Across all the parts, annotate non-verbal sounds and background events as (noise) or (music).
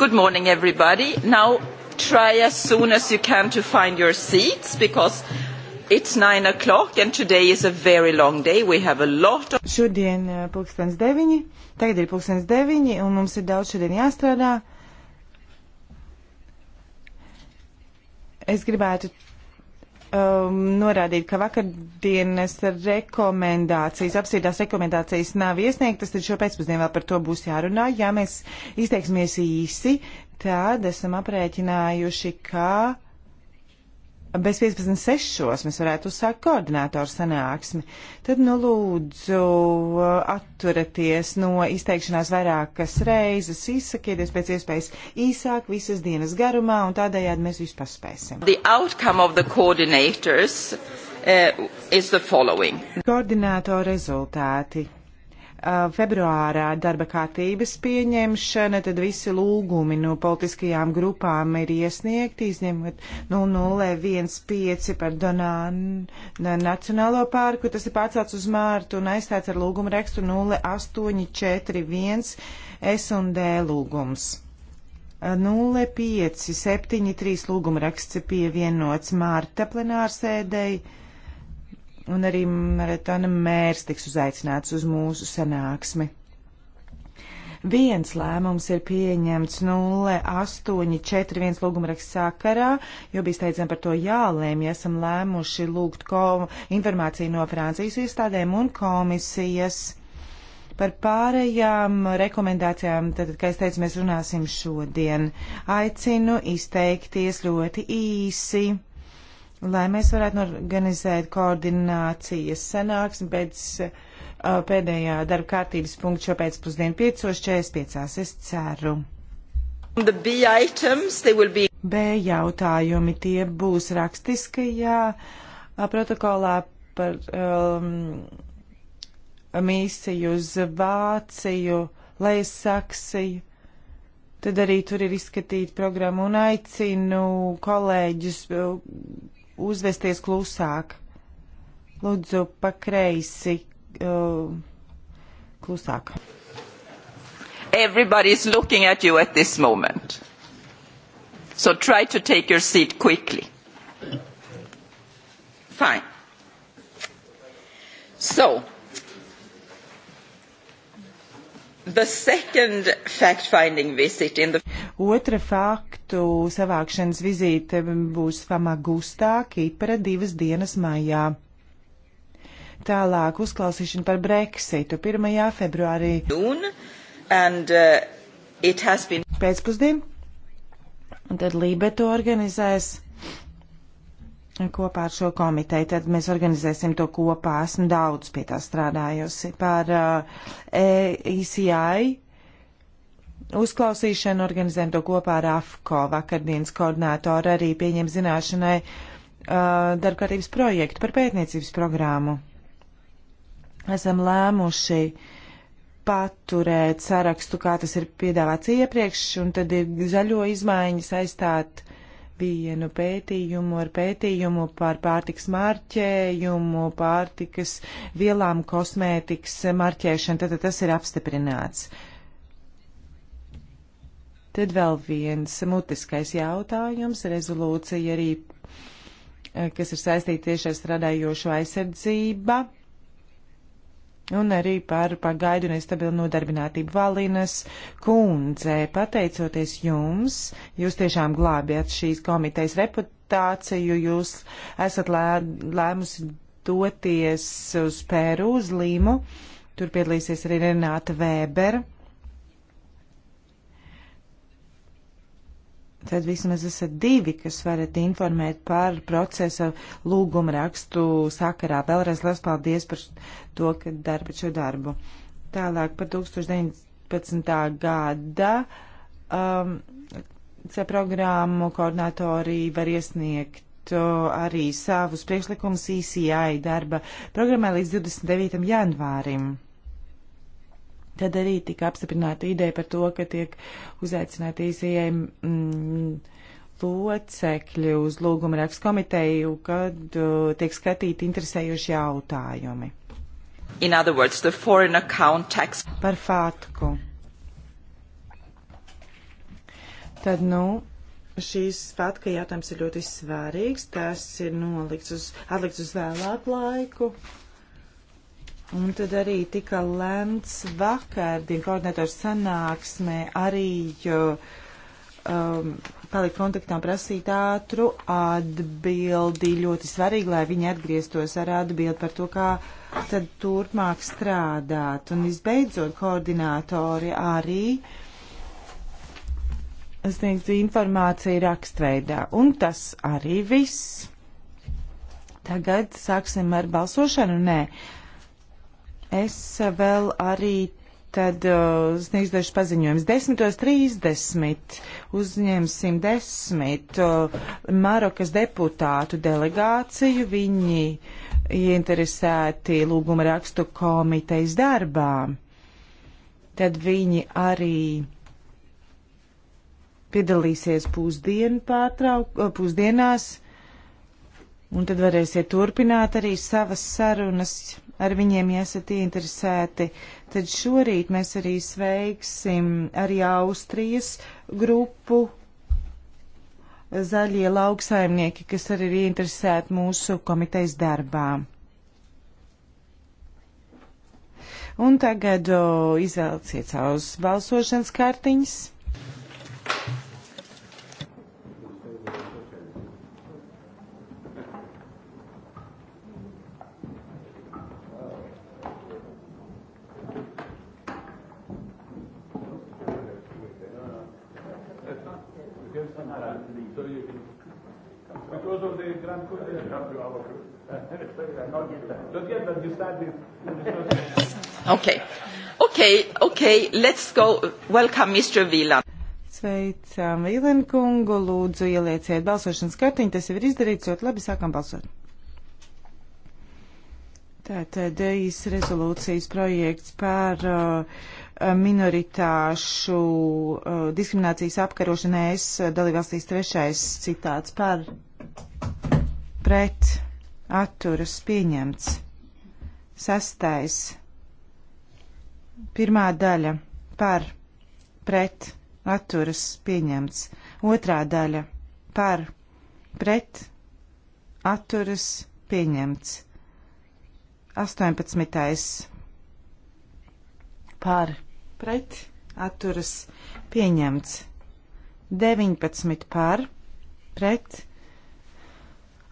Good morning, everybody. Now try as soon as you can to find your seats because it's 9 o'clock and today is a very long day. We have a lot of... Šodien eh, pulkstens deviņi, tagad ir pulkstens deviņi un mums ir daudz šodien jāstrādā. Es gribētu um, norādīt, ka vakardienas rekomendācijas, apsīdās rekomendācijas nav iesniegtas, tad šo pēcpusdienu vēl par to būs jārunā. Ja mēs izteiksimies īsi, tad esam aprēķinājuši, ka bez 15.6. mēs varētu uzsākt koordinātoru sanāksmi. Tad, nu, lūdzu, atturieties no izteikšanās vairākas reizes, izsakieties pēc iespējas īsāk visas dienas garumā, un tādējādi mēs visu paspēsim. Uh, koordinātoru rezultāti februārā darba kārtības pieņemšana, tad visi lūgumi no politiskajām grupām ir iesniegti, izņemot 0015 nu, par Donānu Nacionālo parku. Tas ir pārcelts uz mārtu un aizstāts ar lūgumu rekstu 0841 S&D lūgums. 0573 lūguma raksts pievienots Mārta plenārsēdēji un arī maratona mērs tiks uzaicināts uz mūsu sanāksmi. Viens lēmums ir pieņemts 0841 lūgumraksts sakarā, jo bija steidzam par to jālēm, ja esam lēmuši lūgt informāciju no Francijas iestādēm un komisijas par pārējām rekomendācijām, tad, kā es teicu, mēs runāsim šodien. Aicinu izteikties ļoti īsi lai mēs varētu organizēt koordinācijas sanāksmi pēc uh, pēdējā darba kārtības punkta šo pēcpusdienu 5.45. Es ceru. B, items, be... B jautājumi tie būs rakstiskajā uh, protokolā par um, misiju uz Vāciju, lai es saksiju. Tad arī tur ir izskatīta programma un aicinu kolēģus uh, uzvesties klusāk. Lūdzu, pa kreisi uh, klusāk. Everybody is looking at you at this moment. So try to take your seat quickly. Fine. So, The... Otra faktu savākšanas vizīte būs Famagustā, Kipra, divas dienas maijā. Tālāk uzklausīšana par Brexitu 1. februārī. And, uh, been... Pēcpusdien. Un tad Lībeto organizēs kopā ar šo komiteju. Tad mēs organizēsim to kopā. Esmu daudz pie tā strādājusi. Par uh, ECI uzklausīšanu organizējam to kopā ar AFCO. Vakardienas koordinātori arī pieņem zināšanai uh, darbkārtības projektu par pētniecības programmu. Esam lēmuši paturēt sarakstu, kā tas ir piedāvāts iepriekš, un tad ir zaļo izmaiņas aizstāt vienu pētījumu ar pētījumu par pārtiks marķējumu, pārtikas vielām, kosmētikas marķēšanu. Tad, tad tas ir apstiprināts. Tad vēl viens mutiskais jautājums, rezolūcija arī, eh, kas ir saistīta tieši ar strādājošo aizsardzību un arī par pagaidu nestabilu nodarbinātību. Valinas kundze, pateicoties jums, jūs tiešām glābjat šīs komitejas reputāciju, jūs esat lē, lēmusi doties uz Pēru, uz Līmu, tur piedalīsies arī Renāta Vēbera. Tad vismaz esat divi, kas varat informēt par procesa lūguma rakstu sakarā. Vēlreiz liels paldies par to, ka darbat šo darbu. Tālāk par 2019. gada um, programmu koordinatori var iesniegt uh, arī savus priekšlikumus ECI darba programmai līdz 29. janvārim. Tad arī tika apstiprināta ideja par to, ka tiek uzaicināti īsajai mm, locekļi uz lūguma rakstu komiteju, kad uh, tiek skatīti interesējoši jautājumi. In other words, the foreign account tax. Par fātku. Tad, nu, šīs fatka jautājums ir ļoti svarīgs. Tas ir nolikts uz, atlikts uz vēlāku laiku. Un tad arī tika lemts vakardien koordinatoru sanāksmē arī um, palikt kontaktā un prasīt ātru atbildi. Ļoti svarīgi, lai viņi atgrieztos ar atbildi par to, kā tad turpmāk strādāt. Un visbeidzot, koordinatori arī sniedz informāciju rakstveidā. Un tas arī viss. Tagad sāksim ar balsošanu. Nē. Es vēl arī tad uh, sniegs dažus paziņojumus. 10.30 uzņemsim desmit uh, Marokas deputātu delegāciju. Viņi ieinteresēti lūguma rakstu komitejas darbā. Tad viņi arī piedalīsies pusdienu pārtrauk, uh, pusdienās, un tad varēsiet turpināt arī savas sarunas ar viņiem iesat interesēti. Tad šorīt mēs arī sveiksim arī Austrijas grupu zaļie lauksaimnieki, kas arī ir interesēti mūsu komitejas darbā. Un tagad o, izvelciet savus balsošanas kartiņas. Thank you. of the Grand Coup. (laughs) Not yet, but you started. okay. Okay, okay, let's go. Welcome, Mr. Vila. Sveicam Vīlenkungu, lūdzu ielieciet balsošanas kartiņu, tas jau ir izdarīts, ļoti labi, sākam balsot. Tātad īs rezolūcijas projekts par uh, minoritāšu uh, diskriminācijas apkarošanai es uh, dalībvalstīs trešais citāts par pret atturas pieņemts. Sastais. Pirmā daļa par pret atturas pieņemts. Otrā daļa par pret atturas pieņemts. 18. par pret atturas pieņemts. 19 par pret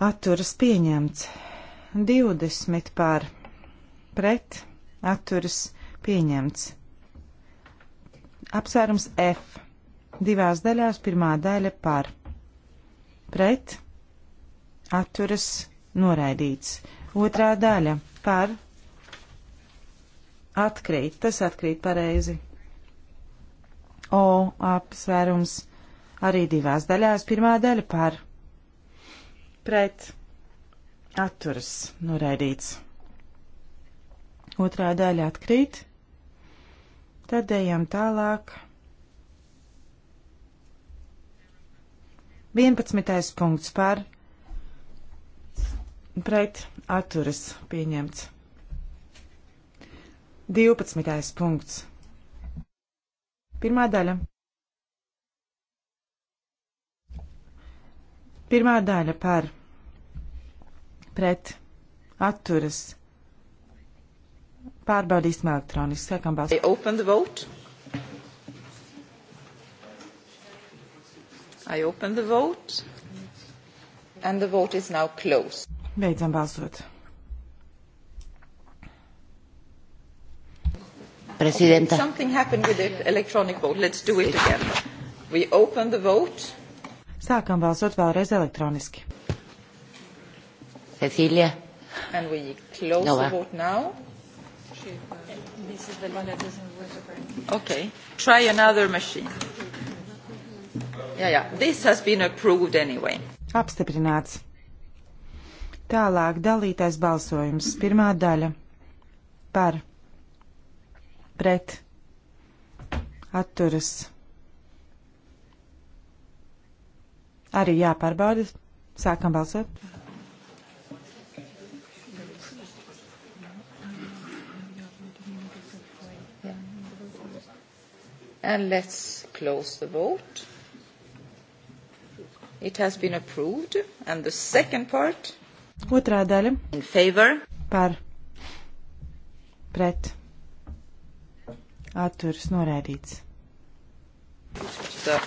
atturas pieņemts. 20 pār pret atturas pieņemts. Apsvērums F. Divās daļās pirmā daļa par pret atturas noraidīts. Otrā daļa par atkrīt. Tas atkrīt pareizi. O apsvērums arī divās daļās. Pirmā daļa par pret pret atturas noraidīts. Otrā daļa atkrīt. Tad ejam tālāk. 11. punkts par pret atturas pieņemts. 12. punkts. Pirmā daļa. Pirmā daļa par pret atturas. Pārbaudīsim elektroniski. Sākam balsot. I open the vote and the vote is now closed. Beidzam balsot. Presidenta. Okay. Something happened with the electronic vote. Let's do it again. We open the vote. Sākam balsot vēlreiz elektroniski. Cecilia? And we close Nova. the vote now. Uh, this is the one that doesn't work. Okay. Try another machine. Yeah, yeah. This has been approved anyway. Apstiprināts. Tālāk dalītais balsojums. Pirmā daļa. Par. Pret. Atturas. Arī jāpārbauda. Sākam balsot. and let's close the vote. It has been approved. And the second part? Otrā daļa. In favor? Par. Pret. Atturis norēdīts. So,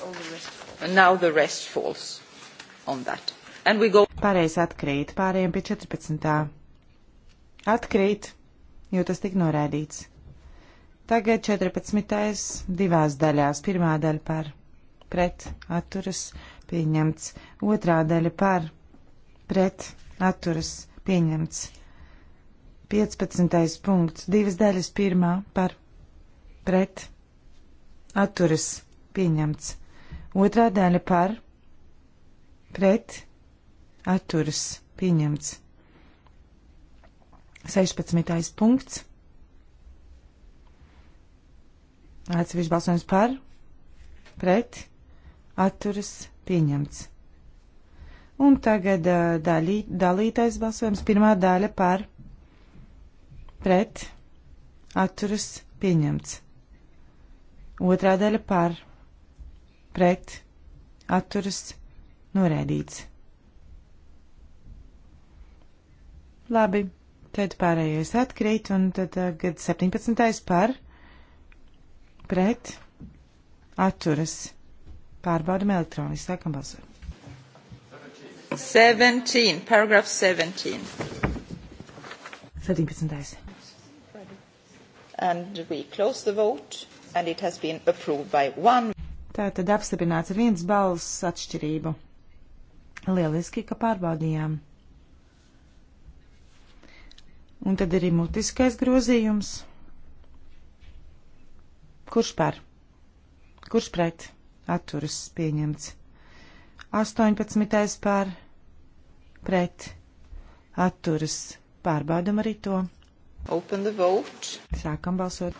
now the rest falls on that. And we go. Pareiz atkrīt. Pārējiem pie 14. Atkrīt, jo tas tik norēdīts. Tagad 14. divās daļās. Pirmā daļa par pret atturas pieņemts. Otrā daļa par pret atturas pieņemts. 15. punkts. Divas daļas pirmā par pret atturas pieņemts. Otrā daļa par pret atturas pieņemts. 16. punkts Atsevišķi balsojums par, pret, atturas pieņemts. Un tagad daļī, dalītais balsojums. Pirmā daļa par, pret, atturas pieņemts. Otrā daļa par, pret, atturas noraidīts. Labi, tad pārējais atkrīt, un tad tagad 17. par, pret pret, atturas. Pārbaudam elektroniski, sākam balsot. 17, paragraph 17. 17. And we close the vote and it has been approved by one. Tātad apstiprināts ar viens balss atšķirību. Lieliski, ka pārbaudījām. Un tad ir mutiskais grozījums. Kurš par? Kurš pret? Atturas pieņemts. 18. par? Pret? Atturas. Pārbaudam arī to. Open the vote. Sākam balsot.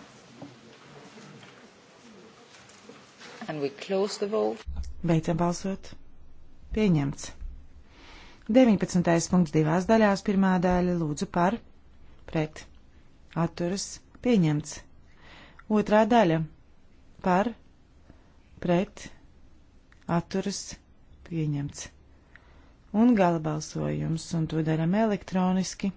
And we close the vote. Beidzam balsot. Pieņemts. 19. punkts divās daļās. Pirmā daļa lūdzu par. Pret. Atturas. Pieņemts. Otrā daļa par pret atturas pieņemts. Un gala balsojums, un to darām elektroniski.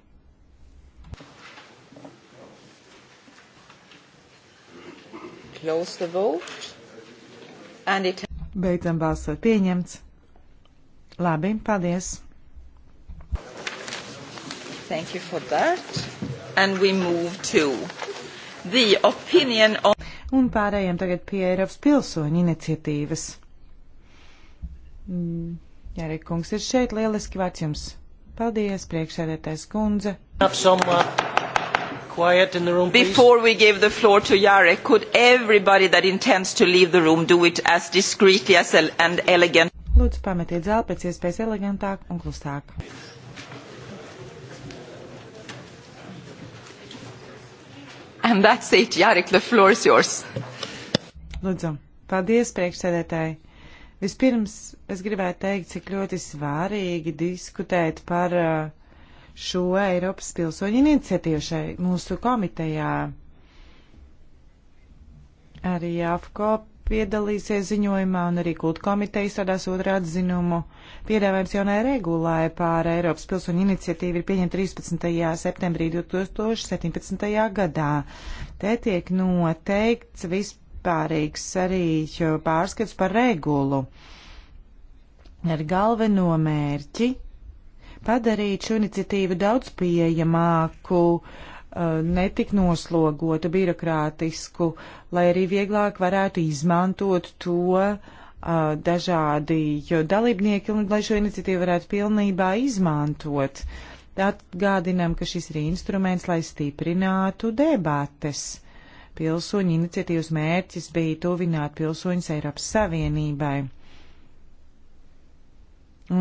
Close the vote. And it... Beidzam balsot pieņemts. Labi, paldies. Thank you for that. And we move to the opinion on... Un pārējiem tagad pie Eiropas pilsoņu iniciatīvas. Mm, jā, arī kungs ir šeit. Lieliski vārds jums. Paldies, priekšsēdētājs kundze. Room, Before we give the floor to Jarek, could everybody that intends to leave the room do it as discreetly as and elegant? Lūdzu, pametiet zāli pēc iespējas elegantāk un klusāk. And that's it. Jarek, the floor is yours. Lūdzu, paldies, priekšsēdētāji. Vispirms es gribētu teikt, cik ļoti svarīgi diskutēt par uh, šo Eiropas pilsoņu iniciatīvu šai mūsu komitejā. Arī AFKOP piedalīsies ziņojumā un arī kultu komiteja sadās otru atzinumu. Piedāvājums jaunai regulāja pār Eiropas pilsoņu iniciatīvu ir pieņemta 13. septembrī 2017. gadā. Te tiek noteikts vispārīgs arī pārskats par regulu ar galveno mērķi padarīt šo iniciatīvu daudz pieejamāku uh, Uh, netik noslogota birokrātisku, lai arī vieglāk varētu izmantot to uh, dažādi dalībnieki un lai šo iniciatīvu varētu pilnībā izmantot. Atgādinam, ka šis ir instruments, lai stiprinātu debates. Pilsoņu iniciatīvas mērķis bija tuvināt pilsoņus Eiropas Savienībai.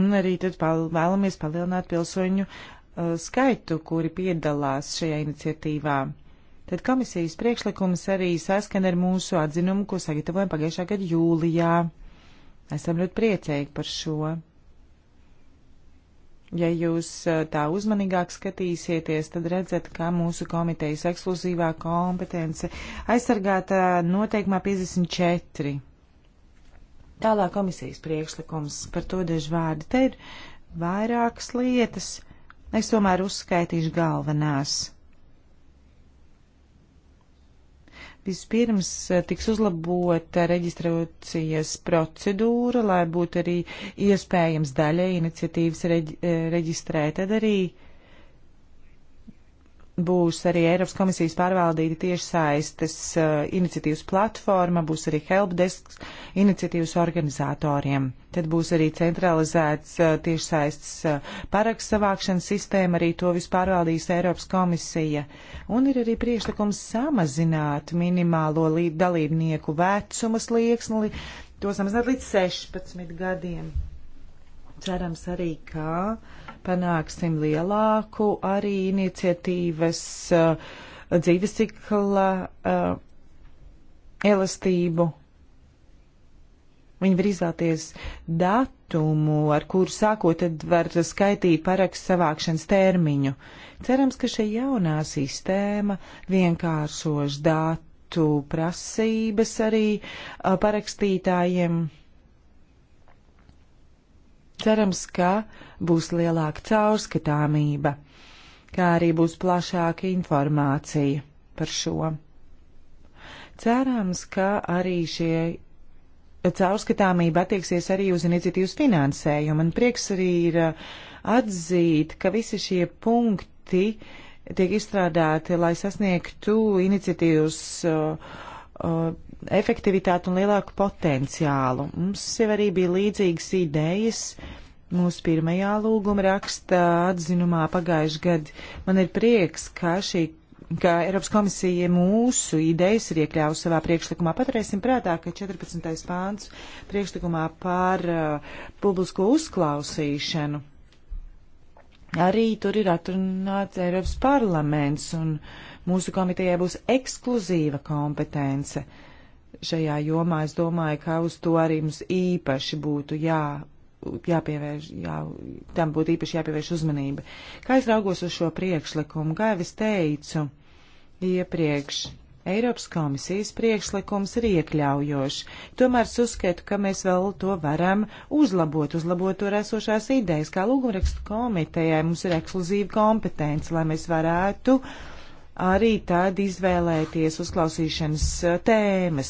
Un arī tad pal vēlamies palielināt pilsoņu Uh, skaitu, kuri piedalās šajā iniciatīvā. Tad komisijas priekšlikums arī saskana ar mūsu atzinumu, ko sagatavojam pagājušā gada jūlijā. Esam ļoti priecīgi par šo. Ja jūs uh, tā uzmanīgāk skatīsieties, tad redzat, ka mūsu komitejas ekskluzīvā kompetence aizsargāta noteikumā 54. Tālāk komisijas priekšlikums par to daži vārdi. Te ir vairākas lietas. Uh, Es tomēr uzskaitīšu galvenās. Vispirms eh, tiks uzlabota reģistrācijas procedūra, lai būtu arī iespējams daļai iniciatīvas eh, reģistrēt, tad arī būs arī Eiropas komisijas pārvaldīta tiešsaistes uh, iniciatīvas platforma, būs arī helpdesks iniciatīvas organizatoriem. Tad būs arī centralizēts uh, tiešsaistes uh, eh, paraksts savākšanas sistēma, arī to visu pārvaldīs Eiropas komisija. Un ir arī priekšlikums samazināt minimālo dalībnieku vecumu slieksni, to samazināt līdz 16 gadiem. Cerams arī, ka. Kā panāksim lielāku arī iniciatīvas uh, dzīves cikla uh, elastību. Viņi var izvēlēties datumu, ar kuru sākot, tad var skaitīt parakstu savākšanas termiņu. Cerams, ka šī jaunā sistēma vienkāršos datu prasības arī uh, parakstītājiem. Uh, Cerams, ka būs lielāka caurskatāmība, kā arī būs plašāka informācija par šo. Cerams, ka arī šie caurskatāmība attieksies arī uz iniciatīvas finansējumu. Man prieks arī ir uh, atzīt, ka visi šie punkti tiek izstrādāti, lai sasniegtu iniciatīvas uh, Uh, efektivitāti un lielāku potenciālu. Mums jau arī bija līdzīgas idejas. Mūsu pirmajā lūguma raksta atzinumā pagājuši gadu. Man ir prieks, ka šī ka Eiropas komisija mūsu idejas ir iekļāvusi savā priekšlikumā. Paturēsim prātā, ka 14. pāns priekšlikumā par uh, publisko uzklausīšanu arī tur ir atrunāts Eiropas parlaments. Un, uh, Mūsu komitejai būs ekskluzīva kompetence šajā jomā. Es domāju, ka uz to arī mums īpaši būtu jā, jāpievērš, jā, tam būtu īpaši jāpievērš uzmanība. Kā es raugos uz šo priekšlikumu? Kā jau es teicu iepriekš, Eiropas komisijas priekšlikums ir iekļaujošs, tomēr es uzskatu, ka mēs vēl to varam uzlabot, uzlabot tur esošās idejas, kā lūgumrakstu komitejai mums ir ekskluzīva kompetence, lai mēs varētu uh, arī tad izvēlēties uzklausīšanas tēmas.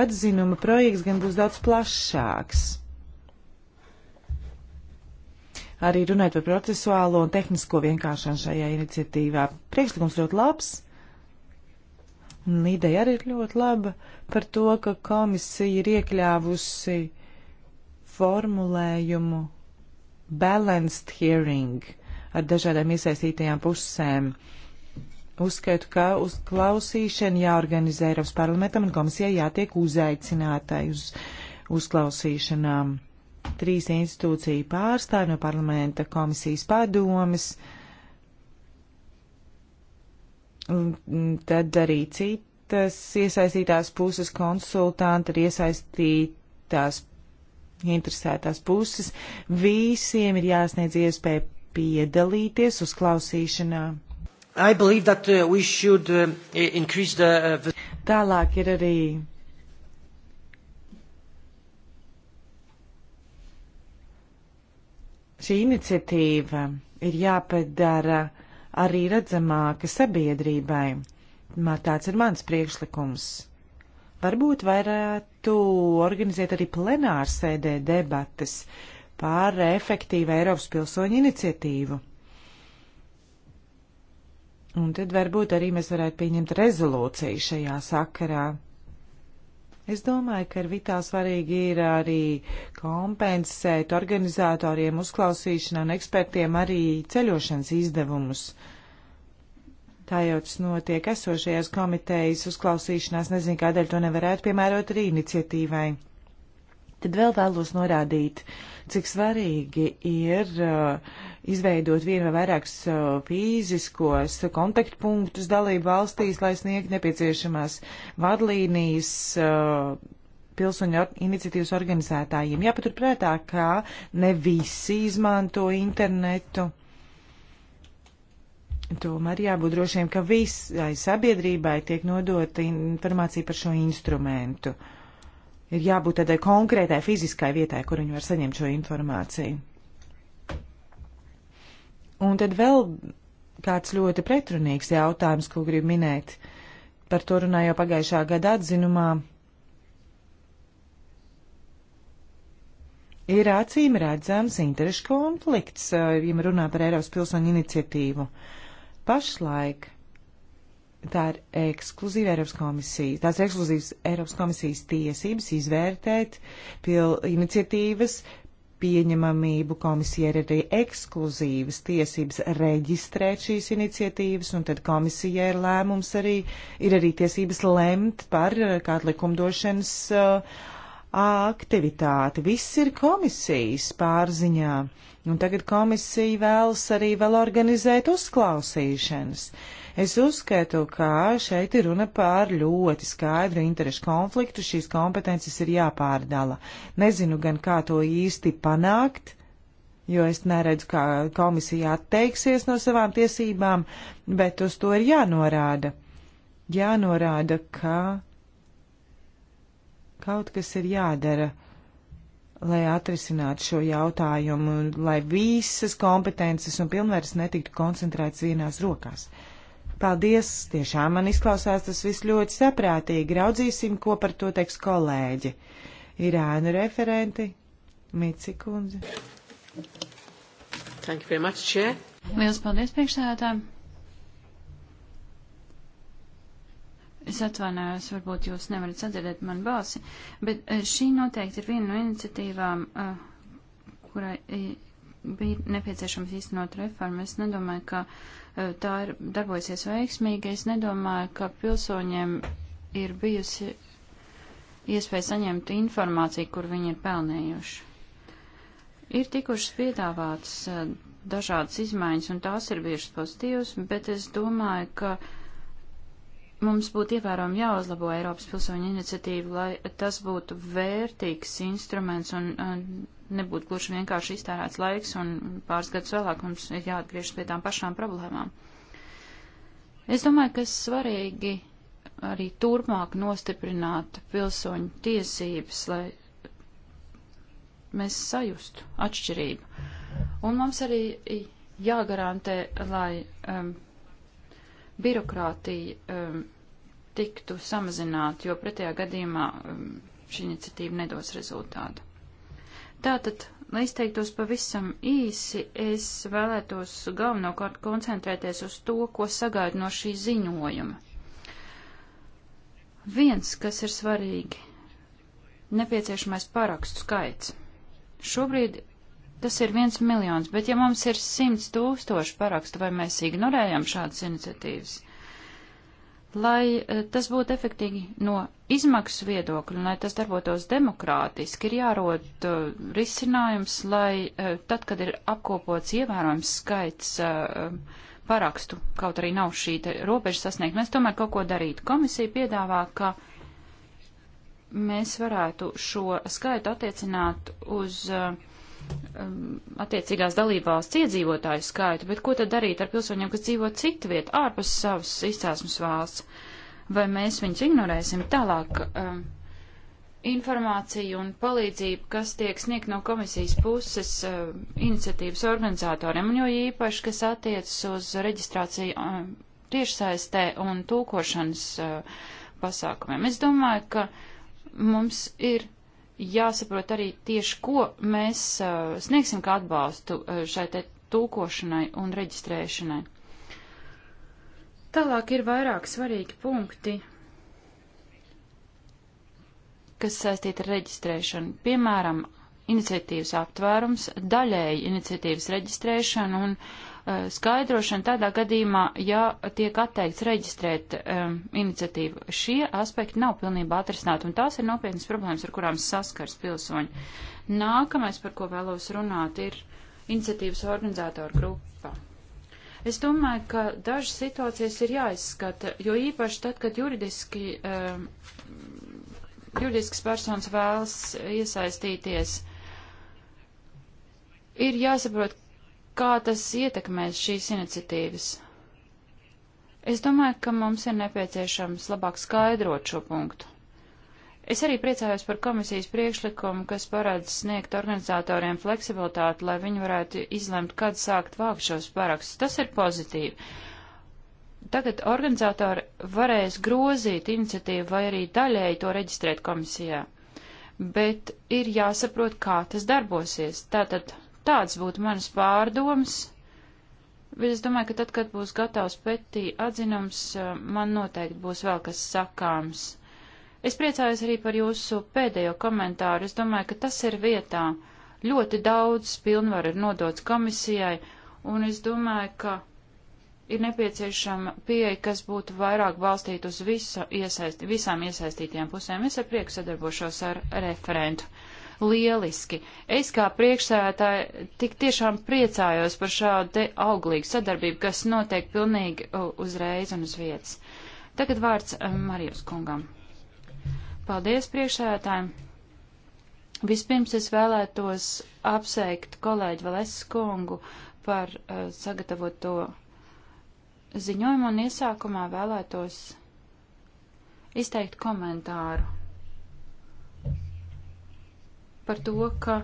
Atzinuma projekts gan būs daudz plašāks. Arī runājot par procesuālo un tehnisko vienkāršanu šajā iniciatīvā. Priekšlikums ļoti labs. Un ideja arī ir ļoti laba par to, ka komisija ir iekļāvusi formulējumu balanced hearing ar dažādām iesaistītajām pusēm. Uh, Uzskatu, ka uzklausīšana jāorganizē Eiropas parlamentam un komisijai jātiek uzaicinātai uz uzklausīšanām. Trīs institūciju pārstāvi no parlamenta komisijas padomes, tad arī citas iesaistītās puses konsultanti ir iesaistītās interesētās puses. Visiem ir jāsniedz iespēja piedalīties uzklausīšanā. I believe that uh, we should uh, increase the. Uh, Tālāk ir arī. Šī iniciatīva ir jāpadara arī redzamāka sabiedrībai. Tāds ir mans priekšlikums. Varbūt varētu organizēt arī plenārsēdē debatas par efektīvu Eiropas pilsoņu iniciatīvu. Un tad varbūt arī mēs varētu pieņemt rezolūciju šajā sakarā. Es domāju, ka vitāli svarīgi ir arī kompensēt organizatoriem uzklausīšanā un ekspertiem arī ceļošanas izdevumus. Tā jau tas notiek esošajās komitejas uzklausīšanās, nezinu, kādēļ to nevarētu piemērot arī iniciatīvai. Tad vēl vēlos norādīt, cik svarīgi ir uh, izveidot vienu vai vairākus uh, fiziskos kontaktpunktus dalību valstīs, lai sniegt nepieciešamās vadlīnijas. Uh, pilsoņu or iniciatīvas organizētājiem. Jāpaturprātā, ka ne visi izmanto internetu. Tomēr jābūt drošiem, ka visai sabiedrībai tiek nodota informācija par šo instrumentu. Uh, Ir jābūt tādai konkrētai fiziskai vietai, kur viņi var saņemt šo informāciju. Un tad vēl kāds ļoti pretrunīgs jautājums, ko gribu minēt. Par to runāju jau pagājušā gada atzinumā. ir acīm redzams interešu konflikts, ja runā par Eiropas pilsoņu iniciatīvu. Pašlaik tā ir ekskluzīva Eiropas komisija. Tās ir ekskluzīvas Eiropas komisijas tiesības izvērtēt pil, iniciatīvas pieņemamību komisija ir arī ekskluzīvas tiesības reģistrēt šīs iniciatīvas, un tad komisija ir lēmums arī, ir arī tiesības lemt par eh, kādu likumdošanas uh, aktivitāti. Viss ir komisijas pārziņā, un tagad komisija vēlas arī vēl organizēt uzklausīšanas. Es uzskatu, ka šeit ir runa par ļoti skaidru interešu konfliktu, šīs kompetences ir jāpārdala. Nezinu gan, kā to īsti panākt, jo es neredzu, kā komisija atteiksies no savām tiesībām, bet uz to ir jānorāda. Jānorāda, ka Kaut kas ir jādara, lai atrisinātu šo jautājumu, lai visas kompetences un pilnvaras netiktu koncentrētas vienās rokās. Paldies, tiešām man izklausās tas viss ļoti saprātīgi. Raudzīsim, ko par to teiks kolēģi. Ir ēnu referenti, Mici kundze. Thank you very much, Chair. Liels paldies priekšsēdētājiem. Es atvainojos, varbūt jūs nevarat sadzirdēt manu balsi, bet e, šī noteikti ir viena no iniciatīvām, e, kurai e, bija nepieciešams īstenot reformu. Es nedomāju, ka tā ir darbojasies veiksmīgi. Es nedomāju, ka pilsoņiem ir bijusi iespēja saņemt informāciju, kur viņi ir pelnējuši. Ir tikušas piedāvātas dažādas izmaiņas, un tās ir bijušas pozitīvas, bet es domāju, ka uh, mums būtu ievērojami jāuzlabo Eiropas pilsoņu iniciatīvu, lai tas būtu vērtīgs instruments un, un nebūtu gluži vienkārši iztērēts laiks un pāris gadus vēlāk mums ir jāatgriežas pie tām pašām problēmām. Es domāju, ka svarīgi arī turpmāk nostiprināt pilsoņu tiesības, lai mēs sajustu atšķirību. Un mums arī jāgarantē, lai um, birokrātija um, tiktu samazināta, jo pretējā gadījumā um, šī iniciatīva nedos rezultātu. Tātad, lai izteiktos pavisam īsi, es vēlētos galvenokārt koncentrēties uz to, ko sagaidu no šī ziņojuma. Viens, kas ir svarīgi, nepieciešamais parakstu skaits. Šobrīd tas ir viens miljons, bet ja mums ir simts tūkstoši parakstu, vai mēs ignorējam šādas iniciatīvas? Lai e, tas būtu efektīgi no izmaksu viedokļa un lai tas darbotos demokrātiski, ir jārod uh, risinājums, lai uh, tad, kad ir apkopots ievērojams skaits uh, parakstu, kaut arī nav šī robeža sasniegta, mēs tomēr kaut ko darītu. Komisija piedāvā, ka mēs varētu šo skaitu attiecināt uz uh, um, attiecīgās dalībvalsts iedzīvotāju skaitu, bet ko tad darīt ar pilsoņiem, kas dzīvo citviet, ārpus savas izcelsmes valsts? Vai mēs viņus ignorēsim tālāk? Um, informāciju un palīdzību, kas tiek sniegt no komisijas puses uh, iniciatīvas organizatoriem, un jo īpaši, kas attiecas uz reģistrāciju uh, tiešsaistē un tūkošanas uh, pasākumiem. Es domāju, ka mums ir jāsaprot arī tieši, ko mēs uh, sniegsim kā atbalstu uh, šai te tūkošanai un reģistrēšanai. Tālāk ir vairāk svarīgi punkti, kas saistīti ar reģistrēšanu. Piemēram, iniciatīvas aptvērums, daļēji iniciatīvas reģistrēšana un uh, skaidrošana tādā gadījumā, ja tiek atteikts reģistrēt um, iniciatīvu. Šie aspekti nav pilnībā atrisināti, un tās ir nopietnas problēmas, ar kurām saskars pilsoņi. Nākamais, par ko vēlos runāt, ir iniciatīvas organizātoru grupa. Es domāju, ka dažas situācijas ir jāizskata, jo īpaši tad, kad juridiski, um, e, juridiskas personas vēlas iesaistīties ir jāsaprot, kā tas ietekmēs šīs iniciatīvas. Es domāju, ka mums ir nepieciešams labāk skaidrot šo punktu. Es arī priecājos par komisijas priekšlikumu, kas paredz sniegt organizatoriem fleksibilitāti, lai viņi varētu izlemt, kad sākt vākt šos parakstus. Tas ir pozitīvi. Tagad organizatori varēs grozīt iniciatīvu vai arī daļēji to reģistrēt komisijā, bet ir jāsaprot, kā tas darbosies. Tātad Tāds būtu manas pārdomas. Bet es domāju, ka tad, kad būs gatavs petī atzinums, eh, man noteikti būs vēl kas sakāms. Es priecājos arī par jūsu pēdējo komentāru. Es domāju, ka tas ir vietā. Ļoti daudz pilnvaru ir nodots komisijai, un es domāju, ka ir nepieciešama pieeja, kas būtu vairāk balstīta uz visu iesaisti, visām iesaistītajām pusēm. Es ar prieku sadarbošos ar referentu lieliski. Es kā priekšsēdētāji tik tiešām priecājos par šādu te auglīgu sadarbību, kas notiek pilnīgi uh, uzreiz un uz vietas. Tagad vārds uh, Marijas kungam. Paldies priekšsēdētājiem! Vispirms es vēlētos apsveikt kolēģi Valeses kungu par uh, sagatavoto ziņojumu un iesākumā vēlētos izteikt komentāru par to, ka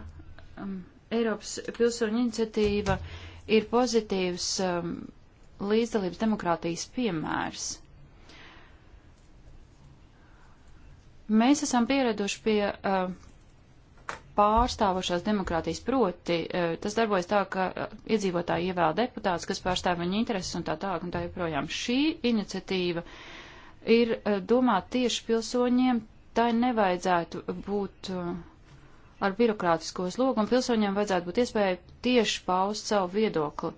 um, Eiropas pilsoņu iniciatīva ir pozitīvs um, līdzdalības demokrātijas piemērs. Mēs esam pieraduši pie uh, pārstāvošās demokrātijas, proti uh, tas darbojas tā, ka uh, iedzīvotāji ievēl deputātus, kas pārstāv viņu intereses un tā tālāk un tā joprojām. Šī iniciatīva ir uh, domāta tieši pilsoņiem, tai nevajadzētu būt. Uh, ar birokrātisko slogu, un pilsoņiem vajadzētu būt iespējai tieši paust savu viedokli.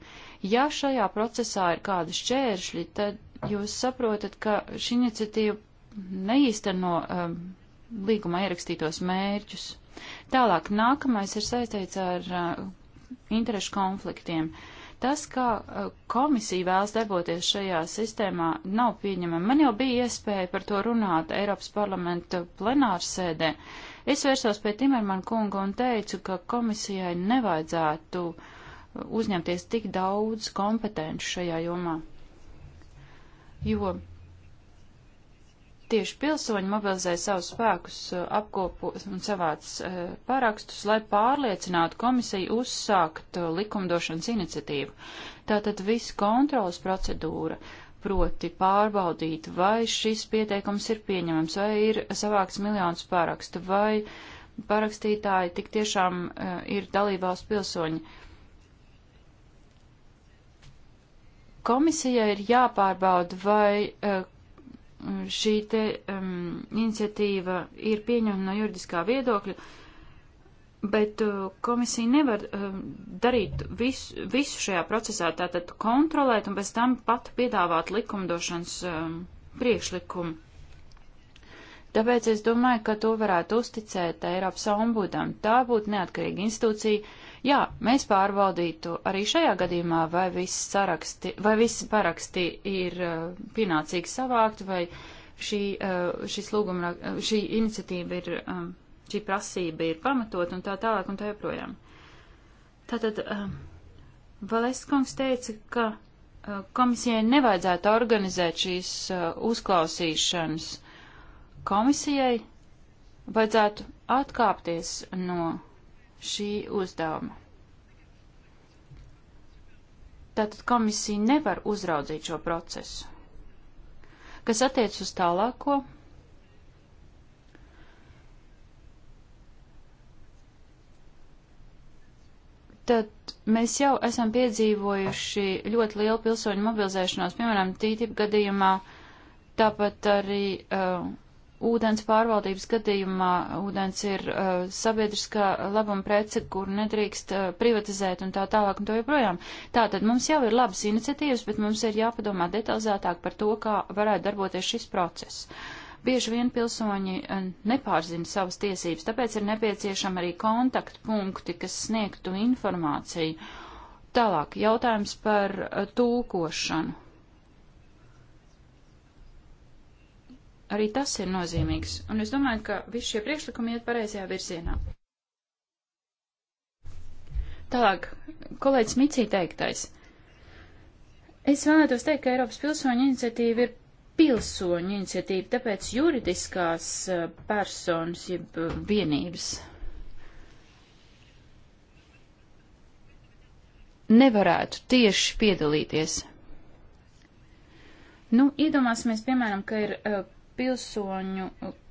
Ja šajā procesā ir kādi šķēršļi, tad jūs saprotat, ka šī iniciatīva neīsteno um, līgumā ierakstītos mērķus. Tālāk, nākamais ir saistīts ar uh, interešu konfliktiem. Tas, kā uh, komisija vēlas darboties šajā sistēmā, nav pieņemama. Man jau bija iespēja par to runāt Eiropas parlamenta plenārsēdē. Uh, Es vērsos pie Timermana kunga un teicu, ka komisijai nevajadzētu uzņemties tik daudz kompetenci šajā jomā, jo tieši pilsoņi mobilizē savus spēkus, uh, apkopo un savāc uh, parakstus, lai pārliecinātu komisiju uzsākt uh, likumdošanas iniciatīvu. Tātad viss kontrolas procedūra proti pārbaudīt, vai šis pieteikums ir pieņemams, vai ir savāks miljonus pārakstu, vai parakstītāji tik tiešām uh, ir dalībās pilsoņi. Komisija ir jāpārbauda, vai uh, šī te um, iniciatīva ir pieņemama no juridiskā viedokļa, uh, Bet uh, komisija nevar uh, darīt visu, visu šajā procesā, tātad kontrolēt un pēc tam pat piedāvāt likumdošanas um, priekšlikumu. Tāpēc es domāju, ka to varētu uzticēt Eiropas ombudam. Tā būtu neatkarīga institūcija. Jā, mēs pārbaudītu arī šajā gadījumā, vai visi, saraksti, vai visi paraksti ir uh, pienācīgi savākt, vai šī, šis lūguma, šī iniciatīva ir um, šī prasība ir pamatot un tā tālāk un tā joprojām. Tātad uh, eh, Valeskungs teica, ka uh, komisijai nevajadzētu organizēt šīs uh, uzklausīšanas. Komisijai vajadzētu atkāpties no šī uzdevuma. Tātad komisija nevar uzraudzīt šo procesu. Kas attiec uz tālāko, tad mēs jau esam piedzīvojuši ļoti lielu pilsoņu mobilizēšanos, piemēram, TTIP gadījumā, tāpat arī uh, ūdens pārvaldības gadījumā. Ūdens ir uh, sabiedriskā labuma prece, kur nedrīkst uh, privatizēt un tā tālāk un to joprojām. Tātad mums jau ir labas iniciatīvas, bet mums ir jāpadomā detalizētāk par to, kā varētu darboties šis process. Uh, Bieži vien pilsoņi e, nepārzina savas tiesības, tāpēc ir nepieciešama arī kontaktpunkti, kas sniegtu informāciju. Tālāk jautājums par e, tulkošanu. Arī tas ir nozīmīgs, un es domāju, ka visi šie priekšlikumi iet pareizajā virzienā. Tālāk, kolēģis Micī teiktais. Es vēlētos teikt, ka Eiropas pilsoņu iniciatīva ir pilsoņu iniciatīva, tāpēc juridiskās personas, jeb vienības nevarētu tieši piedalīties. Nu, iedomāsimies, piemēram, ka ir uh, pilsoņu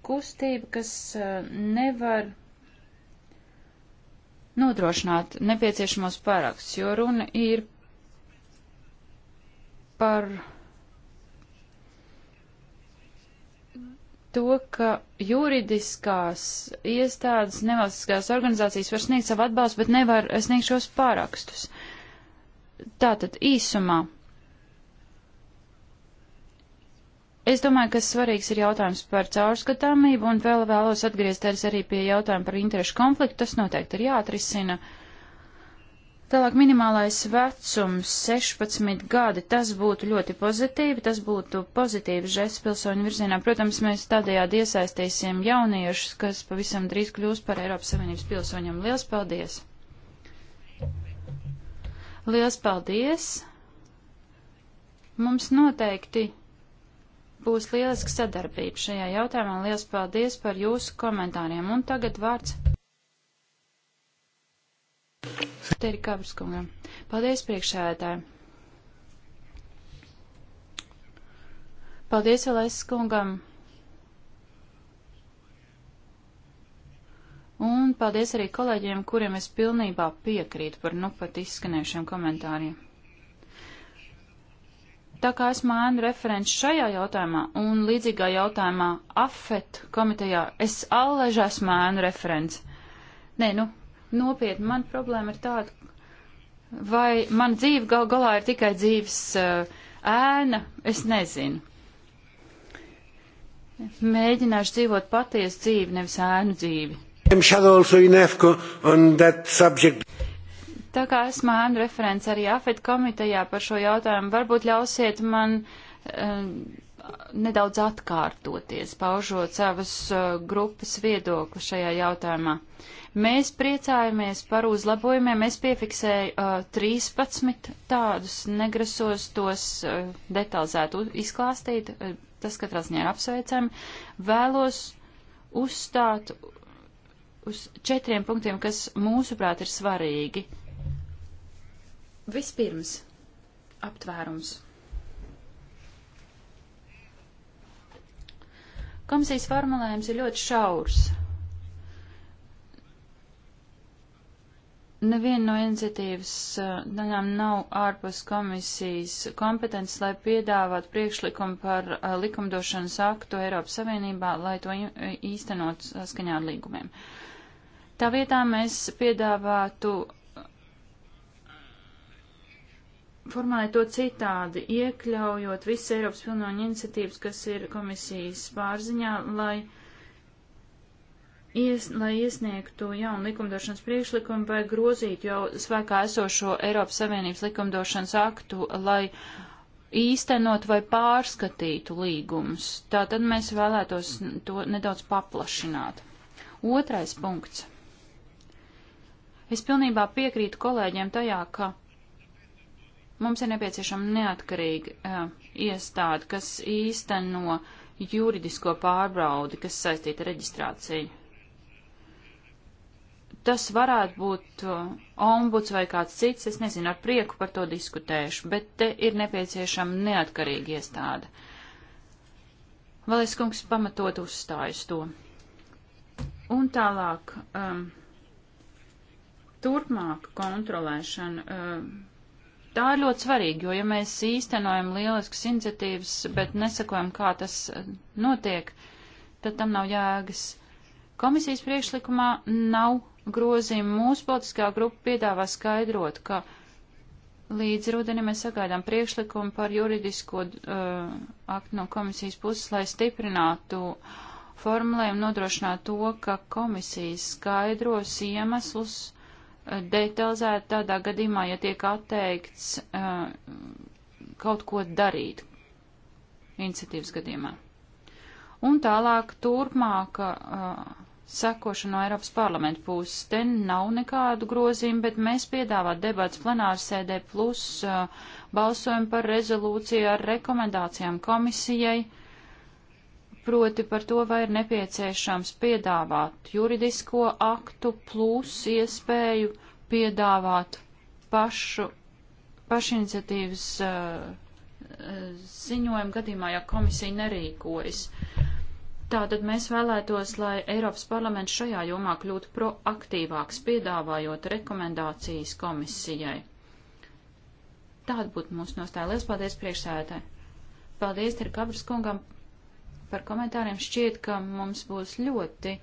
kustība, kas uh, nevar nodrošināt nepieciešamos parakstus, jo runa ir par to, ka juridiskās iestādes, nevalstiskās organizācijas var sniegt savu atbalstu, bet nevar sniegt šos pārakstus. Tātad īsumā. Es domāju, ka svarīgs ir jautājums par caurskatāmību, un vēl vēlos atgriezties arī pie jautājuma par interešu konfliktu. Tas noteikti ir jāatrisina. Uh, Tālāk minimālais vecums 16 gadi, tas būtu ļoti pozitīvi, tas būtu pozitīvi žests pilsoņu virzienā. Protams, mēs tādējādi iesaistīsim jauniešus, kas pavisam drīz kļūs par Eiropas Savienības pilsoņiem. Liels paldies! Liels paldies! Mums noteikti būs lieliska sadarbība šajā jautājumā. Liels paldies par jūsu komentāriem. Un tagad vārds Te ir Kavrs kungam. Paldies priekšsēdētājiem. Paldies Elēs kungam. Un paldies arī kolēģiem, kuriem es pilnībā piekrītu par nu pat izskanējušiem komentāriem. Tā kā esmu ēnu referents šajā jautājumā un līdzīgā jautājumā AFET komitejā, es allaž esmu ēnu referents. Nē, nu, nopietni. Man problēma ir tāda, vai man dzīve gal galā ir tikai dzīves uh, ēna, es nezinu. Mēģināšu dzīvot patiesu dzīvi, nevis ēnu dzīvi. Tā kā esmu ēnu referents arī AFET komitejā par šo jautājumu, varbūt ļausiet man uh, nedaudz atkārtoties, paužot savas uh, grupas viedokli šajā jautājumā. Mēs priecājamies par uzlabojumiem. Es piefiksēju uh, 13 tādus, negrasos tos uh, detalizēt izklāstīt. Uh, tas katrā ziņā ir apsveicami. Vēlos uzstāt uz četriem punktiem, kas mūsuprāt ir svarīgi. Vispirms aptvērums. Komisijas formulējums ir ļoti šaurs. Neviena no iniciatīvas uh, daļām nav ārpus komisijas kompetences, lai piedāvātu priekšlikumu par uh, likumdošanas aktu Eiropas Savienībā, lai to īstenot saskaņā ar līgumiem. Tā vietā mēs piedāvātu formulēt to citādi, iekļaujot visas Eiropas pilnoņu iniciatīvas, kas ir komisijas pārziņā, lai, ies, lai iesniegtu jaunu likumdošanas priekšlikumu vai grozītu jau spēkā esošo Eiropas Savienības likumdošanas aktu, lai īstenot vai pārskatītu līgumus. Tā tad mēs vēlētos to nedaudz paplašināt. Otrais punkts. Es pilnībā piekrītu kolēģiem tajā, ka Mums ir nepieciešama neatkarīga uh, iestāde, kas īsteno juridisko pārbraudi, kas saistīta ar reģistrāciju. Tas varētu būt uh, ombuds vai kāds cits, es nezinu, ar prieku par to diskutēšu, bet te ir nepieciešama neatkarīga iestāde. Valēs kungs pamatot uzstājas to. Un tālāk, um, turpmāk kontrolēšana. Um, Tā ir ļoti svarīga, jo ja mēs īstenojam lieliskas iniciatīvas, bet nesakojam, kā tas eh, notiek, tad tam nav jēgas. Komisijas priekšlikumā nav grozījuma. Mūsu politiskā grupa piedāvā skaidrot, ka līdz rudenim mēs sagaidām priekšlikumu par juridisko uh, aktu no komisijas puses, lai stiprinātu formulējumu, nodrošinātu to, ka komisijas skaidros iemeslus detalizēti tādā gadījumā, ja tiek atteikts uh, kaut ko darīt iniciatīvas gadījumā. Un tālāk turpmāka uh, sekošana no Eiropas parlamenta puses. Te nav nekādu grozījumu, bet mēs piedāvāt debats plenāru sēdē plus uh, balsojumu par rezolūciju ar rekomendācijām komisijai proti par to, vai ir nepieciešams piedāvāt juridisko aktu plus iespēju piedāvāt pašu, pašiniciatīvas uh, ziņojumu gadījumā, ja komisija nerīkojas. Tātad mēs vēlētos, lai Eiropas parlaments šajā jomā kļūtu proaktīvāks, piedāvājot rekomendācijas komisijai. Tāda būtu mūsu nostāja. Lielas paldies priekšsēdētāji. Paldies, Terkabras kungam, par komentāriem. Šķiet, ka mums būs ļoti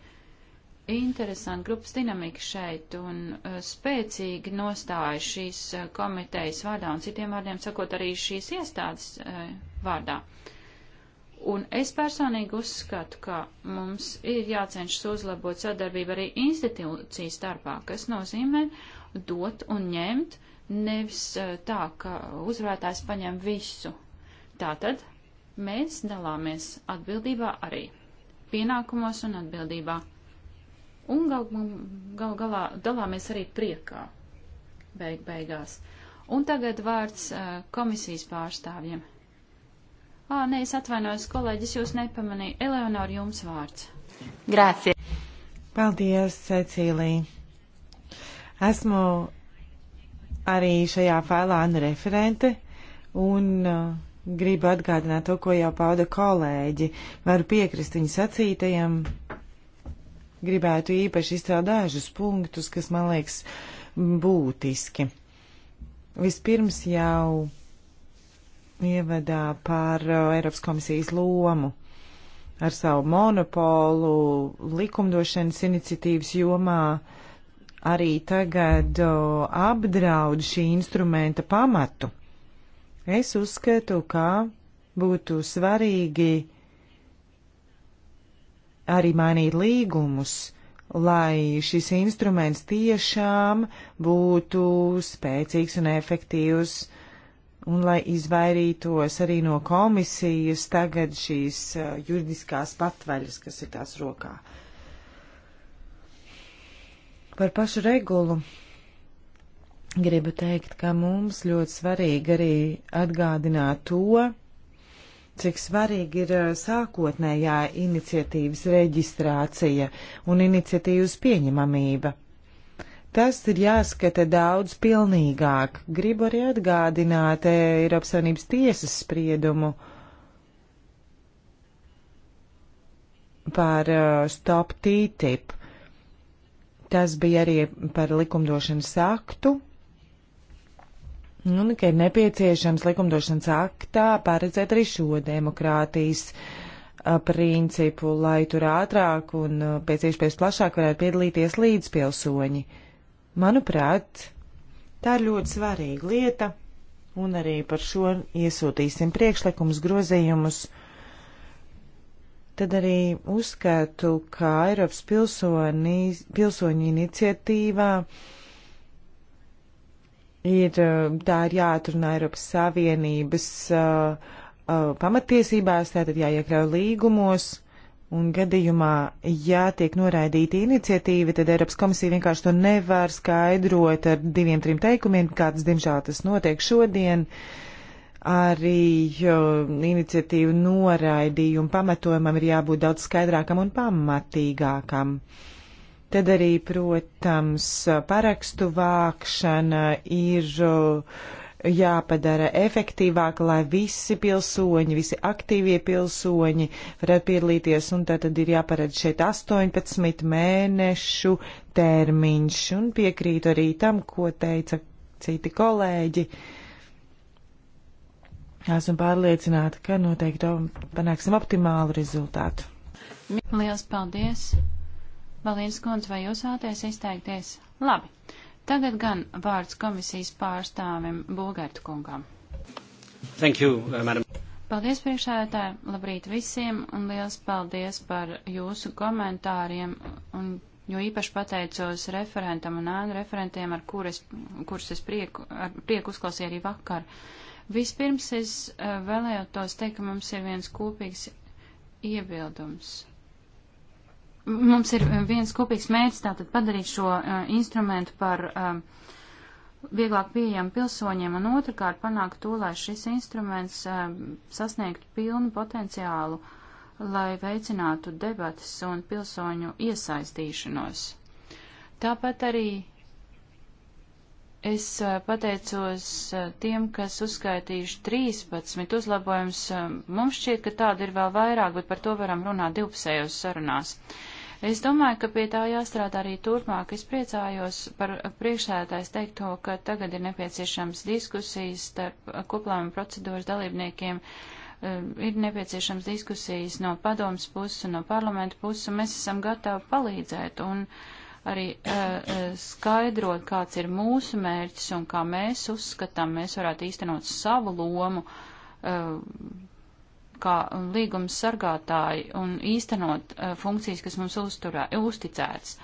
interesanti grupas dinamika šeit un eh, spēcīgi nostāja šīs eh, komitejas vārdā un citiem vārdiem sakot arī šīs iestādes eh, vārdā. Un es personīgi uzskatu, ka mums ir jācenšas uzlabot sadarbību arī institūciju starpā, kas nozīmē dot un ņemt, nevis tā, ka uzvarētājs paņem visu. Tātad Mēs dalāmies atbildībā arī pienākumos un atbildībā. Un gal, gal galā dalāmies arī priekā beig, beigās. Un tagad vārds uh, komisijas pārstāvjiem. Ā, nē, es atvainojos, kolēģis, jūs nepamanīju. Eleonora, jums vārds. Grācie. Paldies, Cecīlija. Esmu arī šajā failā nu referente un uh, Gribu atgādināt to, ko jau pauda kolēģi. Varu piekrist viņu sacītajam. Gribētu īpaši izcelt dažus punktus, kas man liekas būtiski. Vispirms jau ievadā par uh, Eiropas komisijas lomu ar savu monopolu likumdošanas iniciatīvas jomā arī tagad o, uh, apdraud šī instrumenta pamatu. Es uzskatu, ka būtu svarīgi arī mainīt līgumus, lai šis instruments tiešām būtu spēcīgs un efektīvs, un lai izvairītos arī no komisijas tagad šīs eh, juridiskās patvaļas, kas ir tās rokā. Par pašu regulu Gribu teikt, ka mums ļoti svarīgi arī atgādināt to, cik svarīgi ir sākotnējā iniciatīvas reģistrācija un iniciatīvas pieņemamība. Tas ir jāskata daudz pilnīgāk. Gribu arī atgādināt Eiropas Savienības tiesas spriedumu par uh, Stop TTIP. Tas bija arī par likumdošanas aktu, Nu, un ka ir nepieciešams likumdošanas aktā paredzēt arī šo demokrātijas principu, lai tur ātrāk un pēc iespējas plašāk varētu piedalīties līdzpilsoņi. Manuprāt, tā ir ļoti svarīga lieta, un arī par šo iesūtīsim priekšlikumus grozījumus. Tad arī uzskatu, ka Eiropas pilsoņu iniciatīvā uh, ir, tā ir jāatrunā Eiropas Savienības uh, uh, pamatiesībās, tātad jāiekļauj līgumos. Un gadījumā, ja tiek noraidīta iniciatīva, tad Eiropas komisija vienkārši to nevar skaidrot ar diviem, trim teikumiem, kāds, diemžēl, tas notiek šodien. Arī jo, iniciatīvu noraidījumu pamatojumam ir jābūt daudz skaidrākam un pamatīgākam. Uh, Tad arī, protams, parakstu vākšana ir uh, jāpadara efektīvāk, lai visi pilsoņi, visi aktīvie pilsoņi varētu piedalīties, un tā tad ir jāparedz šeit 18 mēnešu termiņš, un piekrītu arī tam, ko teica citi kolēģi. Esmu pārliecināta, ka noteikti panāksim optimālu rezultātu. Lielas paldies! Valīnas kundze, vai jūs vēlaties izteikties? Labi. Tagad gan vārds komisijas pārstāvim Bulgārtu kungam. Thank you, uh, madam. Paldies priekšādātāji, labrīt visiem un liels paldies par jūsu komentāriem un jo īpaši pateicos referentam un ānu referentiem, ar kuras, kuras es prieku, ar prieku uzklausīju arī vakar. Vispirms es uh, vēlētos teikt, ka mums ir viens kopīgs iebildums mums ir eh, viens kopīgs mērķis tātad padarīt šo uh, instrumentu par um, vieglāk pieejamu pilsoņiem un otrkārt panākt to, lai šis instruments um, sasniegtu pilnu potenciālu, lai veicinātu debatas un pilsoņu iesaistīšanos. Tāpat arī es uh, pateicos uh, tiem, kas uzskaitījuši 13 uzlabojumus. Mums šķiet, ka tāda ir vēl vairāk, bet par to varam runāt divpusējos sarunās. Uh, Es domāju, ka pie tā jāstrādā arī turpmāk. Es priecājos par priekšsēdētājs teikto, ka tagad ir nepieciešams diskusijas starp koplājumu procedūras dalībniekiem. Ehm, ir nepieciešams diskusijas no padomas puses un no parlamenta puses, un mēs esam gatavi palīdzēt un arī uh, skaidrot, kāds ir mūsu mērķis un kā mēs uzskatām, mēs varētu īstenot savu lomu uh, kā līguma sargātāji un īstenot uh, funkcijas, kas mums uzturā, uzticēts.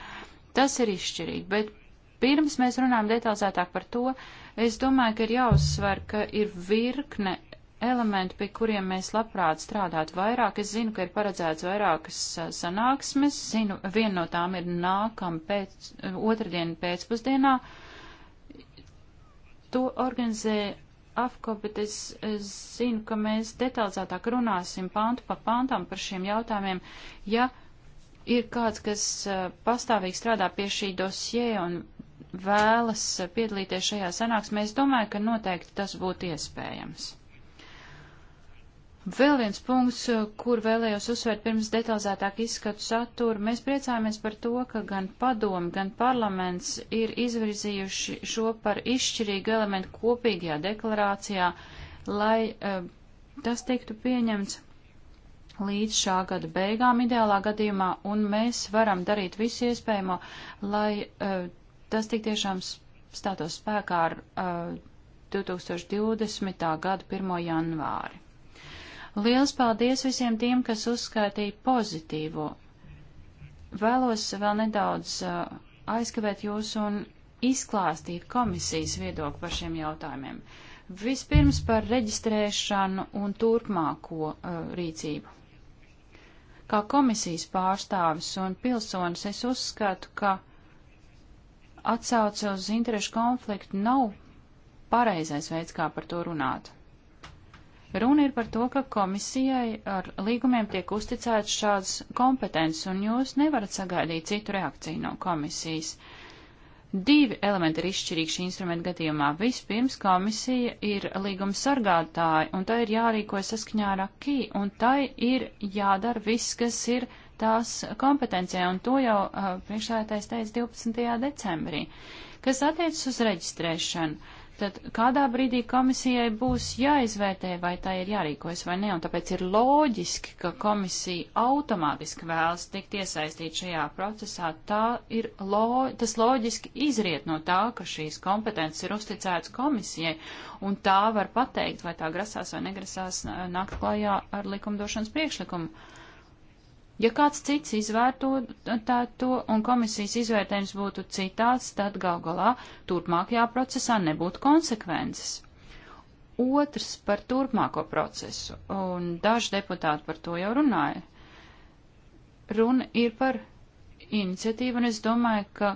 Tas ir izšķirīgi, bet pirms mēs runājam detalizētāk par to, es domāju, ka ir jāuzsver, ka ir virkne elementi, pie kuriem mēs labprāt strādāt vairāk. Es zinu, ka ir paredzēts vairākas eh, sanāksmes, zinu, viena no tām ir nākam pēc, eh, otrdien pēcpusdienā. To organizē AFCO, bet es, es zinu, ka mēs detalizētāk runāsim pantu pa pantām par šiem jautājumiem. Ja ir kāds, kas eh, pastāvīgi strādā pie šī dosie un vēlas eh, piedalīties šajā sanāksmē, es domāju, ka noteikti tas būtu iespējams. Vēl viens punkts, kur vēlējos uzsvērt pirms detalizētāk izskatu saturu. Mēs priecājamies par to, ka gan padomi, gan parlaments ir izvirzījuši šo par izšķirīgu elementu kopīgajā deklarācijā, lai uh, tas tiktu pieņemts līdz šā gada beigām ideālā gadījumā, un mēs varam darīt visu iespējamo, lai uh, tas tik tiešām stātos spēkā ar uh, eh, 2020. gada 1. janvāri. Liels paldies visiem tiem, kas uzskaitīja pozitīvo. Vēlos vēl nedaudz uh, aizkavēt jūs un izklāstīt komisijas viedokli par šiem jautājumiem. Vispirms par reģistrēšanu un turpmāko uh, rīcību. Kā komisijas pārstāvis un pilsonis es uzskatu, ka atsauce uz interešu konfliktu nav pareizais veids, kā par to runāt. Runa ir par to, ka komisijai ar līgumiem tiek uzticēts šāds kompetences, un jūs nevarat sagaidīt citu reakciju no komisijas. Divi elementi ir izšķirīgi šī instrumenta gadījumā. Vispirms komisija ir līguma sargātāja, un tai ir jārīkojas saskaņā ar akī, un tai ir jādara viss, kas ir tās kompetencijā, un to jau uh, priekšsētājs teica 12. decembrī. Kas attiecas uz reģistrēšanu? tad kādā brīdī komisijai būs jāizvērtē, vai tā ir jārīkojas vai ne, un tāpēc ir loģiski, ka komisija automātiski vēlas tikt iesaistīt šajā procesā. Tā ir lo, tas loģiski izriet no tā, ka šīs kompetences ir uzticētas komisijai, un tā var pateikt, vai tā grasās vai negrasās nākt klajā ar likumdošanas priekšlikumu. Ja kāds cits izvērtētu un komisijas izvērtējums būtu citāds, tad gal galā turpmākajā procesā nebūtu konsekvences. Otrs par turpmāko procesu, un daži deputāti par to jau runāja. Runa ir par iniciatīvu, un es domāju, ka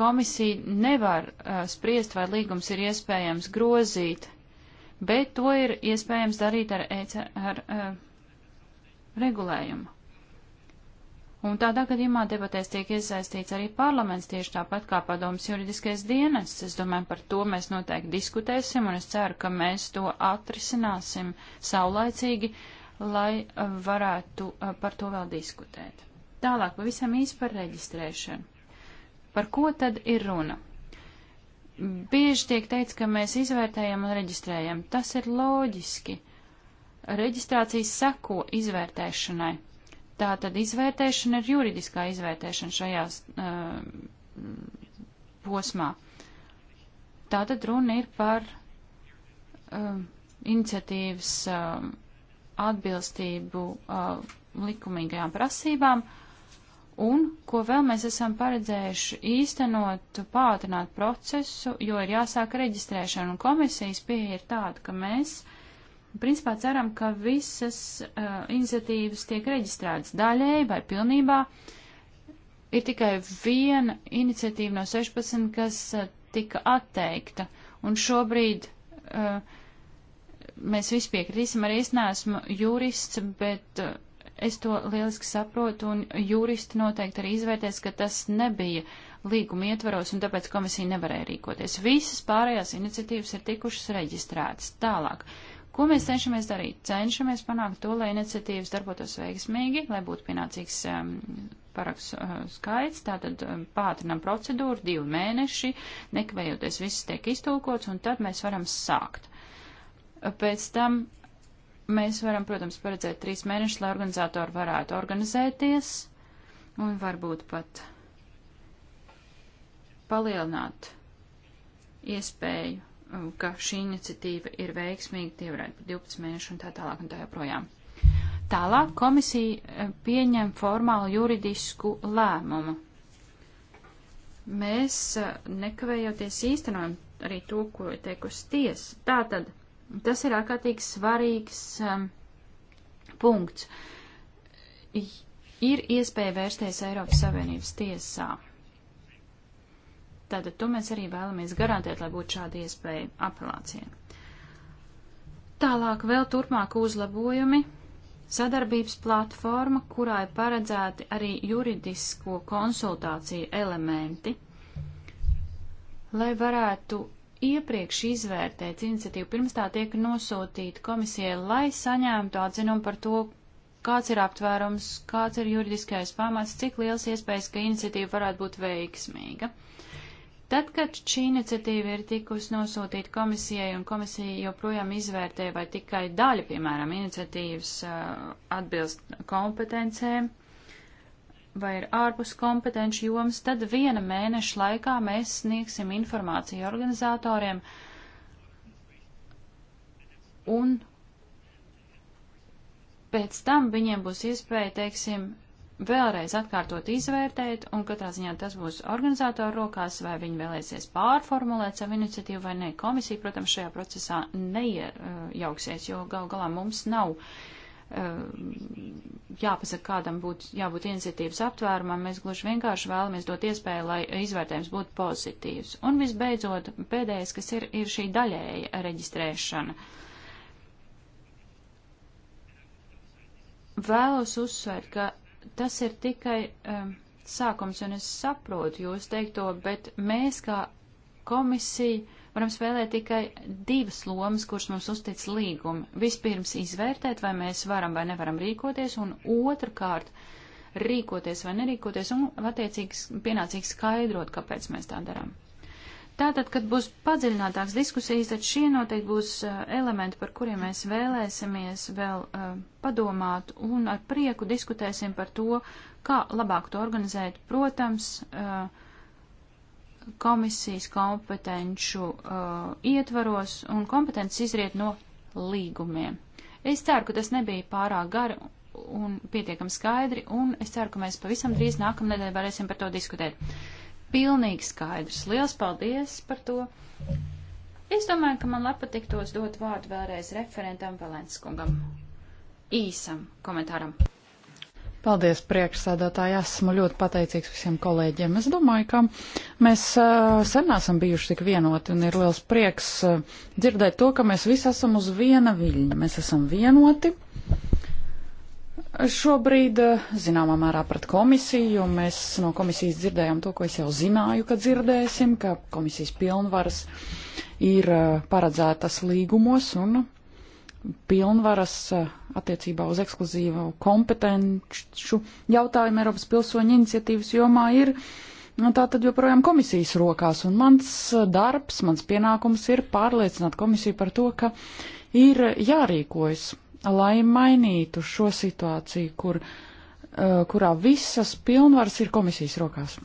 komisija nevar uh, spriest, vai līgums ir iespējams grozīt, bet to ir iespējams darīt ar, EC, ar uh, regulējumu. Un tādā gadījumā debatēs tiek iesaistīts arī parlaments tieši tāpat kā padomas juridiskais dienas. Es domāju, par to mēs noteikti diskutēsim, un es ceru, ka mēs to atrisināsim saulaicīgi, lai uh, varētu uh, par to vēl diskutēt. Tālāk pavisam īsi par reģistrēšanu. Par ko tad ir runa? Bieži tiek teikts, ka mēs izvērtējam un reģistrējam. Tas ir loģiski reģistrācijas seko izvērtēšanai. Tā tad izvērtēšana ir juridiskā izvērtēšana šajā uh, eh, posmā. Tā tad runa ir par uh, iniciatīvas uh, atbilstību uh, likumīgajām prasībām un ko vēl mēs esam paredzējuši īstenot, pātrināt procesu, jo ir jāsāk reģistrēšana un komisijas pieeja ir tāda, ka mēs uh, principā ceram, ka visas uh, iniciatīvas tiek reģistrētas daļēji vai pilnībā. Ir tikai viena iniciatīva no 16, kas uh, tika atteikta, un šobrīd uh, mēs visi piekritīsim, arī es neesmu jurists, bet uh, es to lieliski saprotu, un juristi noteikti arī izvērtēs, ka tas nebija līguma ietvaros, un tāpēc komisija nevarēja rīkoties. Visas pārējās iniciatīvas ir tikušas reģistrētas. Tālāk. Uh, Ko mēs cenšamies darīt? Cenšamies panākt to, lai iniciatīvas darbotos veiksmīgi, lai būtu pienācīgs um, parakstu uh, skaits, tātad um, pātrinam procedūru, divi mēneši, nekavējoties viss tiek iztulkots, un tad mēs varam sākt. Uh, pēc tam mēs varam, protams, paredzēt trīs mēnešus, lai organizatori varētu organizēties un varbūt pat palielināt iespēju ka šī iniciatīva ir veiksmīga, tie varētu būt 12 mēneši un tā tālāk un tā joprojām. Tālāk komisija eh, pieņem formālu juridisku lēmumu. Mēs eh, nekavējoties īstenojam arī to, ko ir teikusi tiesa. Tātad tas ir ārkārtīgi svarīgs um, punkts. Ir iespēja vērsties Eiropas Savienības tiesā. Tātad to mēs arī vēlamies garantēt, lai būtu šāda iespēja apelācijai. Tālāk vēl turpmāk uzlabojumi. Sadarbības platforma, kurā ir paredzēti arī juridisko konsultāciju elementi, lai varētu iepriekš izvērtēt iniciatīvu, pirms tā tiek nosūtīta komisijai, lai saņemtu atzinumu par to, kāds ir aptvērums, kāds ir juridiskais pamats, cik liels iespējas, ka iniciatīva varētu būt veiksmīga. Tad, kad šī iniciatīva ir tikusi nosūtīta komisijai un komisija joprojām izvērtē, vai tikai daļa, piemēram, iniciatīvas uh, atbilst kompetencēm vai ir ārpus kompetenci jomas, tad viena mēneša laikā mēs sniegsim informāciju organizatoriem un pēc tam viņiem būs iespēja, teiksim, vēlreiz atkārtot izvērtēt, un katrā ziņā tas būs organizātoru rokās, vai viņi vēlēsies pārformulēt savu iniciatīvu vai ne. Komisija, protams, šajā procesā neiejauksies, jo gal galā mums nav eh, jāpasaka, kādam būtu jābūt iniciatīvas aptvērumam, mēs gluži vienkārši vēlamies dot iespēju, lai izvērtējums būtu pozitīvs. Un visbeidzot, pēdējais, kas ir, ir šī daļēja reģistrēšana. Vēlos uzsvērt, ka tas ir tikai um, sākums, un es saprotu jūs teikto, bet mēs kā komisija varam spēlēt tikai divas lomas, kuras mums uztic līgumi. Vispirms izvērtēt, vai mēs varam vai nevaram rīkoties, un otrkārt rīkoties vai nerīkoties, un attiecīgi pienācīgi skaidrot, kāpēc mēs tā darām. Tātad, kad būs padziļinātāks diskusijas, tad šie noteikti būs uh, elementi, par kuriem mēs vēlēsimies vēl uh, padomāt un ar prieku diskutēsim par to, kā labāk to organizēt. Protams, uh, komisijas kompetenču ietvaros un kompetences izriet no līgumiem. Es ceru, ka tas nebija pārāk gari un pietiekami skaidri, un es ceru, ka mēs pavisam drīz nākamnedēļ varēsim par to diskutēt pilnīgi skaidrs. Liels paldies par to! Es domāju, ka man patiktos dot vārdu vēlreiz referentam Valenskungam. Īsam komentāram. Paldies, priekšsēdētāji. Esmu ļoti pateicīgs visiem kolēģiem. Es domāju, ka mēs sen esam bijuši tik vienoti un ir liels prieks dzirdēt to, ka mēs visi esam uz viena viļņa. Mēs esam vienoti šobrīd eh, zināmā mērā pret komisiju, jo mēs no komisijas dzirdējām to, ko es jau zināju, ka dzirdēsim, ka komisijas pilnvaras ir eh, paredzētas līgumos un pilnvaras eh, attiecībā uz ekskluzīvu kompetenču jautājumu Eiropas pilsoņu iniciatīvas jomā ir. Nu, tā tad joprojām komisijas rokās, un mans darbs, mans pienākums ir pārliecināt komisiju par to, ka ir jārīkojas lai mainītu šo situāciju, kur, eh, kurā visas pilnvaras ir komisijas rokās.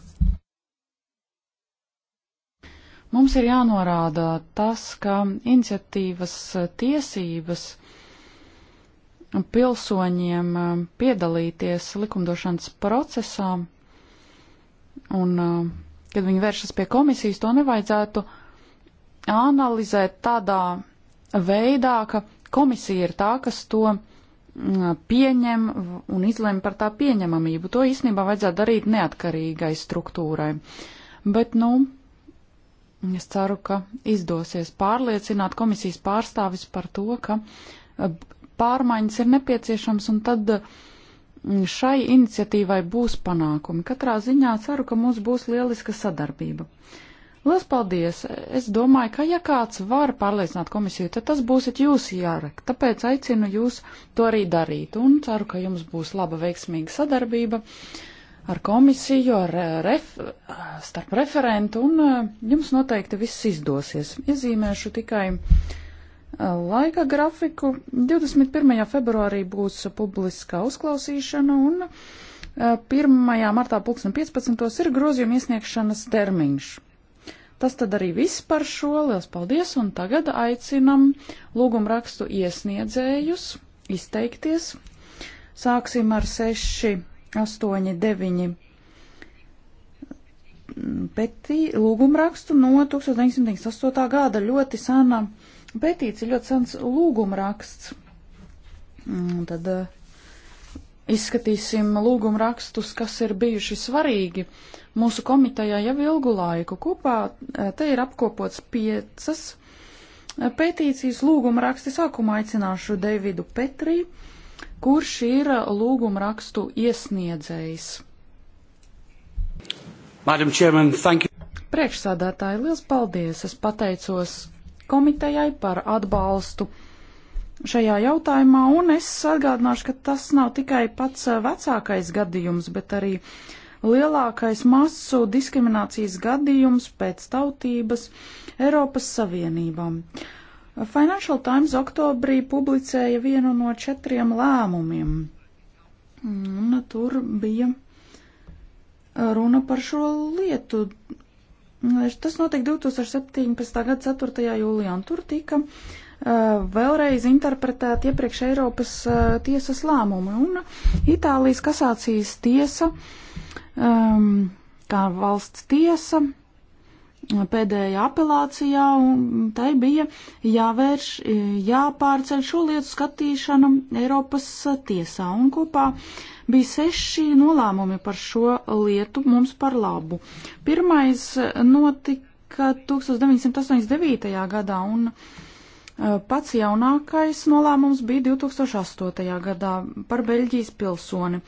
Mums ir jānorāda tas, ka iniciatīvas eh, tiesības pilsoņiem eh, piedalīties likumdošanas procesā, un kad viņi vēršas pie komisijas, to nevajadzētu analizēt tādā veidā, ka komisija ir tā, kas to mm, pieņem un izlem par tā pieņemamību. To īstenībā vajadzētu darīt neatkarīgai struktūrai. Bet, nu, es ceru, ka izdosies pārliecināt komisijas pārstāvis par to, ka eh, pārmaiņas ir nepieciešams un tad mm, šai iniciatīvai būs panākumi. Katrā ziņā ceru, ka mums būs lieliska sadarbība. Uh, Lielas paldies! Es domāju, ka ja kāds var pārliecināt komisiju, tad tas būsit jūs, Jārek. Tāpēc aicinu jūs to arī darīt un ceru, ka jums būs laba veiksmīga sadarbība ar komisiju, ar eh, ref, starp referentu un eh, jums noteikti viss izdosies. Iezīmēšu tikai eh, laika grafiku. 21. februārī būs publiskā uzklausīšana un 1. martā 2015. ir grozījuma iesniegšanas termiņš. Tas tad arī viss par šo. Lielas paldies! Un tagad aicinam lūgumrakstu iesniedzējus izteikties. Sāksim ar 6, 8, 9 petī, lūgumrakstu no 1998. gada. Ļoti sena petīcija, ļoti sens lūgumraksts. Un tad uh, Izskatīsim lūgumu rakstus, kas ir bijuši svarīgi mūsu komitejā jau ilgu laiku. Kopā eh, te ir apkopots piecas eh, pētīcijas lūguma raksti. Sākumā aicināšu Davidu Petrī, kurš ir lūguma rakstu iesniedzējs. Madam Chairman, thank you. Priekšsādātāji, liels paldies! Es pateicos komitejai par atbalstu šajā jautājumā, un es atgādināšu, ka tas nav tikai pats eh, vecākais gadījums, bet arī lielākais masu diskriminācijas gadījums pēc tautības Eiropas Savienībām. Financial Times oktobrī publicēja vienu no četriem lēmumiem, un tur bija runa par šo lietu. Tas notika 2017. gada 4. jūlijā, un tur tika uh, Uh, vēlreiz interpretēt iepriekš Eiropas uh, tiesas lēmumu. Un Itālijas kasācijas tiesa, um, kā valsts tiesa, pēdējā apelācijā, un tai bija jāvērš, jāpārceļ šo lietu skatīšana Eiropas uh, tiesā, un kopā bija seši nolēmumi par šo lietu mums par labu. Pirmais notika 1989. gadā, un Pats jaunākais nolēmums bija 2008. gadā par Beļģijas pilsoni.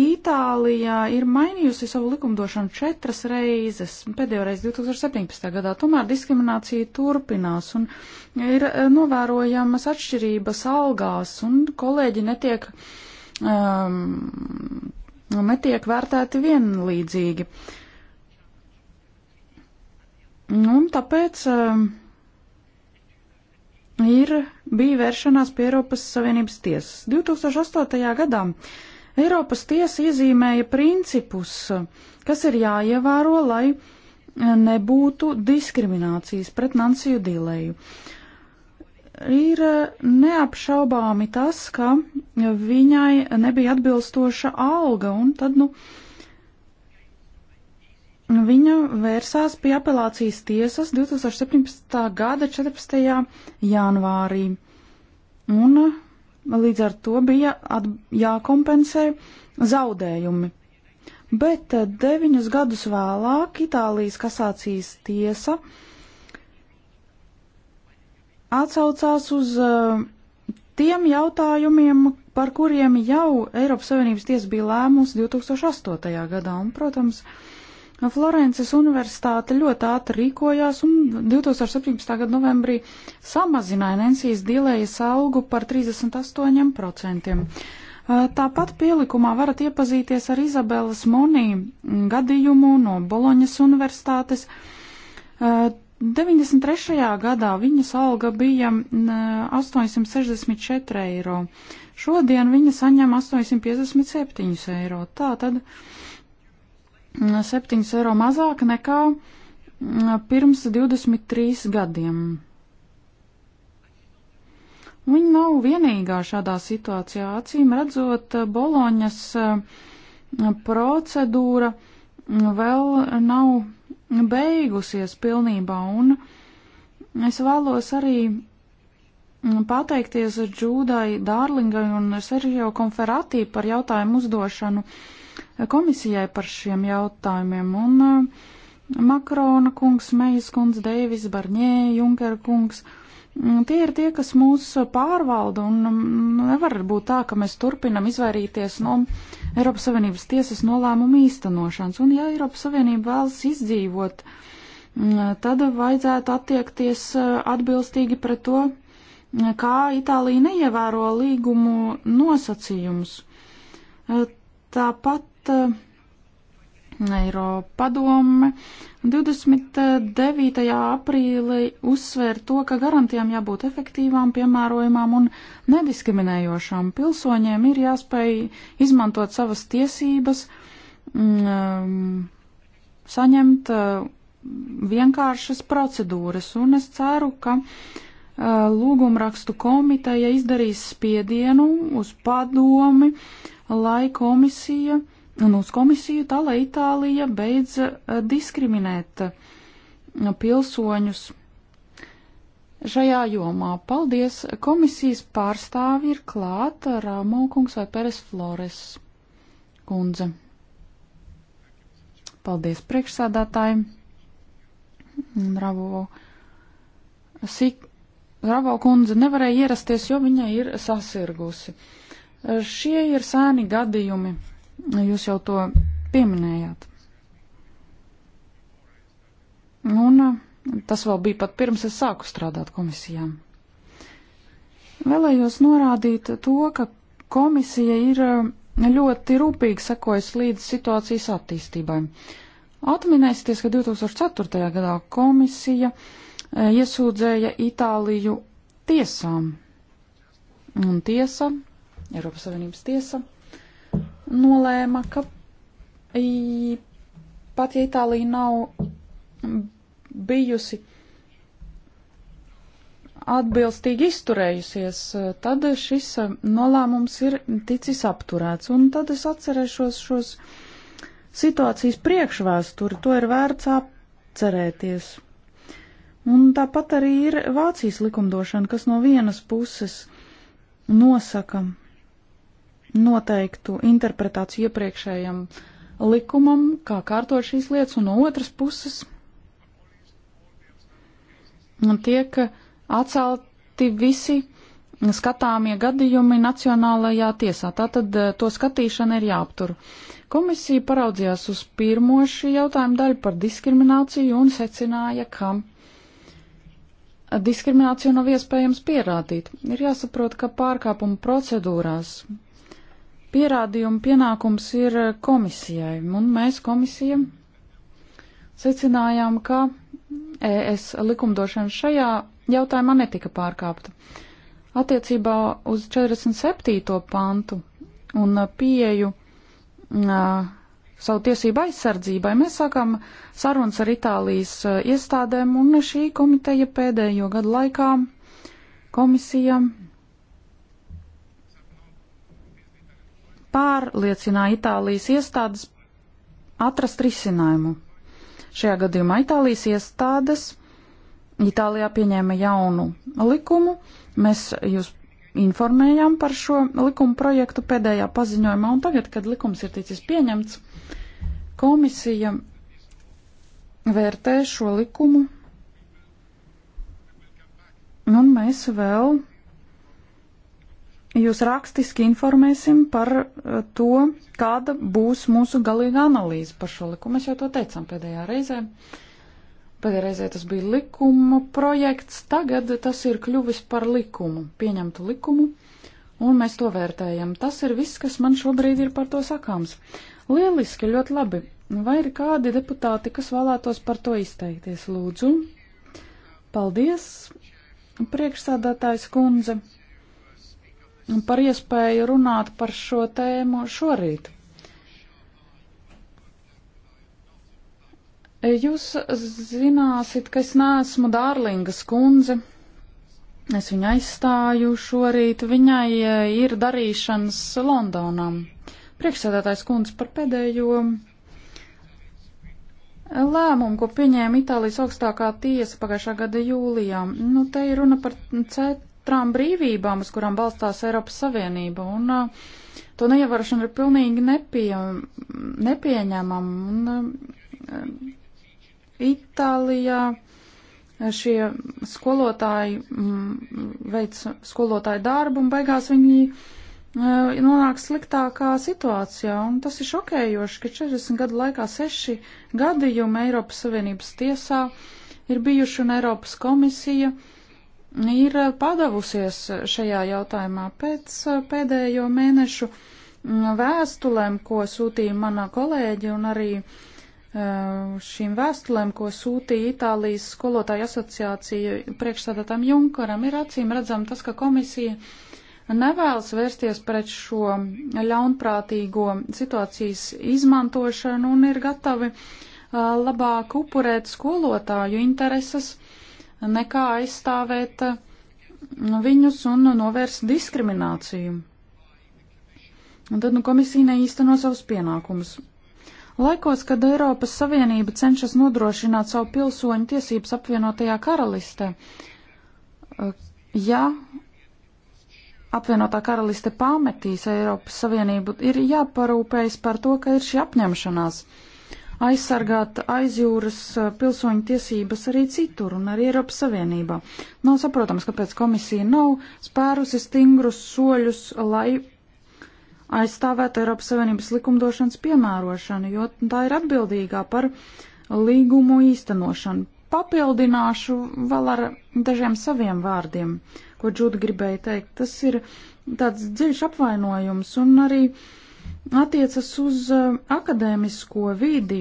Itālijā ir mainījusi savu likumdošanu četras reizes, pēdējo reizi 2017. gadā, tomēr diskriminācija turpinās un ir novērojamas atšķirības algās un kolēģi netiek, um, netiek vērtēti vienlīdzīgi. Un tāpēc um, ir bija vēršanās pie Eiropas Savienības tiesas. 2008. gadā Eiropas tiesa iezīmēja principus, kas ir jāievēro, lai nebūtu diskriminācijas pret Nansiju Dīlēju. Ir neapšaubāmi tas, ka viņai nebija atbilstoša alga, un tad, nu, uh, Viņa vērsās pie apelācijas tiesas 2017. gada 14. janvārī. Un uh, līdz ar to bija jākompensē zaudējumi. Bet uh, deviņus gadus vēlāk Itālijas kasācijas tiesa atsaucās uz uh, tiem jautājumiem, par kuriem jau Eiropas Savienības tiesa bija lēmusi 2008. gadā. Un, protams, uh, Florences universitāte ļoti ātri rīkojās un 2017. gada novembrī samazināja Nensijas Dilējas algu par 38%. Tāpat pielikumā varat iepazīties ar Izabelas Monī gadījumu no Boloņas universitātes. 93. gadā viņas alga bija 864 eiro. Šodien viņa saņem 857 eiro. Tātad. tad 7 eiro mazāk nekā mm, pirms 23 gadiem. Viņa nav vienīgā šādā situācijā. Acīm redzot, Boloņas mm, procedūra mm, vēl nav beigusies pilnībā, un es vēlos arī pateikties Džūdai Dārlingai un Sergio Konferatī par jautājumu uzdošanu komisijai par šiem jautājumiem. Un uh, Makrona kungs, Mejas kungs, Deivis Barņē, Junker kungs. Mm, tie ir tie, kas mūs pārvalda, un mm, nevar būt tā, ka mēs turpinam izvairīties no Eiropas Savienības tiesas nolēmumu īstenošanas. Un ja Eiropas Savienība vēlas izdzīvot, mm, tad vajadzētu attiekties uh, atbilstīgi pret to, kā Itālija neievēro līgumu nosacījumus. Uh, tāpat Eh, Eiropadome 29. aprīlī uzsvēra to, ka garantijām jābūt efektīvām, piemērojamām un nediskriminējošām. Pilsoņiem ir jāspēj izmantot savas tiesības, um, saņemt uh, vienkāršas procedūras, un es ceru, ka uh, lūgumrakstu komiteja izdarīs spiedienu uz padomi, lai komisija uh, un uz komisiju tā, lai Itālija beidz eh, diskriminēt eh, pilsoņus šajā jomā. Paldies! Komisijas pārstāvi ir klāta Rāmokungs vai Peres Flores kundze. Paldies priekšsādātājiem! Bravo! Sik Ravo kundze nevarēja ierasties, jo viņa ir sasirgusi. Šie ir sēni gadījumi Jūs jau to pieminējāt. Un uh, tas vēl bija pat pirms es sāku strādāt komisijā. Vēlējos norādīt to, ka komisija ir uh, ļoti rūpīgi sekojas līdz situācijas attīstībai. Atminēsieties, ka 2004. gadā komisija uh, iesūdzēja Itāliju tiesām. Un tiesa, Eiropas Savienības tiesa, nolēma, ka pat ja Itālija nav bijusi atbilstīgi izturējusies, tad šis nolēmums ir ticis apturēts. Un tad es atcerēšos šos situācijas priekšvēsturi, to ir vērts atcerēties. Un tāpat arī ir Vācijas likumdošana, kas no vienas puses nosaka noteiktu interpretāciju iepriekšējam likumam, kā kārtot šīs lietas, un no otras puses tiek atcelti visi skatāmie gadījumi Nacionālajā tiesā. Tātad eh, to skatīšana ir jāaptur. Komisija paraudzījās uz pirmo šī jautājuma daļu par diskrimināciju un secināja, ka diskrimināciju nav iespējams pierādīt. Ir jāsaprot, ka pārkāpuma procedūrās pierādījumu pienākums ir komisijai, un mēs komisija secinājām, ka ES likumdošana šajā jautājumā netika pārkāpta. Attiecībā uz 47. pantu un pieeju uh, savu tiesību aizsardzībai mēs sākam sarunas ar Itālijas iestādēm, un šī komiteja pēdējo gadu laikā komisija pārliecināja Itālijas iestādes atrast risinājumu. Šajā gadījumā Itālijas iestādes Itālijā pieņēma jaunu likumu. Mēs jūs informējām par šo likuma projektu pēdējā paziņojumā, un tagad, kad likums ir ticis pieņemts, komisija vērtē šo likumu, un mēs vēl jūs rakstiski informēsim par eh, to, kāda būs mūsu galīga analīze par šo likumu. Mēs jau to teicām pēdējā reizē. Pēdējā reizē tas bija likuma projekts, tagad tas ir kļuvis par likumu, pieņemtu likumu, un mēs to vērtējam. Tas ir viss, kas man šobrīd ir par to sakāms. Lieliski, ļoti labi. Vai ir kādi deputāti, kas vēlētos par to izteikties? Lūdzu. Paldies, priekšsādātājs kundze par iespēju runāt par šo tēmu šorīt. Jūs zināsit, ka es neesmu Dārlingas kundze. Es viņu aizstāju šorīt. Viņai e, ir darīšanas Londonam. Priekšsēdētājs kundze par pēdējo lēmumu, ko pieņēma Itālijas augstākā tiesa pagājušā gada jūlijā. Nu, te ir runa par CETA četrām brīvībām, uz kurām balstās Eiropas Savienība, un uh, to neievarošana ir pilnīgi nepie, nepieņemama. Un, uh, Itālijā šie skolotāji mm, veic skolotāju darbu, un beigās viņi uh, nonāk sliktākā situācijā, un tas ir šokējoši, ka 40 gadu laikā seši gadījumi Eiropas Savienības tiesā ir bijuši un Eiropas komisija uh, ir padavusies šajā jautājumā pēc uh, pēdējo mēnešu mm, vēstulēm, ko sūtīja mana kolēģi un arī uh, šīm vēstulēm, ko sūtīja Itālijas skolotāju asociācija priekšstādātam Junkaram, ir acīm redzam tas, ka komisija nevēlas vērsties pret šo ļaunprātīgo situācijas izmantošanu un ir gatavi uh, labāk upurēt skolotāju intereses uh, nekā aizstāvēt mm, viņus un novērst diskrimināciju. Un tad nu, komisija neīsteno savus pienākumus. Laikos, kad Eiropas Savienība cenšas nodrošināt savu pilsoņu tiesības apvienotajā karalistē, ja apvienotā karaliste pametīs Eiropas Savienību, ir jāparūpējas par to, ka ir šī apņemšanās. Uh, aizsargāt aizjūras eh, pilsoņu tiesības arī citur un arī Eiropas Savienībā. Nav no, saprotams, kāpēc komisija nav spērusi stingrus soļus, lai aizstāvētu Eiropas Savienības likumdošanas piemērošanu, jo tā ir atbildīgā par līgumu īstenošanu. Papildināšu vēl ar dažiem saviem vārdiem, ko Džuda gribēja teikt. Tas ir tāds dziļš apvainojums un arī uh, attiecas uz eh, akadēmisko vidi,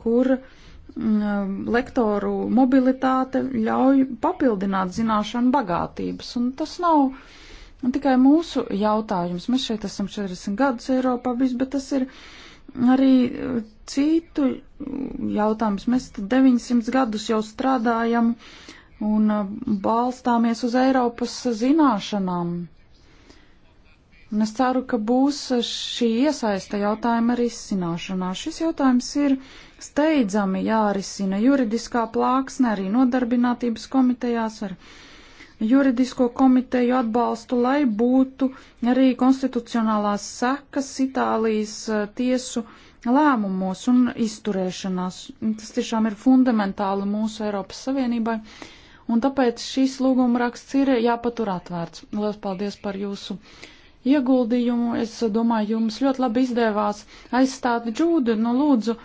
kur mm, eh, lektoru mobilitāte ļauj papildināt zināšanu bagātības. Un tas nav tikai mūsu jautājums. Mēs šeit esam 40 gadus Eiropā, bijis, bet tas ir arī eh, citu jautājums. Mēs 900 gadus jau strādājam un balstāmies uz Eiropas zināšanām. Un es ceru, ka būs šī iesaista jautājuma risināšanā. Šis jautājums ir steidzami jārisina juridiskā plāksne arī nodarbinātības komitejās ar juridisko komiteju atbalstu, lai būtu arī konstitucionālās sekas Itālijas eh, tiesu lēmumos un izturēšanās. Tas tiešām ir fundamentāli mūsu Eiropas Savienībai, un tāpēc šīs lūguma raksts ir jāpatur atvērts. Lielas paldies par jūsu! ieguldījumu. Es domāju, jums ļoti labi izdevās aizstāt džūdu. Nu, lūdzu,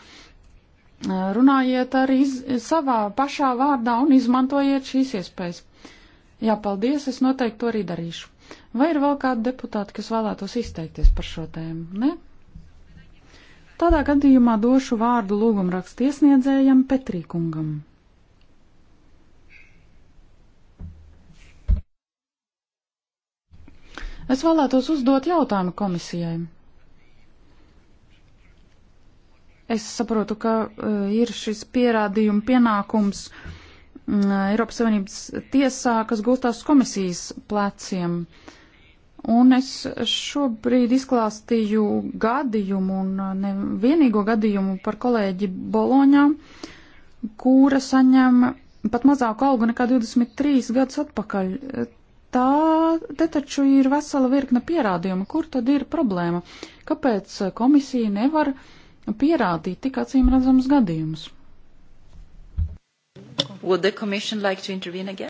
runājiet arī iz, savā pašā vārdā un izmantojiet šīs iespējas. Jā, paldies, es noteikti to arī darīšu. Vai ir vēl kādi deputāti, kas vēlētos izteikties par šo tēmu? Ne? Tādā gadījumā došu vārdu lūgumrakstu iesniedzējam Petrīkungam. Es vēlētos uzdot jautājumu komisijai. Es saprotu, ka eh, ir šis pierādījuma pienākums mm, Eiropas Savienības tiesā, kas gulstās komisijas pleciem. Un es šobrīd izklāstīju gadījumu un eh, nevienīgo gadījumu par kolēģi Boloņā, kura saņem pat mazāku algu nekā 23 gadus atpakaļ tā te taču ir vesela virkne pierādījumu, kur tad ir problēma, kāpēc komisija nevar pierādīt tik acīm redzams gadījumus. Like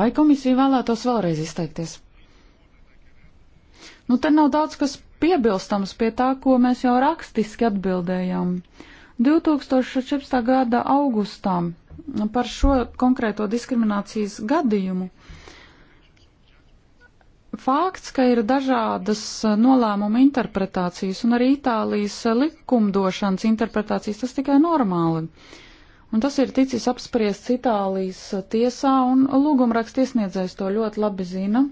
Vai komisija vēlētos vēlreiz izteikties? Nu, te nav daudz kas piebilstams pie tā, ko mēs jau rakstiski atbildējām. 2014. gada augustā par šo konkrēto diskriminācijas gadījumu fakts, ka ir dažādas eh, nolēmuma interpretācijas un arī Itālijas eh, likumdošanas interpretācijas, tas tikai normāli. Un tas ir ticis apspriests Itālijas eh, tiesā, un lūgumraksts iesniedzējs to ļoti labi zina.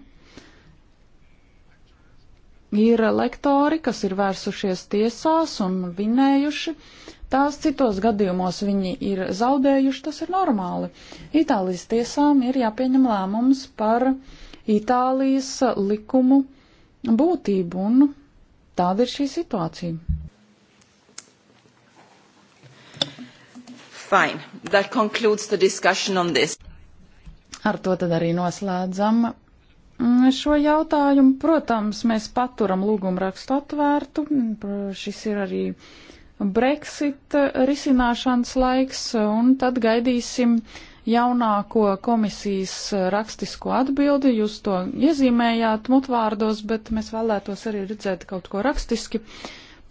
Ir lektori, kas ir vērsušies tiesās un vinējuši. Tās citos gadījumos viņi ir zaudējuši, tas ir normāli. Itālijas tiesām ir jāpieņem lēmums par uh, Itālijas likumu būtību, un tāda ir šī situācija. Fine. That concludes the discussion on this. Ar to tad arī noslēdzam mm, šo jautājumu. Protams, mēs paturam lūgumu rakstu atvērtu. Šis ir arī Brexit risināšanas laiks, un tad gaidīsim jaunāko komisijas rakstisko atbildi. Jūs to iezīmējāt mutvārdos, bet mēs vēlētos arī redzēt kaut ko rakstiski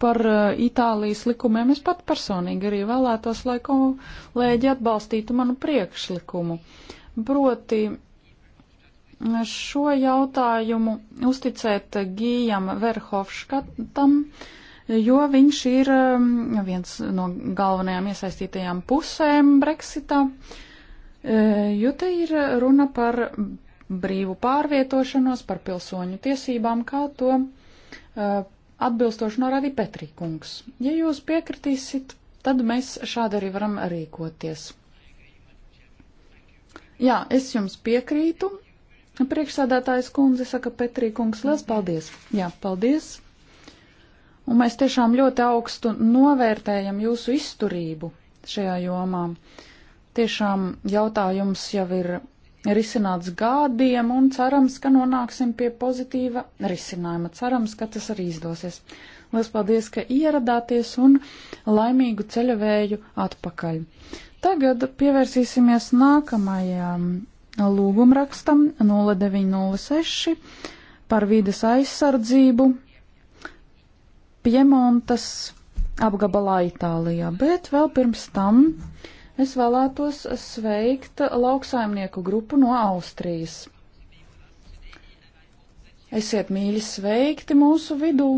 par uh, Itālijas likumiem. Es pat personīgi arī vēlētos, lai kolēģi atbalstītu manu priekšlikumu. Proti šo jautājumu uzticēt Gījam Verhofškatam jo viņš ir um, viens no galvenajām iesaistītajām pusēm Brexitā. Uh, jo te ir runa par brīvu pārvietošanos, par pilsoņu tiesībām, kā to e, atbilstoši norādīja Petrīkungs. Ja jūs piekritīsit, tad mēs šādi arī varam rīkoties. Jā, es jums piekrītu. Priekšsādātājs kundze saka Petrīkungs, liels paldies. Jā, paldies. Un mēs tiešām ļoti augstu novērtējam jūsu izturību šajā jomā. Uh, Tiešām jautājums jau ir risināts gādiem un cerams, ka nonāksim pie pozitīva risinājuma. Cerams, ka tas arī izdosies. Lielas paldies, ka ieradāties un laimīgu ceļavēju atpakaļ. Tagad pievērsīsimies nākamajam lūgumrakstam 0906 par vides aizsardzību Piemontas apgabalā Itālijā, bet vēl pirms tam Es vēlētos sveikt lauksaimnieku grupu no Austrijas. Esiet mīļi sveikti mūsu vidū.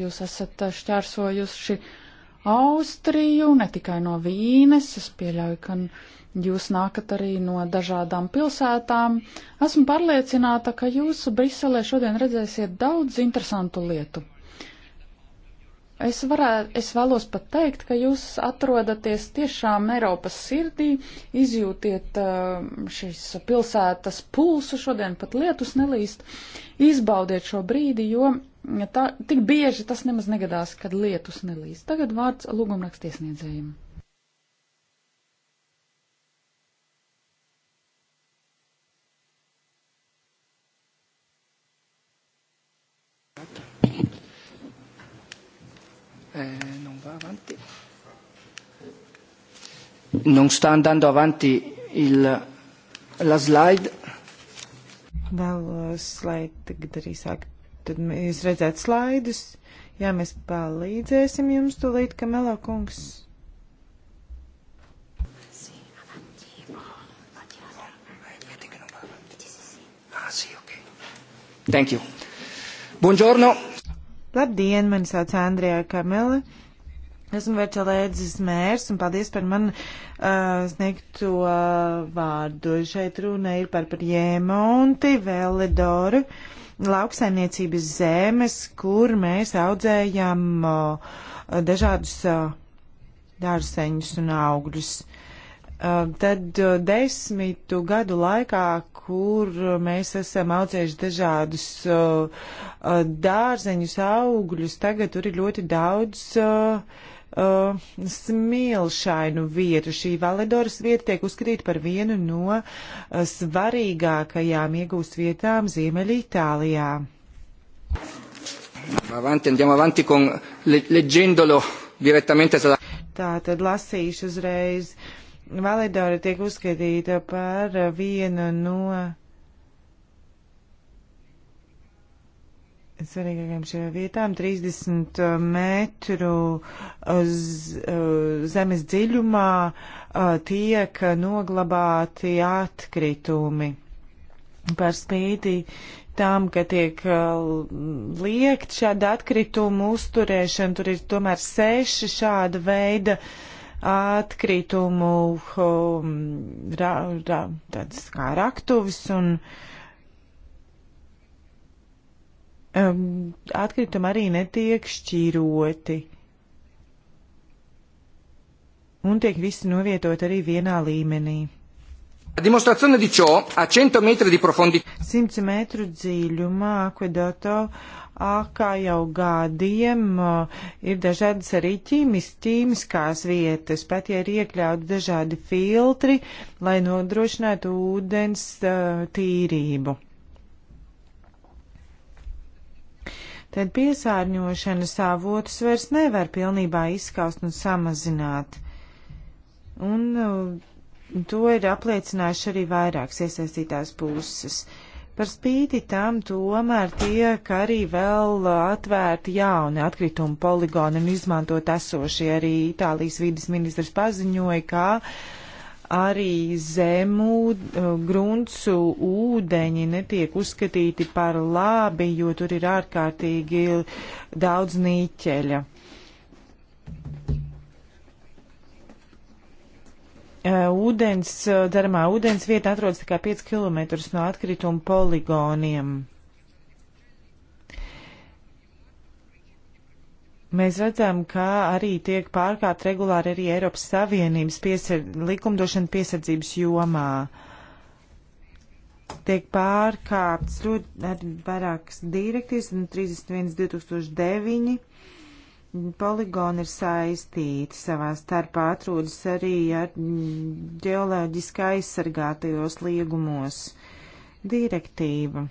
Jūs esat šķērsojuši Austriju, ne tikai no Vīnes, es pieļauju, ka jūs nākat arī no dažādām pilsētām. Esmu pārliecināta, ka jūs Briselē šodien redzēsiet daudz interesantu lietu. Es, varētu, es vēlos pat teikt, ka jūs atrodaties tiešām Eiropas sirdī, izjūtiet um, šīs pilsētas pulsu, šodien pat lietus nelīst, izbaudiet šo brīdi, jo tā, tik bieži tas nemaz negadās, kad lietus nelīst. Tagad vārds lūgumrakstiesniedzējiem. eh, non va avanti. Non sta andando avanti il, la slide. Vēlos, lai tagad arī sāk, tad jūs redzētu slaidus. Jā, mēs palīdzēsim jums tūlīt, ka Melo kungs. Thank you. Buongiorno. Labdien, mani sauc Andrijā Kamela. Esmu Večelēdzes mērs un paldies par man uh, sniegto uh, vārdu. Šeit runa ir par, par Jēmonti, Veledoru, lauksaimniecības zemes, kur mēs audzējam uh, dažādus uh, dārzeņus un augļus. Uh, tad uh, desmitu gadu laikā kur uh, mēs esam audzējuši dažādus uh, uh, dārzeņus, augļus. Tagad tur ir ļoti daudz uh, uh, smilšainu vietu. Šī Valedoras vieta tiek uzskatīta par vienu no uh, svarīgākajām iegūst vietām Ziemeļa Itālijā. Avanti, andiamo avanti con leggendolo direttamente. Tā tad lasīšu uzreiz. Uh, Validora tiek uzskatīta par vienu no svarīgākajām šajām vietām - 30 metru zemes dziļumā tiek noglabāti atkritumi. Par spīti tam, ka tiek liekt šāda atkrituma uzturēšana, tur ir tomēr seši šāda veida uh, atkritumu, ra, ra, tāds kā raktuvis un um, atkritumi arī netiek šķiroti un tiek visi novietot arī vienā līmenī. A dimostrazione di ciò, a 100 metri di profondità. 100 metru dziļumā akvedoto kā jau gadiem ir dažādas arī ķīmis, ķīmiskās vietas, pat ja ir iekļauti dažādi filtri, lai nodrošinātu ūdens tīrību. Tad piesārņošanas avotus vairs nevar pilnībā izskaust un samazināt. Un to ir apliecinājuši arī vairākas iesaistītās puses. Uh, Par spīti tam tomēr tiek arī vēl atvērti jauni atkritumu poligoni un izmantot esošie. Arī Itālijas vidas ministrs paziņoja, ka arī zemu uh, grunts ūdeņi netiek uzskatīti par labi, jo tur ir ārkārtīgi daudz nīķeļa. ūdens, dzeramā ūdens vieta atrodas tikai 5 km no atkrituma poligoniem. Mēs redzam, ka arī tiek pārkāpt regulāri arī Eiropas Savienības piesard, likumdošana piesardzības jomā. Tiek pārkāpts ļoti vairākas direktīvas, 31 2009 Poligoni ir saistīti savā starpā, atrodas arī ar mm, ģeoloģiski aizsargātajos liegumos. Direktīva.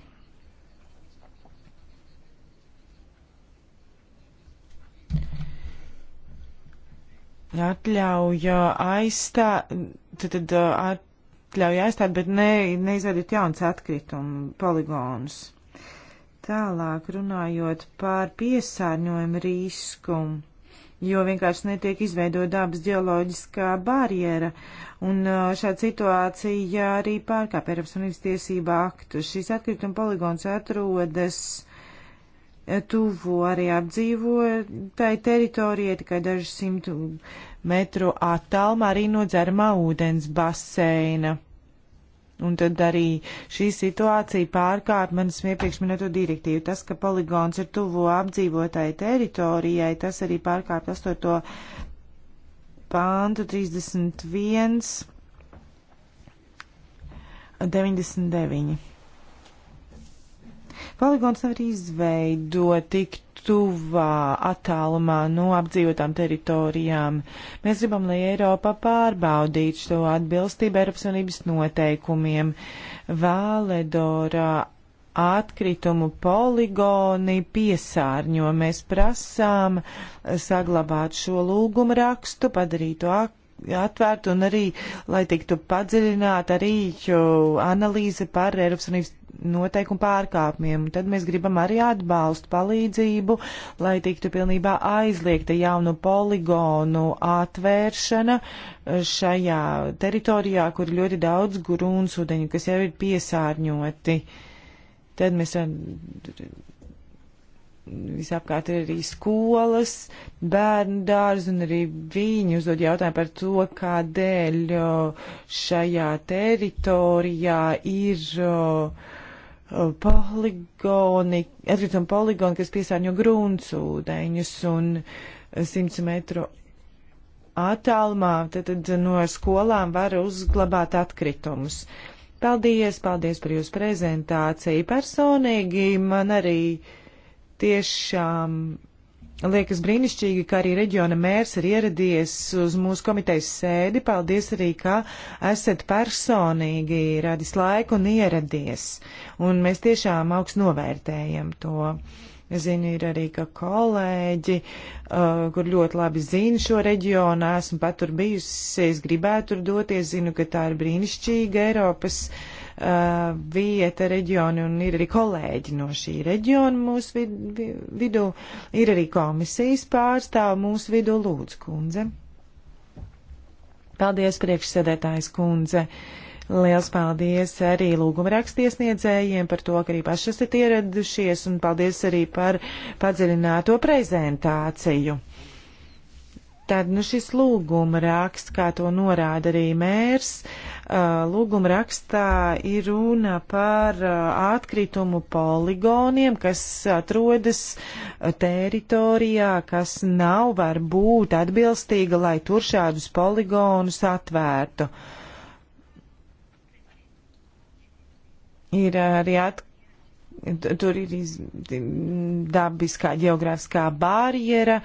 Atļauj aizstāt, tad, tad uh, atļauj aizstāt, bet ne, neizvedīt jauns atkritumu poligonus. Tālāk runājot par piesārņojumu risku, jo vienkārši netiek izveidot dabas ģeoloģiskā barjera, un šāda situācija arī pārkāp Eiropas Unības tiesība aktu. Šis atkrituma poligons atrodas tuvu arī apdzīvotai teritorijai, tikai dažu simtu metru attālumā arī no dzermā ūdens baseina. Un tad arī šī situācija pārkāp manas iepriekš minēto direktīvu. Tas, ka poligons ir tuvo apdzīvotāji teritorijai, tas arī pārkāp 8. pāntu 31. 99. Poligons nevar izveidot tik tuvā attālumā no apdzīvotām teritorijām. Mēs gribam, lai Eiropa pārbaudītu šo atbilstību Eiropas Unības noteikumiem. Vāledorā atkritumu poligoni piesārņo. Mēs prasām saglabāt šo lūgumu rakstu, padarīt to ak atvērt un arī, lai tiktu padziļināt arī analīze par Eiropas Unības noteikumu pārkāpumiem. Un tad mēs gribam arī atbalstu palīdzību, lai tiktu pilnībā aizliegta jaunu poligonu atvēršana e, šajā teritorijā, kur ļoti daudz grūnsudeņu, kas jau ir piesārņoti. Tad mēs visapkārt ir arī skolas, bērnu dārzi, un arī viņi uzdod jautājumu par to, kādēļ šajā teritorijā ir poligoni, atkrituma poligoni, kas piesārņo gruntsūdeņus un 100 metru attālumā, tad, tad no skolām var uzglabāt atkritumus. Paldies, paldies par jūsu prezentāciju. Personīgi man arī uh, Tiešām liekas brīnišķīgi, ka arī reģiona mērs ir ieradies uz mūsu komitejas sēdi. Paldies arī, ka esat personīgi radis laiku un ieradies. Un mēs tiešām augstu novērtējam to. Es zinu, ir arī ka kolēģi, uh, kur ļoti labi zina šo reģionu, esmu pat tur bijusi, es gribētu tur doties, zinu, ka tā ir brīnišķīga Eiropas uh, uh, vieta, reģioni, un ir arī kolēģi no šī reģiona mūsu vid vi vidū. Ir arī komisijas pārstāv mūsu vidū Lūdzu kundze. Paldies, priekšsēdētājs kundze. Liels paldies arī lūguma rakstiesniedzējiem par to, ka arī paši esat ieradušies, un paldies arī par padziļināto prezentāciju. Tad nu, šis lūguma raksts, kā to norāda arī mērs, uh, lūguma rakstā ir runa par uh, atkritumu poligoniem, kas atrodas uh, teritorijā, kas nav var būt atbilstīga, lai tur šādus poligonus atvērtu. Ir arī atkritumu tur ir iz, dabiskā geogrāfiskā barjera,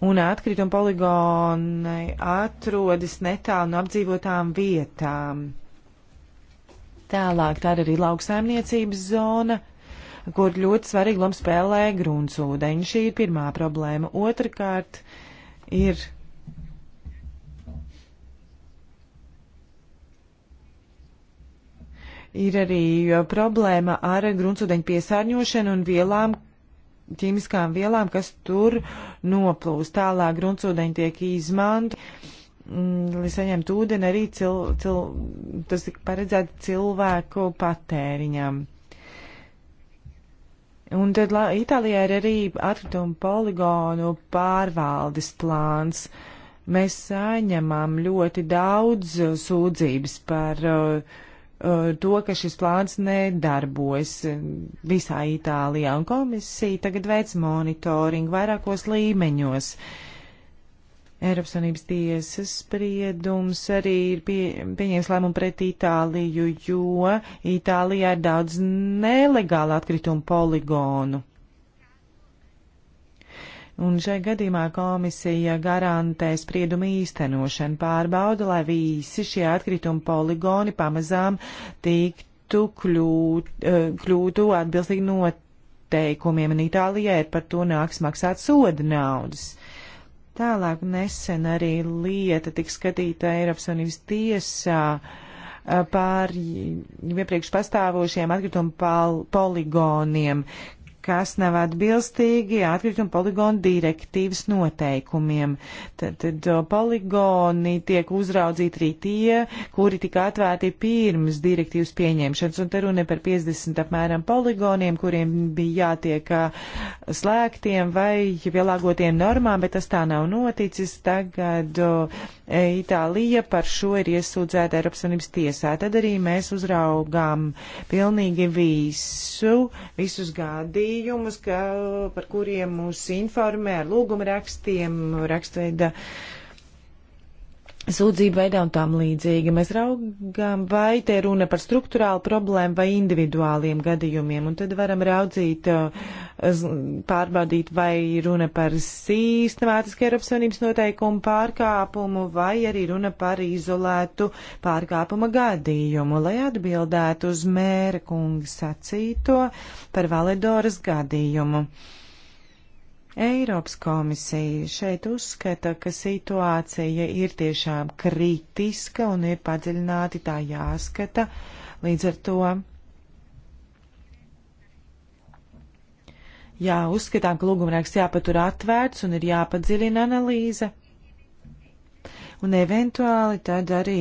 un atkrituma poligonai atrodas netālu no apdzīvotām vietām. Tālāk tā ir arī lauksaimniecības zona, kur ļoti svarīgi lom spēlē gruntsūdeņi. Šī ir pirmā problēma. Otrakārt ir. Ir arī uh, problēma ar gruntsūdeņu piesārņošanu un vielām, ķīmiskām vielām, kas tur noplūst. Tālāk gruntsūdeņi tiek izmantot, mm, lai saņemtu ūdeni, arī cil, cil, tas ir paredzēts cilvēku patēriņam. Un tad la, Itālijā ir arī atkritumu poligonu pārvaldes plāns. Mēs saņemam ļoti daudz sūdzības par uh, Eh, to, ka šis plāns nedarbojas visā Itālijā, un komisija tagad veic monitoringu vairākos līmeņos. Eiropas Savienības tiesas spriedums arī ir pie, pieņēmis lēmumu pret Itāliju, jo Itālijā ir daudz nelegālu atkritumu poligonu. Un šai gadījumā komisija garantē spriedumu īstenošanu, pārbauda, lai visi šie atkrituma poligoni pamazām tiktu kļūt, eh, kļūtu atbilstīgi noteikumiem, un Itālijai par to nāks maksāt soda naudas. Tālāk nesen arī lieta tika skatīta Eiropas Unības tiesā eh, pār iepriekš pastāvošiem atkritumu pol poligoniem, kas nav atbilstīgi atkrituma poligonu direktīvas noteikumiem. Tad, tad poligoni tiek uzraudzīti arī tie, kuri tika atvērti pirms direktīvas pieņemšanas, un te runa par 50 apmēram poligoniem, kuriem bija jātiek slēgtiem vai pielāgotiem normām, bet tas tā nav noticis. Tagad Itālija par šo ir iesūdzēta Eiropas Savienības tiesā. Tad arī mēs uzraugām pilnīgi visu, visus gadījumus gadījumus, ka, par kuriem mūs informē ar lūguma rakstiem, rakstveida uh, sūdzību veidā un tam līdzīgi. Mēs raugām, vai te runa par struktūrālu problēmu vai individuāliem gadījumiem, un tad varam raudzīt, eh, pārbaudīt, vai runa par sistemātisku Eiropas Savienības noteikumu pārkāpumu, vai arī runa par izolētu pārkāpuma gadījumu, lai atbildētu uz mēra kunga sacīto par validoras gadījumu. Eiropas komisija šeit uzskata, ka situācija ir tiešām kritiska un ir padziļināti tā jāskata. Līdz ar to jā, uzskatām, ka lūgumraksts jāpatur atvērts un ir jāpadziļina analīze. Un eventuāli tad arī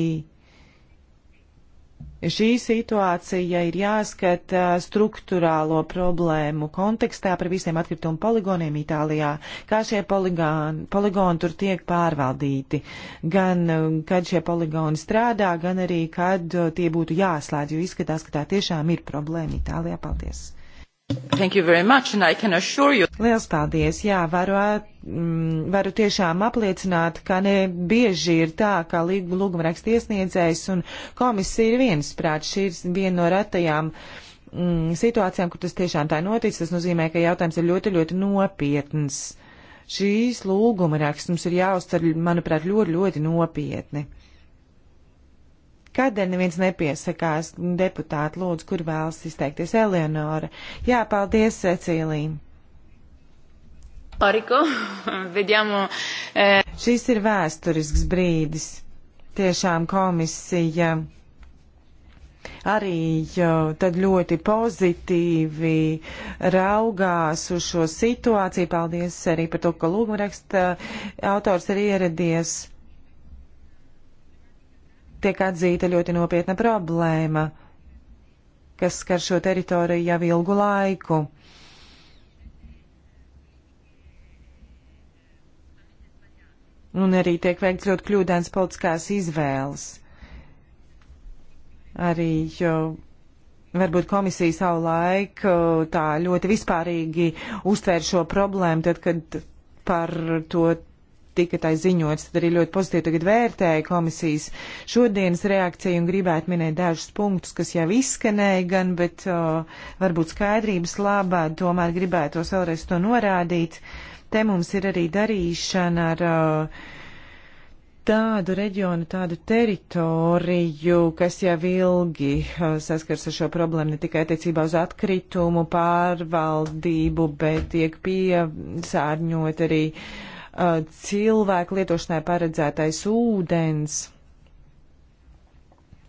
Šī situācija ir jāskata struktūrālo problēmu kontekstā par visiem atkritumu poligoniem Itālijā, kā šie poligoni, poligoni tur tiek pārvaldīti, gan kad šie poligoni strādā, gan arī kad tie būtu jāslēdz, jo izskatās, ka tā tiešām ir problēma Itālijā. Paldies! Thank you very much, and I can assure you. Liels paldies, jā, varu, mm, varu tiešām apliecināt, ka ne bieži ir tā, ka lūguma raksta iesniedzējs un komisija ir viens prāts, šī ir viena no retajām mm, situācijām, kur tas tiešām tā noticis, tas nozīmē, ka jautājums ir ļoti, ļoti nopietns. Šīs lūguma raksts mums ir jāuztver, manuprāt, ļoti, ļoti nopietni. Kādēļ neviens nepiesakās deputāti lūdzu, kur vēlas izteikties Eleonora? Jā, paldies, Cecīlija. Ariko, (laughs) vediamo. E... Šis ir vēsturisks brīdis. Tiešām komisija arī tad ļoti pozitīvi raugās uz šo situāciju. Paldies arī par to, ka lūgumraksta autors ir ieradies tiek atzīta ļoti nopietna problēma, kas skar šo teritoriju jau ilgu laiku. Un arī tiek veikts ļoti kļūdains politiskās izvēles. Arī jo, varbūt komisija savu laiku tā ļoti vispārīgi uztvēra šo problēmu, tad, kad par to tika tai ziņots, tad arī ļoti pozitīvi tagad vērtēja komisijas šodienas reakciju un gribētu minēt dažus punktus, kas jau izskanēja gan, bet o, uh, varbūt skaidrības labā, tomēr gribētos vēlreiz to norādīt. Te mums ir arī darīšana ar. O, uh, tādu reģionu, tādu teritoriju, kas jau ilgi uh, saskars ar šo problēmu ne tikai attiecībā uz atkritumu pārvaldību, bet tiek piesārņot arī uh, Uh, cilvēku lietošanai paredzētais ūdens.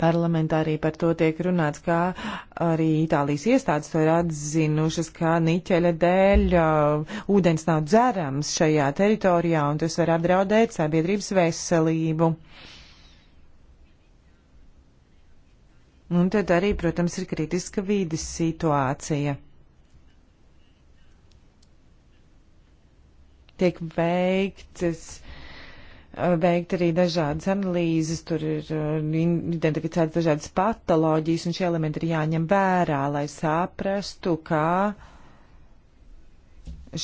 Parlamentā arī par to tiek runāts, kā arī Itālijas iestādes to ir atzinušas, ka niķeļa dēļ uh, ūdens nav dzerams šajā teritorijā un tas var apdraudēt sabiedrības veselību. Un tad arī, protams, ir kritiska vīdes situācija. tiek veiktas, eh, veikt arī dažādas analīzes, tur ir eh, identificētas dažādas patoloģijas, un šie elementi ir jāņem vērā, lai saprastu, kā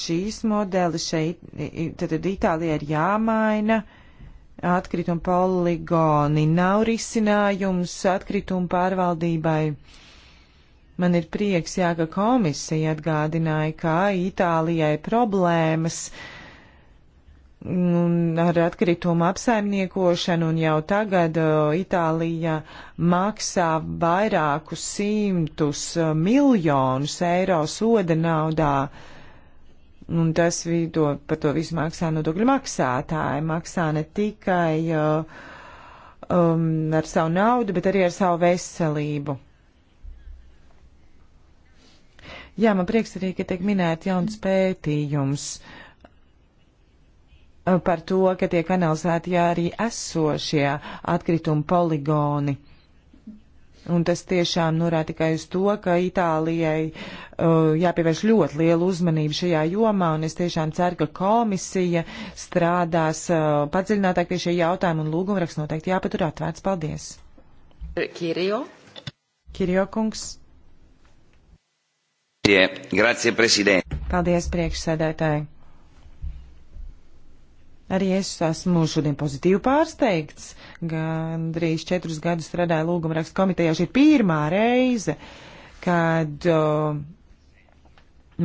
šīs modeli šeit, tad, tad Itālijā ir jāmaina. Atkrituma poligoni nav risinājums atkrituma pārvaldībai. Man ir prieks, jā, ka komisija atgādināja, ka Itālijai problēmas uh, un ar atkritumu apsaimniekošanu, un jau tagad uh, Itālija maksā vairākus simtus uh, miljonus eiro soda naudā. Un tas to, par to visu maksā nodokļu maksātāji. Maksā ne tikai uh, um, ar savu naudu, bet arī ar savu veselību. Jā, man prieks arī, ka tiek minēti jauns pētījums. Uh, par to, ka tiek analizēti jā, arī esošie atkrituma poligoni. Un tas tiešām norāda tikai uz to, ka Itālijai uh, jāpievērš ļoti liela uzmanība šajā jomā, un es tiešām ceru, ka komisija strādās uh, padziļinātāk pie šie jautājumi, un lūgumraksts noteikti jāpatur atvērts. Paldies! Kirio. Kirio kungs. Grazie, Paldies, priekšsēdētāji! Arī es esmu šodien pozitīvi pārsteigts. Gandrīz četrus gadus strādāju lūguma rakstu komitejā. Šī ir pirmā reize, kad uh,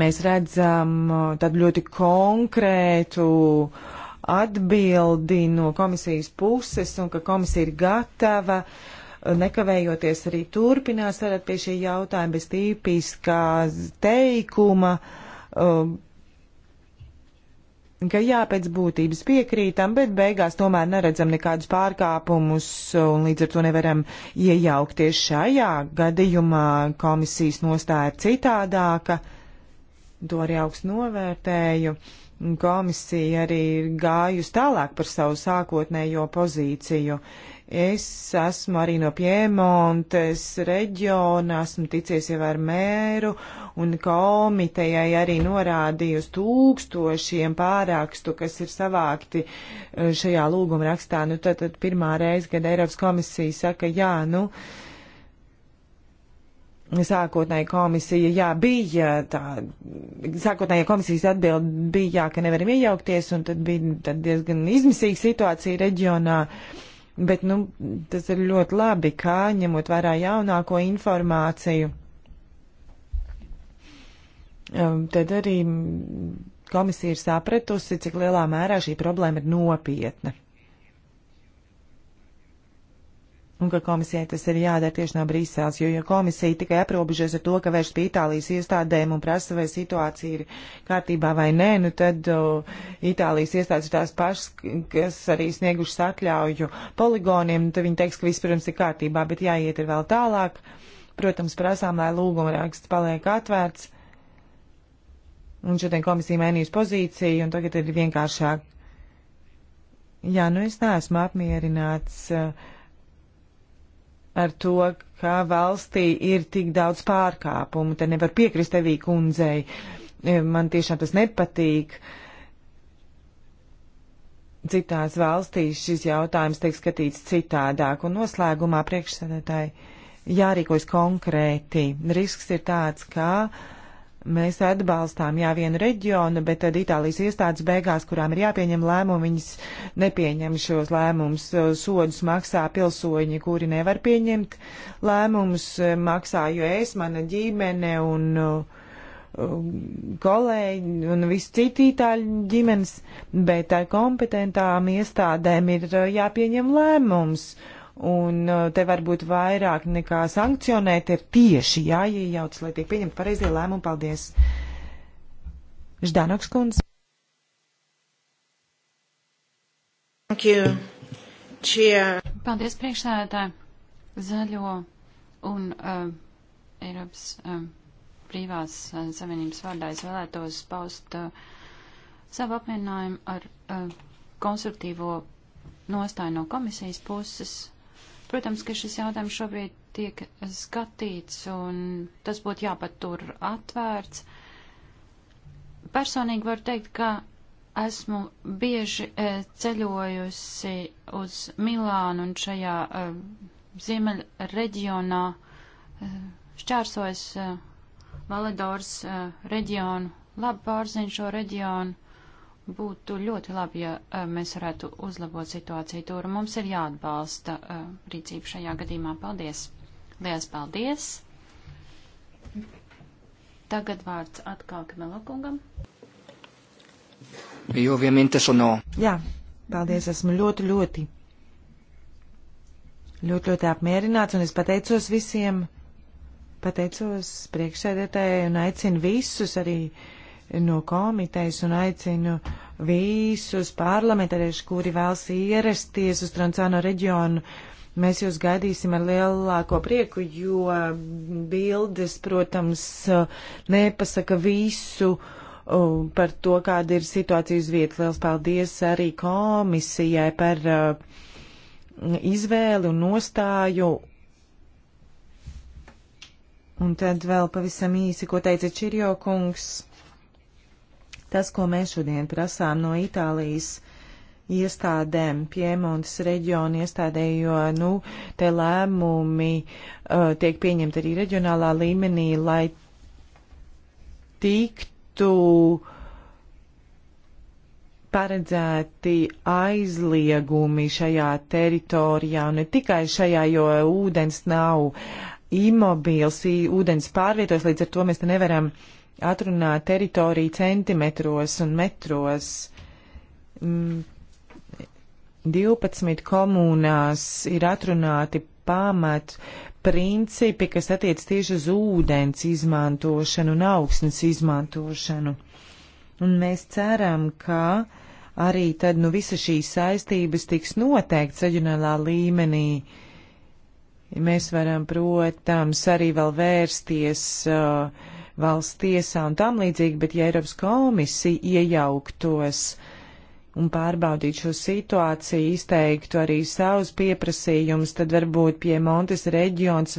mēs redzam uh, tādu ļoti konkrētu atbildi no komisijas puses un ka komisija ir gatava nekavējoties arī turpinās strādāt pie šī jautājuma bez tīpiskā teikuma. Uh, ka jā, pēc būtības piekrītam, bet beigās tomēr neredzam nekādus pārkāpumus un līdz ar to nevaram iejaukties šajā gadījumā. Komisijas nostāja ir citādāka, to arī augstu novērtēju. Komisija arī ir gājusi tālāk par savu sākotnējo pozīciju. Es esmu arī no Piemontes reģiona, esmu ticies jau ar mēru un komitejai arī norādīju uz tūkstošiem pārākstu, kas ir savākti e, šajā lūguma rakstā. Nu, tad, tad pirmā reize, kad Eiropas komisija saka, jā, nu sākotnēji komisija, jā, bija tā, sākotnēji komisijas atbild bija, jā, ka nevaram iejaukties, un tad bija tad diezgan izmisīga situācija reģionā. Uh, Bet, nu, tas ir ļoti labi, kā ņemot vērā jaunāko informāciju. Um, tad arī komisija ir sapratusi, cik lielā mērā šī problēma ir nopietna. un ka komisijai tas ir jādara tieši no Brīseles, jo, jo komisija tikai aprobežojas ar to, ka vērš pie Itālijas iestādēm un prasa, vai situācija ir kārtībā vai nē, nu tad o, Itālijas iestādes ir tās pašas, kas arī sniegušas atļauju poligoniem, nu, tad viņi teiks, ka vispirms ir kārtībā, bet jāiet ir vēl tālāk. Protams, prasām, lai lūguma raksts paliek atvērts. Un šodien komisija mainījusi pozīciju, un tagad ir vienkāršāk. Jā, nu es neesmu apmierināts. Uh, ar to, ka valstī ir tik daudz pārkāpumu. Te nevar piekrist tevī kundzei. E, man tiešām tas nepatīk. Citās valstīs šis jautājums tiek skatīts citādāk, un noslēgumā priekšsēdētāji jārīkojas konkrēti. Risks ir tāds, ka uh, mēs atbalstām jā vienu reģionu, bet tad Itālijas iestādes beigās, kurām ir jāpieņem lēmumi, viņas nepieņem šos lēmumus. Sodus maksā pilsoņi, kuri nevar pieņemt lēmumus, maksāju es, mana ģimene un um, kolēģi un visi citi itāļu ģimenes, bet ar kompetentām iestādēm ir uh, jāpieņem lēmums. Uh, Un uh, te var būt vairāk nekā sankcionēt, ir tieši jāiejauc, lai tiek pieņemti pareizie lēmumi. Paldies! Ždanoks kundze. Thank you. Cheer. Paldies priekšsēdētāji. Zaļo un uh, Eiropas uh, brīvās uh, savienības vārdā es vēlētos paust uh, savu apmienājumu ar uh, konstruktīvo nostāju no komisijas puses Protams, ka šis jautājums šobrīd tiek skatīts un tas būtu jāpatur atvērts. Personīgi varu teikt, ka esmu bieži e, ceļojusi uz Milānu un šajā e, ziemeļa reģionā e, šķērsojas Valedors reģionu, labi pārzinu šo reģionu. Būtu ļoti labi, ja eh, mēs varētu uzlabot situāciju tur. Mums ir jāatbalsta eh, rīcība šajā gadījumā. Paldies! Lielas paldies! Tagad vārds atkal Kamelokungam. Jo vienmēr sono. Jā, paldies, esmu ļoti, ļoti, ļoti, ļoti apmierināts un es pateicos visiem, pateicos priekšsēdētājai un aicinu visus arī uh, no komitejas un aicinu visus parlamentariešus, kuri vēlas ierasties uz Transāno reģionu. Mēs jūs gaidīsim ar lielāko prieku, jo bildes, protams, nepasaka visu par to, kāda ir situācija uz vietas. Liels paldies arī komisijai par izvēli un nostāju Un tad vēl pavisam īsi, ko teica Čirjo kungs Tas, ko mēs šodien prasām no Itālijas iestādēm, Piemontes reģionu iestādē, jo, nu, te lēmumi uh, tiek pieņemti arī reģionālā līmenī, lai tiktu paredzēti aizliegumi šajā teritorijā, un ne tikai šajā, jo ūdens nav imobils, ūdens pārvietojas, līdz ar to mēs te nevaram uh, atrunāt teritoriju centimetros un metros. 12 mm, komunās ir atrunāti pamat principi, kas attiec tieši uz ūdens izmantošanu un augsnes izmantošanu. Un mēs ceram, ka arī tad nu visa šīs saistības tiks noteikts reģionālā līmenī. Mēs varam, protams, arī vēl vērsties uh, valsts tiesā un tam līdzīgi, bet ja Eiropas komisija iejauktos un pārbaudītu šo situāciju, izteiktu arī savus pieprasījumus, tad varbūt pie Montes reģions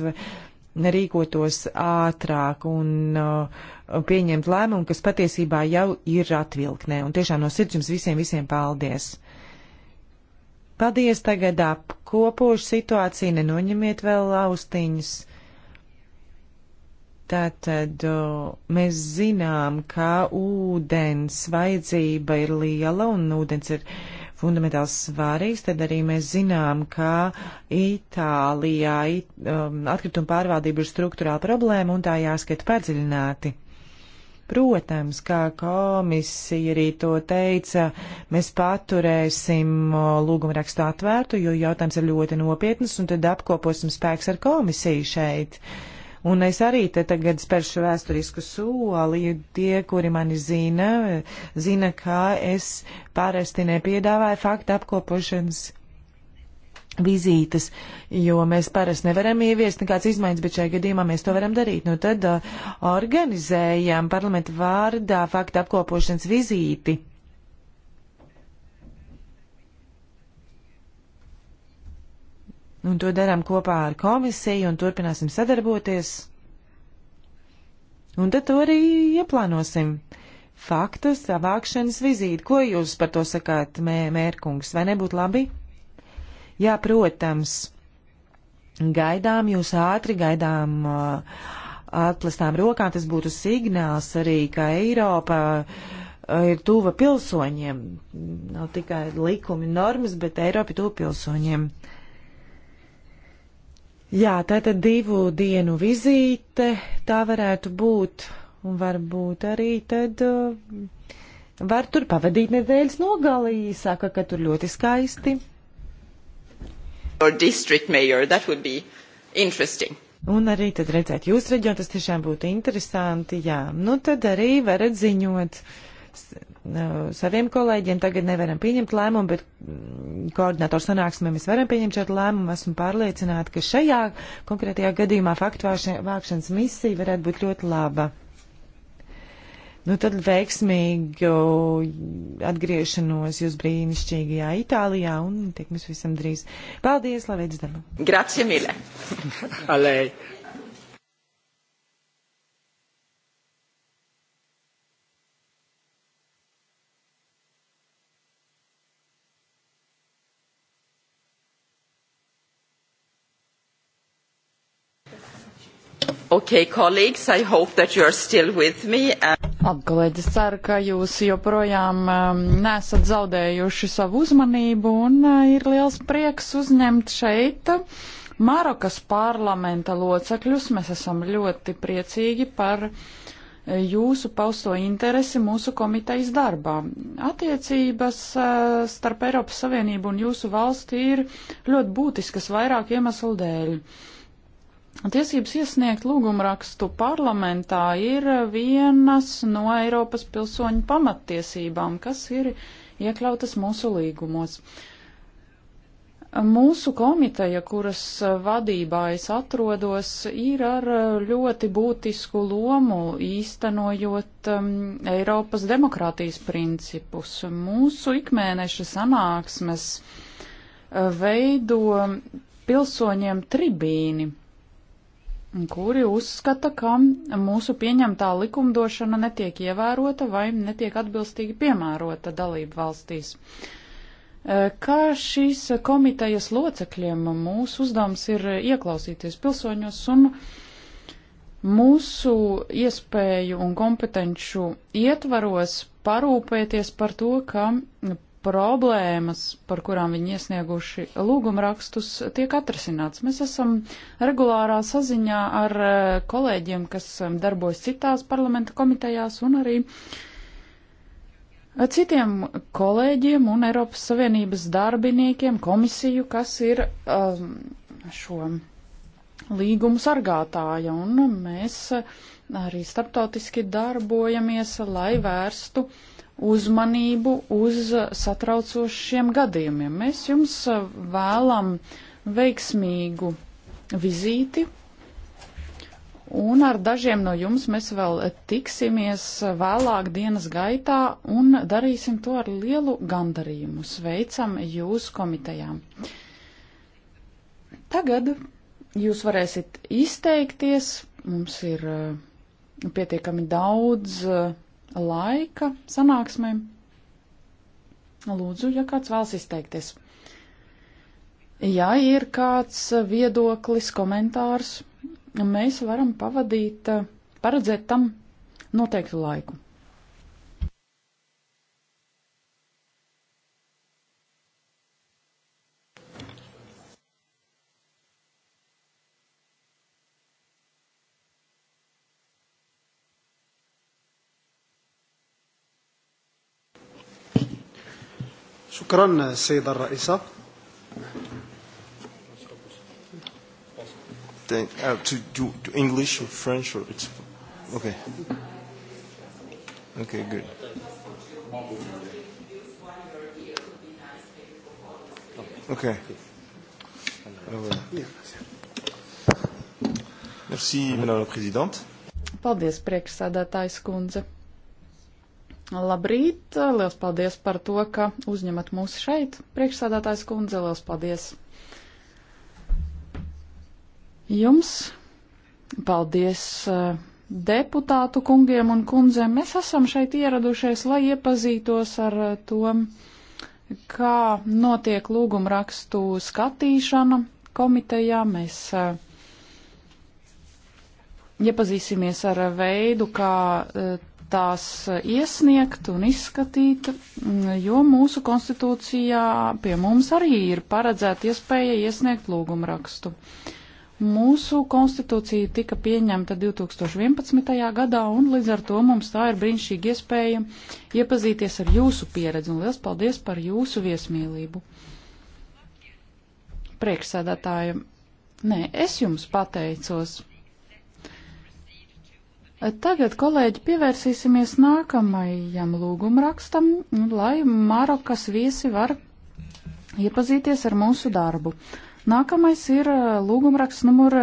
rīkotos ātrāk un uh, pieņemt lēmumu, kas patiesībā jau ir atvilknē. Un tiešām no sirds jums visiem, visiem paldies! Paldies tagad apkopošu situāciju, nenoņemiet vēl austiņas. Tātad mēs zinām, ka ūdens vajadzība ir liela un ūdens ir fundamentāls svarīgs, tad arī mēs zinām, ka Itālijā it, um, atkrituma pārvaldība ir struktūrāla problēma un tā jāskat padziļināti. Protams, kā komisija arī to teica, mēs paturēsim lūgumu rakstu atvērtu, jo jautājums ir ļoti nopietnas, un tad apkoposim spēks ar komisiju šeit. Uh, Un es arī te tagad spēršu vēsturisku soli. Tie, kuri mani zina, zina, ka es parasti nepiedāvāju faktu apkopošanas vizītes, jo mēs parasti nevaram ieviest nekādas izmaiņas, bet šajā gadījumā mēs to varam darīt. Nu tad uh, organizējām parlamentu vārdā faktu apkopošanas vizīti Un to darām kopā ar komisiju un turpināsim sadarboties. Un tad to arī ieplānosim. Faktu savākšanas vizīti. Ko jūs par to sakāt, mē, mērkungs? Vai nebūtu labi? Jā, protams. Gaidām jūs ātri, gaidām uh, atplestām rokām. Tas būtu signāls arī, ka Eiropa uh, ir tuva pilsoņiem. Nav tikai likumi normas, bet Eiropa ir tuva pilsoņiem. Uh, Jā, tātad divu dienu vizīte tā varētu būt, un varbūt arī tad uh, var tur pavadīt nedēļas nogalī, saka, ka tur ļoti skaisti. Mayor, Un arī tad redzēt jūsu reģionu, tas tiešām būtu interesanti, jā. Nu tad arī varat ziņot Eh, saviem kolēģiem. Tagad nevaram pieņemt lēmumu, bet mm, koordinātoru sanāksmē mēs varam pieņemt šādu lēmumu. Esmu pārliecināta, ka šajā konkrētajā gadījumā faktu vākšanas misija varētu būt ļoti laba. Nu, tad veiksmīgu atgriešanos jūs brīnišķīgajā Itālijā un tiekamies visam drīz. Paldies, lai veids darbu! Grazie, mīļa! Okay, colleagues, I hope that you are still with me. And... Uh, Labi, kolēģi, es ceru, ka jūs joprojām um, nesat zaudējuši savu uzmanību un uh, ir liels prieks uzņemt šeit Marokas parlamenta locekļus. Mēs esam ļoti priecīgi par uh, jūsu pausto interesi mūsu komitejas darbā. Attiecības uh, starp Eiropas Savienību un jūsu valsti ir ļoti būtiskas vairāk iemeslu dēļ. Tiesības iesniegt lūgumrakstu parlamentā ir vienas no Eiropas pilsoņu pamattiesībām, kas ir iekļautas mūsu līgumos. Mūsu komiteja, kuras vadībā es atrodos, ir ar ļoti būtisku lomu īstenojot um, Eiropas demokrātijas principus. Mūsu ikmēneša sanāksmes uh, veido pilsoņiem tribīni kuri uzskata, ka mūsu pieņemtā likumdošana netiek ievērota vai netiek atbilstīgi piemērota dalību valstīs. E, kā šīs komitejas locekļiem mūsu uzdevums ir ieklausīties pilsoņos un mūsu iespēju un kompetenču ietvaros parūpēties par to, ka problēmas, par kurām viņi iesnieguši lūgumrakstus, tiek atrasināts. Mēs esam regulārā saziņā ar eh, kolēģiem, kas um, darbojas citās parlamenta komitejās un arī eh, citiem kolēģiem un Eiropas Savienības darbiniekiem komisiju, kas ir um, šo līgumu sargātāja. Un mēs eh, arī starptautiski darbojamies, lai vērstu uh, uzmanību uz satraucošiem gadījumiem. Mēs jums vēlam veiksmīgu vizīti, un ar dažiem no jums mēs vēl tiksimies vēlāk dienas gaitā un darīsim to ar lielu gandarījumu. Sveicam jūs komitejām. Tagad jūs varēsiet izteikties. Mums ir uh, pietiekami daudz uh, laika sanāksmēm. Lūdzu, ja kāds vēlas izteikties. Ja ir kāds viedoklis, komentārs, mēs varam pavadīt, paredzēt tam noteiktu laiku. شكرا السيدة الرئيسة Thank, uh, to, to, to English or French or it's okay okay good okay Merci, Madame la Présidente. Paldies, priekšsādātājs kundze. Labrīt! Lielas paldies par to, ka uzņemat mūs šeit. Priekšsādātājs kundze, liels paldies! Jums paldies eh, deputātu kungiem un kundzēm. Mēs esam šeit ieradušies, lai iepazītos ar eh, to, kā notiek lūgumrakstu skatīšana komitejā. Mēs eh, iepazīsimies ar veidu, kā tās eh, iesniegt un izskatīt, mm, jo mūsu konstitūcijā pie mums arī ir paredzēta iespēja iesniegt lūgumrakstu. Mūsu konstitūcija tika pieņemta 2011. gadā, un līdz ar to mums tā ir brīnišķīga iespēja iepazīties ar jūsu pieredzi, un liels paldies par jūsu viesmīlību. Prieksēdētāji, nē, es jums pateicos. Tagad, kolēģi, pievērsīsimies nākamajam lūgumrakstam, lai Marokas viesi var iepazīties ar mūsu darbu. Nākamais ir eh, lūgumraksts numur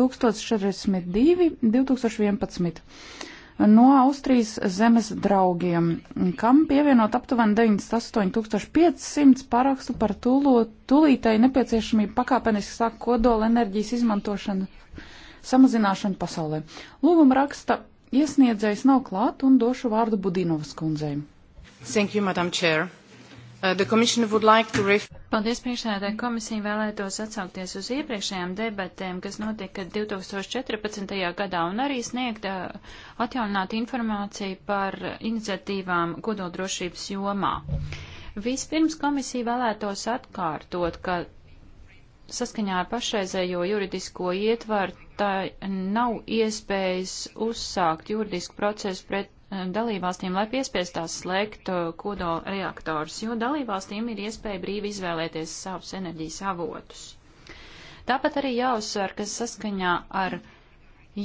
1042 eh, 2011 no Austrijas zemes draugiem, kam pievienot aptuveni 98500 parakstu par tūlo, tūlītēji nepieciešamību pakāpeniski sāk kodola enerģijas izmantošanu samazināšanu pasaulē. Lūguma raksta iesniedzējs nav klāt un došu vārdu Budinovas kundzei. Thank you, Madam Chair. Uh, like to... Paldies, priekšsēdētāji. Komisija vēlētos atsaukties uz iepriekšējām debatēm, kas notika 2014. gadā, un arī sniegt uh, atjaunināt informāciju par iniciatīvām kodoldrošības jomā. Vispirms komisija vēlētos atkārtot, ka saskaņā ar pašreizējo juridisko ietvaru tai nav iespējas uzsākt juridisku procesu pret eh, dalībvalstīm, lai piespiestās slēgt eh, kodola reaktors, jo dalībvalstīm ir iespēja brīvi izvēlēties savus enerģijas avotus. Tāpat arī jāuzsver, ka saskaņā ar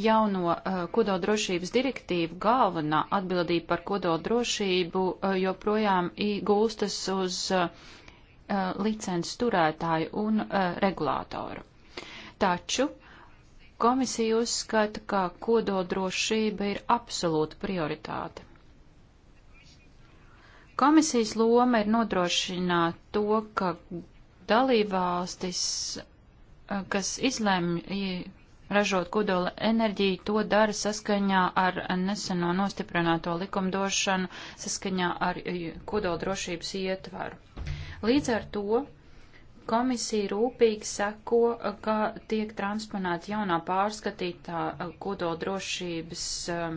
jauno uh, eh, kododrošības direktīvu galvenā atbildība par kododrošību uh, joprojām gulstas uz uh, licences turētāju un regulātoru. Taču uh, Komisija uzskata, ka kododrošība ir absolūta prioritāte. Komisijas loma ir nodrošināt to, ka dalībvalstis, eh, kas izlemj ražot kodola enerģiju, to dara saskaņā ar neseno nostiprināto likumdošanu, saskaņā ar kodola drošības ietvaru. Līdz ar to Komisija rūpīgi seko, ka tiek transponēta jaunā pārskatītā eh, kodoldrošības eh,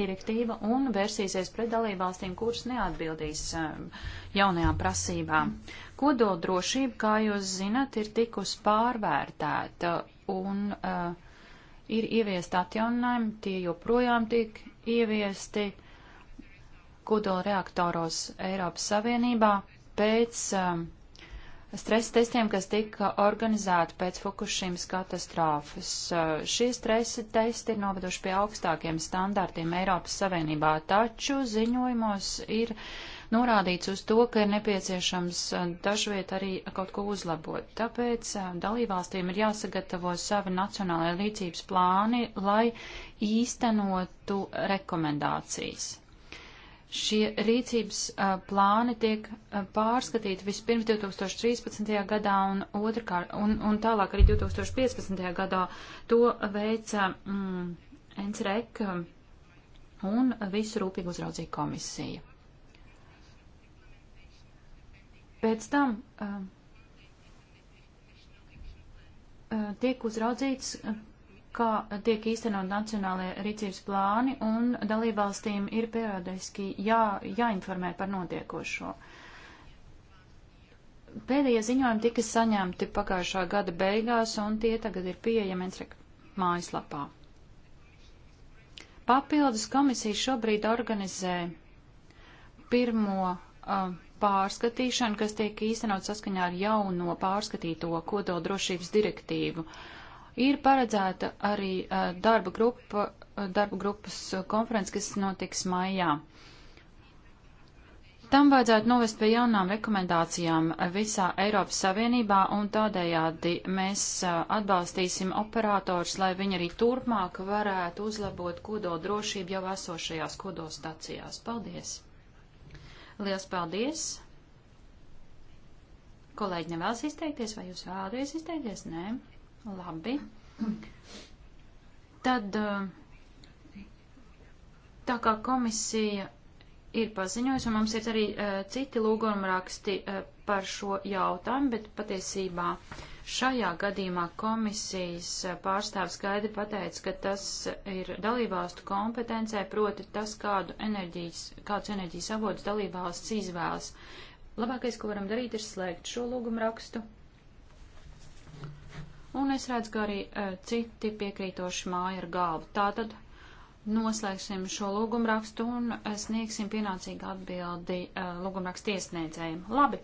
direktīva un vērsīsies pret dalībvalstīm, kuras neatbildīs eh, jaunajām prasībām. Kodoldrošība, kā jūs zinat, ir tikus pārvērtēta un uh, ir ieviest atjauninājumi, tie joprojām tiek ieviesti kodola reaktoros Eiropas Savienībā pēc um, stresa testiem, kas tika organizēti pēc Fukushimas katastrofas. Eh, šie stresa testi ir noveduši pie augstākiem standārtiem Eiropas Savienībā, taču ziņojumos ir norādīts uz to, ka ir nepieciešams eh, dažviet arī kaut ko uzlabot. Tāpēc eh, dalībvalstīm ir jāsagatavo savi nacionālajie rīcības plāni, lai īstenotu rekomendācijas. Šie rīcības uh, plāni tiek uh, pārskatīti vispirms 2013. gadā un, otrkār, un, un tālāk arī 2015. gadā. To veica mm, NCREK un visu rūpīgi uzraudzīja komisija. Pēc tam uh, tiek uzraudzīts, kā tiek īstenot nacionālajie rīcības plāni, un dalībvalstīm ir periodiski jā, jāinformē par notiekošo. Pēdējie ziņojumi tika saņemti pagājušā gada beigās, un tie tagad ir pieejami Encrek mājaslapā. Papildus komisija šobrīd organizē pirmo uh, pārskatīšanu, kas tiek īstenot saskaņā ar jauno pārskatīto kodoldrošības direktīvu. Uh, Ir paredzēta arī darba, grupa, darba grupas konferences, kas notiks maijā. Tam vajadzētu novest pie jaunām rekomendācijām visā Eiropas Savienībā, un tādējādi mēs atbalstīsim operators, lai viņi arī turpmāk varētu uzlabot kodola drošību jau esošajās kodola stacijās. Paldies! Liels paldies! Kolēģi nevēlas izteikties, vai jūs vēlaties izteikties? Nē. Labi. Tad, eh, tā kā komisija ir paziņojusi, un mums ir arī uh, citi lūgumraksti uh, par šo jautājumu, bet patiesībā šajā gadījumā komisijas uh, pārstāvs skaidri pateica, ka tas ir dalībvalstu kompetencē, proti tas, kādu enerģijas, kādus enerģijas avotus dalībvalsts izvēlas. Labākais, ko varam darīt, ir slēgt šo lūgumrakstu un es redzu, ka arī uh, citi piekrītoši māja ar galvu. Tātad noslēgsim šo lūgumrakstu un eh, sniegsim pienācīgu atbildi uh, lūgumrakstu iesniedzējiem. Labi,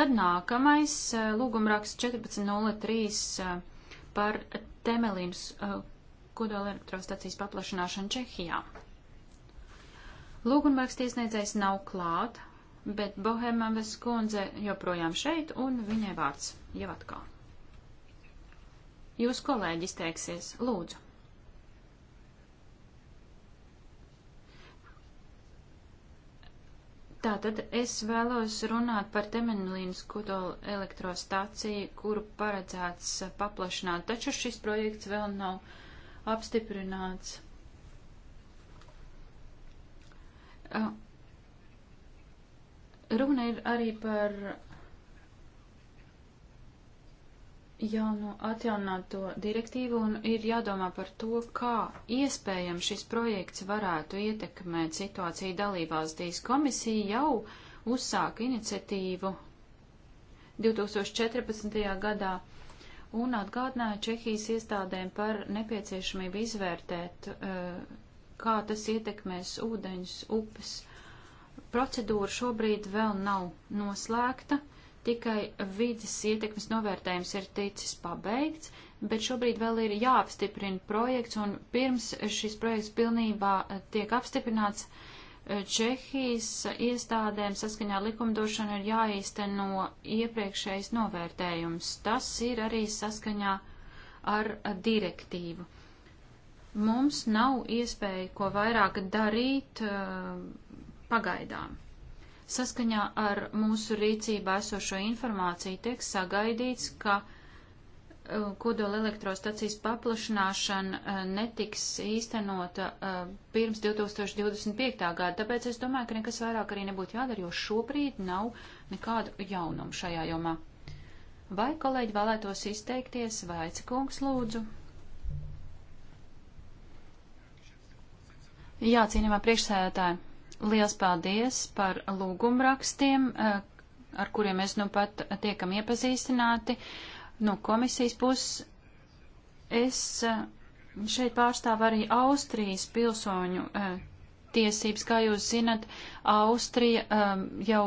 tad nākamais uh, lūgumraksts 1403 par Temelīnas kodola elektrostacijas paplašināšanu Čehijā. Lūgumraksts iesniedzējs nav klāt, bet Bohemavas kundze joprojām šeit un viņai vārds jau atkal. Jūs kolēģi izteiksies. Lūdzu. Tātad es vēlos runāt par Temenlīnas kodola elektrostāciju, kuru paredzēts paplašināt, taču šis projekts vēl nav apstiprināts. Runa ir arī par jauno nu atjaunāto direktīvu un ir jādomā par to, kā iespējams šis projekts varētu ietekmēt situāciju dalībvalstīs. Komisija jau uzsāka iniciatīvu 2014. gadā un atgādināja Čehijas iestādēm par nepieciešamību izvērtēt, eh, kā tas ietekmēs ūdeņus, upes. Procedūra šobrīd vēl nav noslēgta. Tikai vidas ietekmes novērtējums ir ticis pabeigts, bet šobrīd vēl ir jāapstiprina projekts, un pirms šis projekts pilnībā eh, tiek apstiprināts, eh, Čehijas iestādēm saskaņā likumdošana ir jāīsteno iepriekšējais novērtējums. Tas ir arī saskaņā ar eh, direktīvu. Mums nav iespēja ko vairāk darīt pagaidām. Saskaņā ar mūsu rīcībā esošo informāciju tiek sagaidīts, ka uh, kodola elektrostacijas paplašināšana uh, netiks īstenota uh, pirms 2025. gada, tāpēc es domāju, ka nekas vairāk arī nebūtu jādara, jo šobrīd nav nekādu jaunumu šajā jomā. Vai kolēģi vēlētos izteikties, vai aicekungs lūdzu? Jā, cienījumā priekšsēdētāji. Liels paldies par lūgumrakstiem, eh, ar kuriem mēs nu pat tiekam iepazīstināti. No komisijas puses es eh, šeit pārstāvu arī Austrijas pilsoņu eh, tiesības. Kā jūs zinat, Austrija jau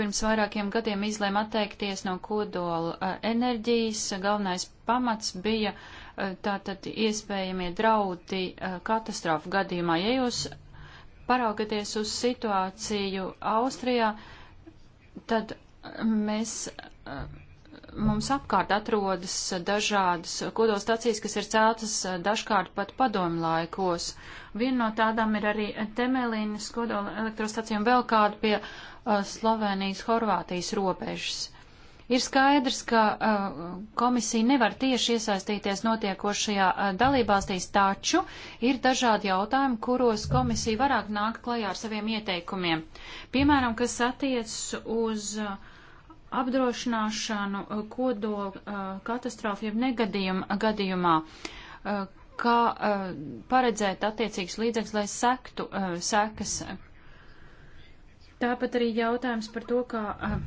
pirms vairākiem gadiem izlēma atteikties no kodola enerģijas. Galvenais pamats bija tātad iespējamie draudi katastrofu gadījumā. Ja jūs paraugaties uz situāciju Austrijā, tad mēs, mums apkārt atrodas dažādas kodolstacijas, kas ir celtas dažkārt pat padomu laikos. Viena no tādām ir arī Temelīnas kodola elektrostacija un vēl kāda pie uh, Slovenijas-Horvātijas robežas. Ir skaidrs, ka uh, komisija nevar tieši iesaistīties notiekošajā uh, dalībvalstīs, taču ir dažādi jautājumi, kuros komisija varētu nākt klajā ar saviem ieteikumiem. Piemēram, kas attiecas uz uh, apdrošināšanu uh, kodola uh, katastrofu jeb negadījuma gadījumā. Uh, kā uh, paredzēt attiecīgs līdzekļus, lai sektu uh, sekas. Tāpat arī jautājums par to, kā uh,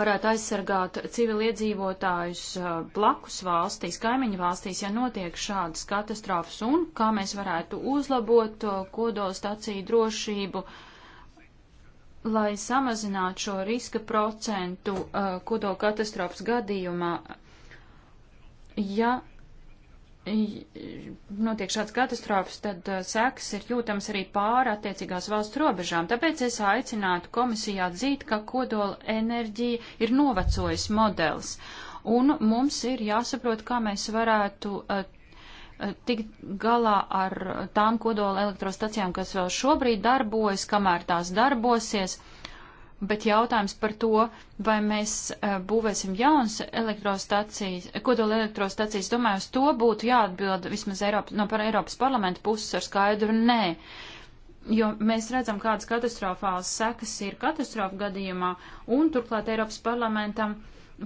varētu aizsargāt civiliedzīvotājus uh, blakus valstīs, kaimiņu valstīs, ja notiek šādas katastrofas, un kā mēs varētu uzlabot uh, kodolstaciju drošību, lai samazinātu šo riska procentu uh, kodola katastrofas gadījumā, ja notiek šāds katastrofas, tad uh, sekas ir jūtams arī pāri attiecīgās valsts robežām. Tāpēc es aicinātu komisijā atzīt, ka kodola enerģija ir novecojis modelis. Un mums ir jāsaprot, kā mēs varētu uh, uh tikt galā ar tām kodola elektrostacijām, kas vēl šobrīd darbojas, kamēr tās darbosies. Uh, bet jautājums par to, vai mēs eh, būvēsim jaunas elektrostacijas, kodola elektrostacijas, domāju, uz to būtu jāatbild vismaz Eiropas, no par Eiropas parlamenta puses ar skaidru nē. Jo mēs redzam, kādas katastrofālas sekas ir katastrofa gadījumā, un turklāt Eiropas parlamentam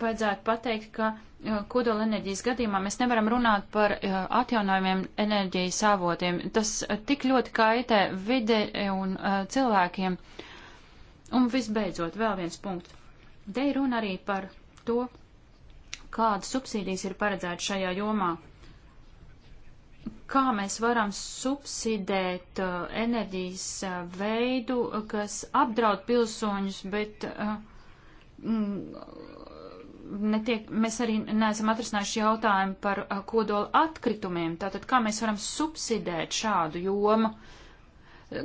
vajadzētu pateikt, ka eh, kodola enerģijas gadījumā mēs nevaram runāt par eh, atjaunojumiem enerģijas avotiem. Tas tik ļoti kaitē vide un cilvēkiem. Uh, Un visbeidzot, vēl viens punkts. Te ir runa arī par to, kādas subsīdijas ir paredzētas šajā jomā. Kā mēs varam subsidēt uh, enerģijas uh, veidu, uh, kas apdraud pilsoņus, bet uh, mm, netiek, mēs arī neesam atrisinājuši jautājumu par uh, kodola atkritumiem. Tātad, kā mēs varam subsidēt šādu jomu? Uh,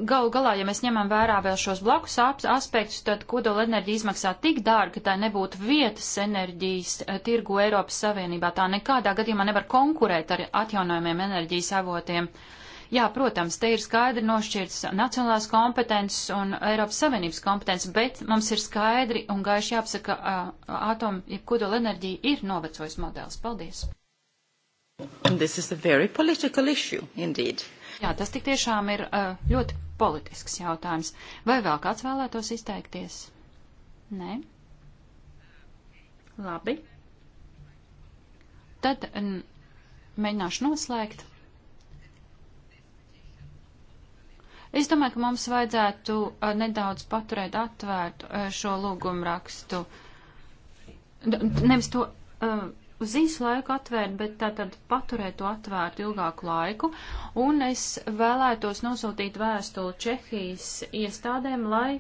Galu galā, ja mēs ņemam vērā vēl šos blakus aspektus, tad kodolenerģija izmaksā tik dārgi, ka tā nebūtu vietas enerģijas eh, tirgu Eiropas Savienībā. Tā nekādā gadījumā nevar konkurēt ar atjaunojumiem enerģijas avotiem. Jā, protams, te ir skaidri nošķirts nacionālās kompetences un Eiropas Savienības kompetences, bet mums ir skaidri un gaiši jāapsaka, ka atomu, ja kodolenerģija ir novecojis modelis. Paldies! And this is a very political issue, indeed. Jā, tas tik tiešām ir uh, ļoti politisks jautājums. Vai vēl kāds vēlētos izteikties? Nē? Labi. Tad mēģināšu noslēgt. Es domāju, ka mums vajadzētu uh, nedaudz paturēt atvērtu uh, šo lūgumu rakstu. Nevis to uh, uz īsu laiku atvērt, bet tātad paturēt to atvērtu ilgāku laiku. Un es vēlētos nosūtīt vēstuli Čehijas iestādēm, lai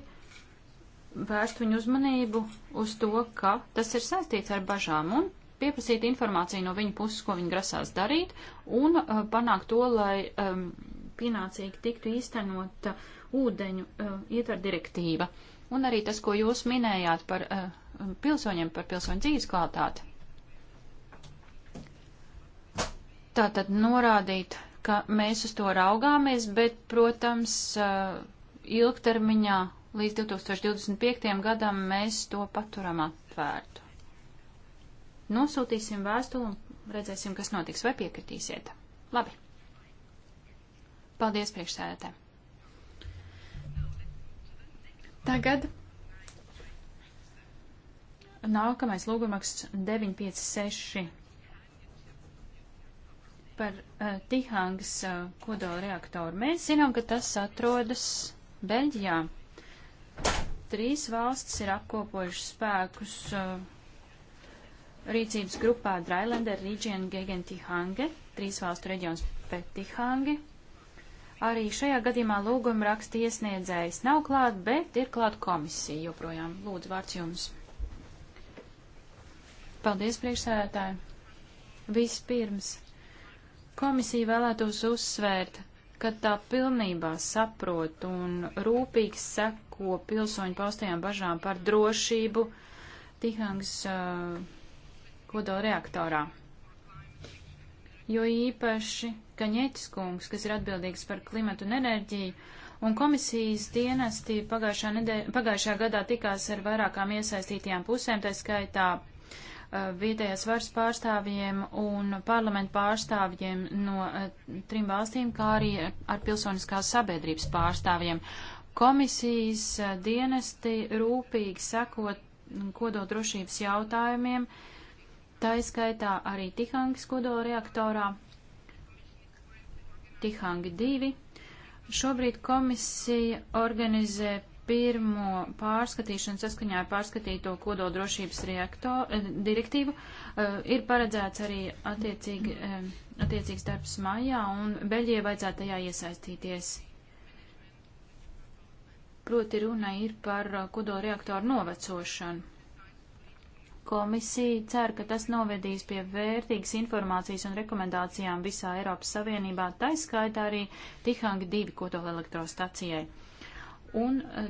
vērst viņu uzmanību uz to, ka tas ir saistīts ar bažām un pieprasīt informāciju no viņu puses, ko viņi grasās darīt, un uh, panākt to, lai um, pienācīgi tiktu īstenota uh, ūdeņu uh, ietver direktīva. Un arī tas, ko jūs minējāt par uh, pilsoņiem, par pilsoņu dzīves kvalitāti. tātad norādīt, ka mēs uz to raugāmies, bet, protams, ilgtermiņā līdz 2025. gadam mēs to paturam atvērtu. Nosūtīsim vēstuli un redzēsim, kas notiks, vai piekritīsiet. Labi. Paldies priekšsēdētē. Tagad nākamais lūgumaks 956 par uh, Tihangas uh, eh, kodola reaktoru. Mēs zinām, ka tas atrodas Beļģijā. Trīs valstis ir apkopojušas spēkus uh, rīcības grupā Drailender, Rīģien, Gegen, Tihange, trīs valstu reģions pēc Tihange. Arī šajā gadījumā lūguma raksta iesniedzējs nav klāt, bet ir klāt komisija joprojām. Lūdzu, vārds jums. Paldies, priekšsēdētāji. Vispirms Komisija vēlētos uzsvērt, ka tā pilnībā saprot un rūpīgi seko pilsoņu paustajām bažām par drošību Tihangas uh, kodolreaktorā. Jo īpaši Kaņetis kungs, kas ir atbildīgs par klimatu un enerģiju, un komisijas dienesti pagājušā, nedēļ, pagājušā gadā tikās ar vairākām iesaistītajām pusēm, tā skaitā Eh, vietējās varas pārstāvjiem un parlamentu pārstāvjiem no eh, trim valstīm, kā arī ar pilsoniskās sabiedrības pārstāvjiem. Komisijas eh, dienesti rūpīgi sekot kododrošības jautājumiem, tā izskaitā arī Tihangas kodolreaktorā, Tihangi 2. Šobrīd komisija organizē pirmo pārskatīšanu saskaņā ar pārskatīto kododrošības reaktor, eh, direktīvu eh, ir paredzēts arī attiecīgi, eh, attiecīgs darbs maijā, un Beļģijai vajadzētu tajā iesaistīties. Proti runa ir par kodolreaktoru novecošanu. Komisija cer, ka tas novedīs pie vērtīgas informācijas un rekomendācijām visā Eiropas Savienībā, taiskaitā arī Tihang 2 kodolelektrostacijai. elektrostacijai un eh,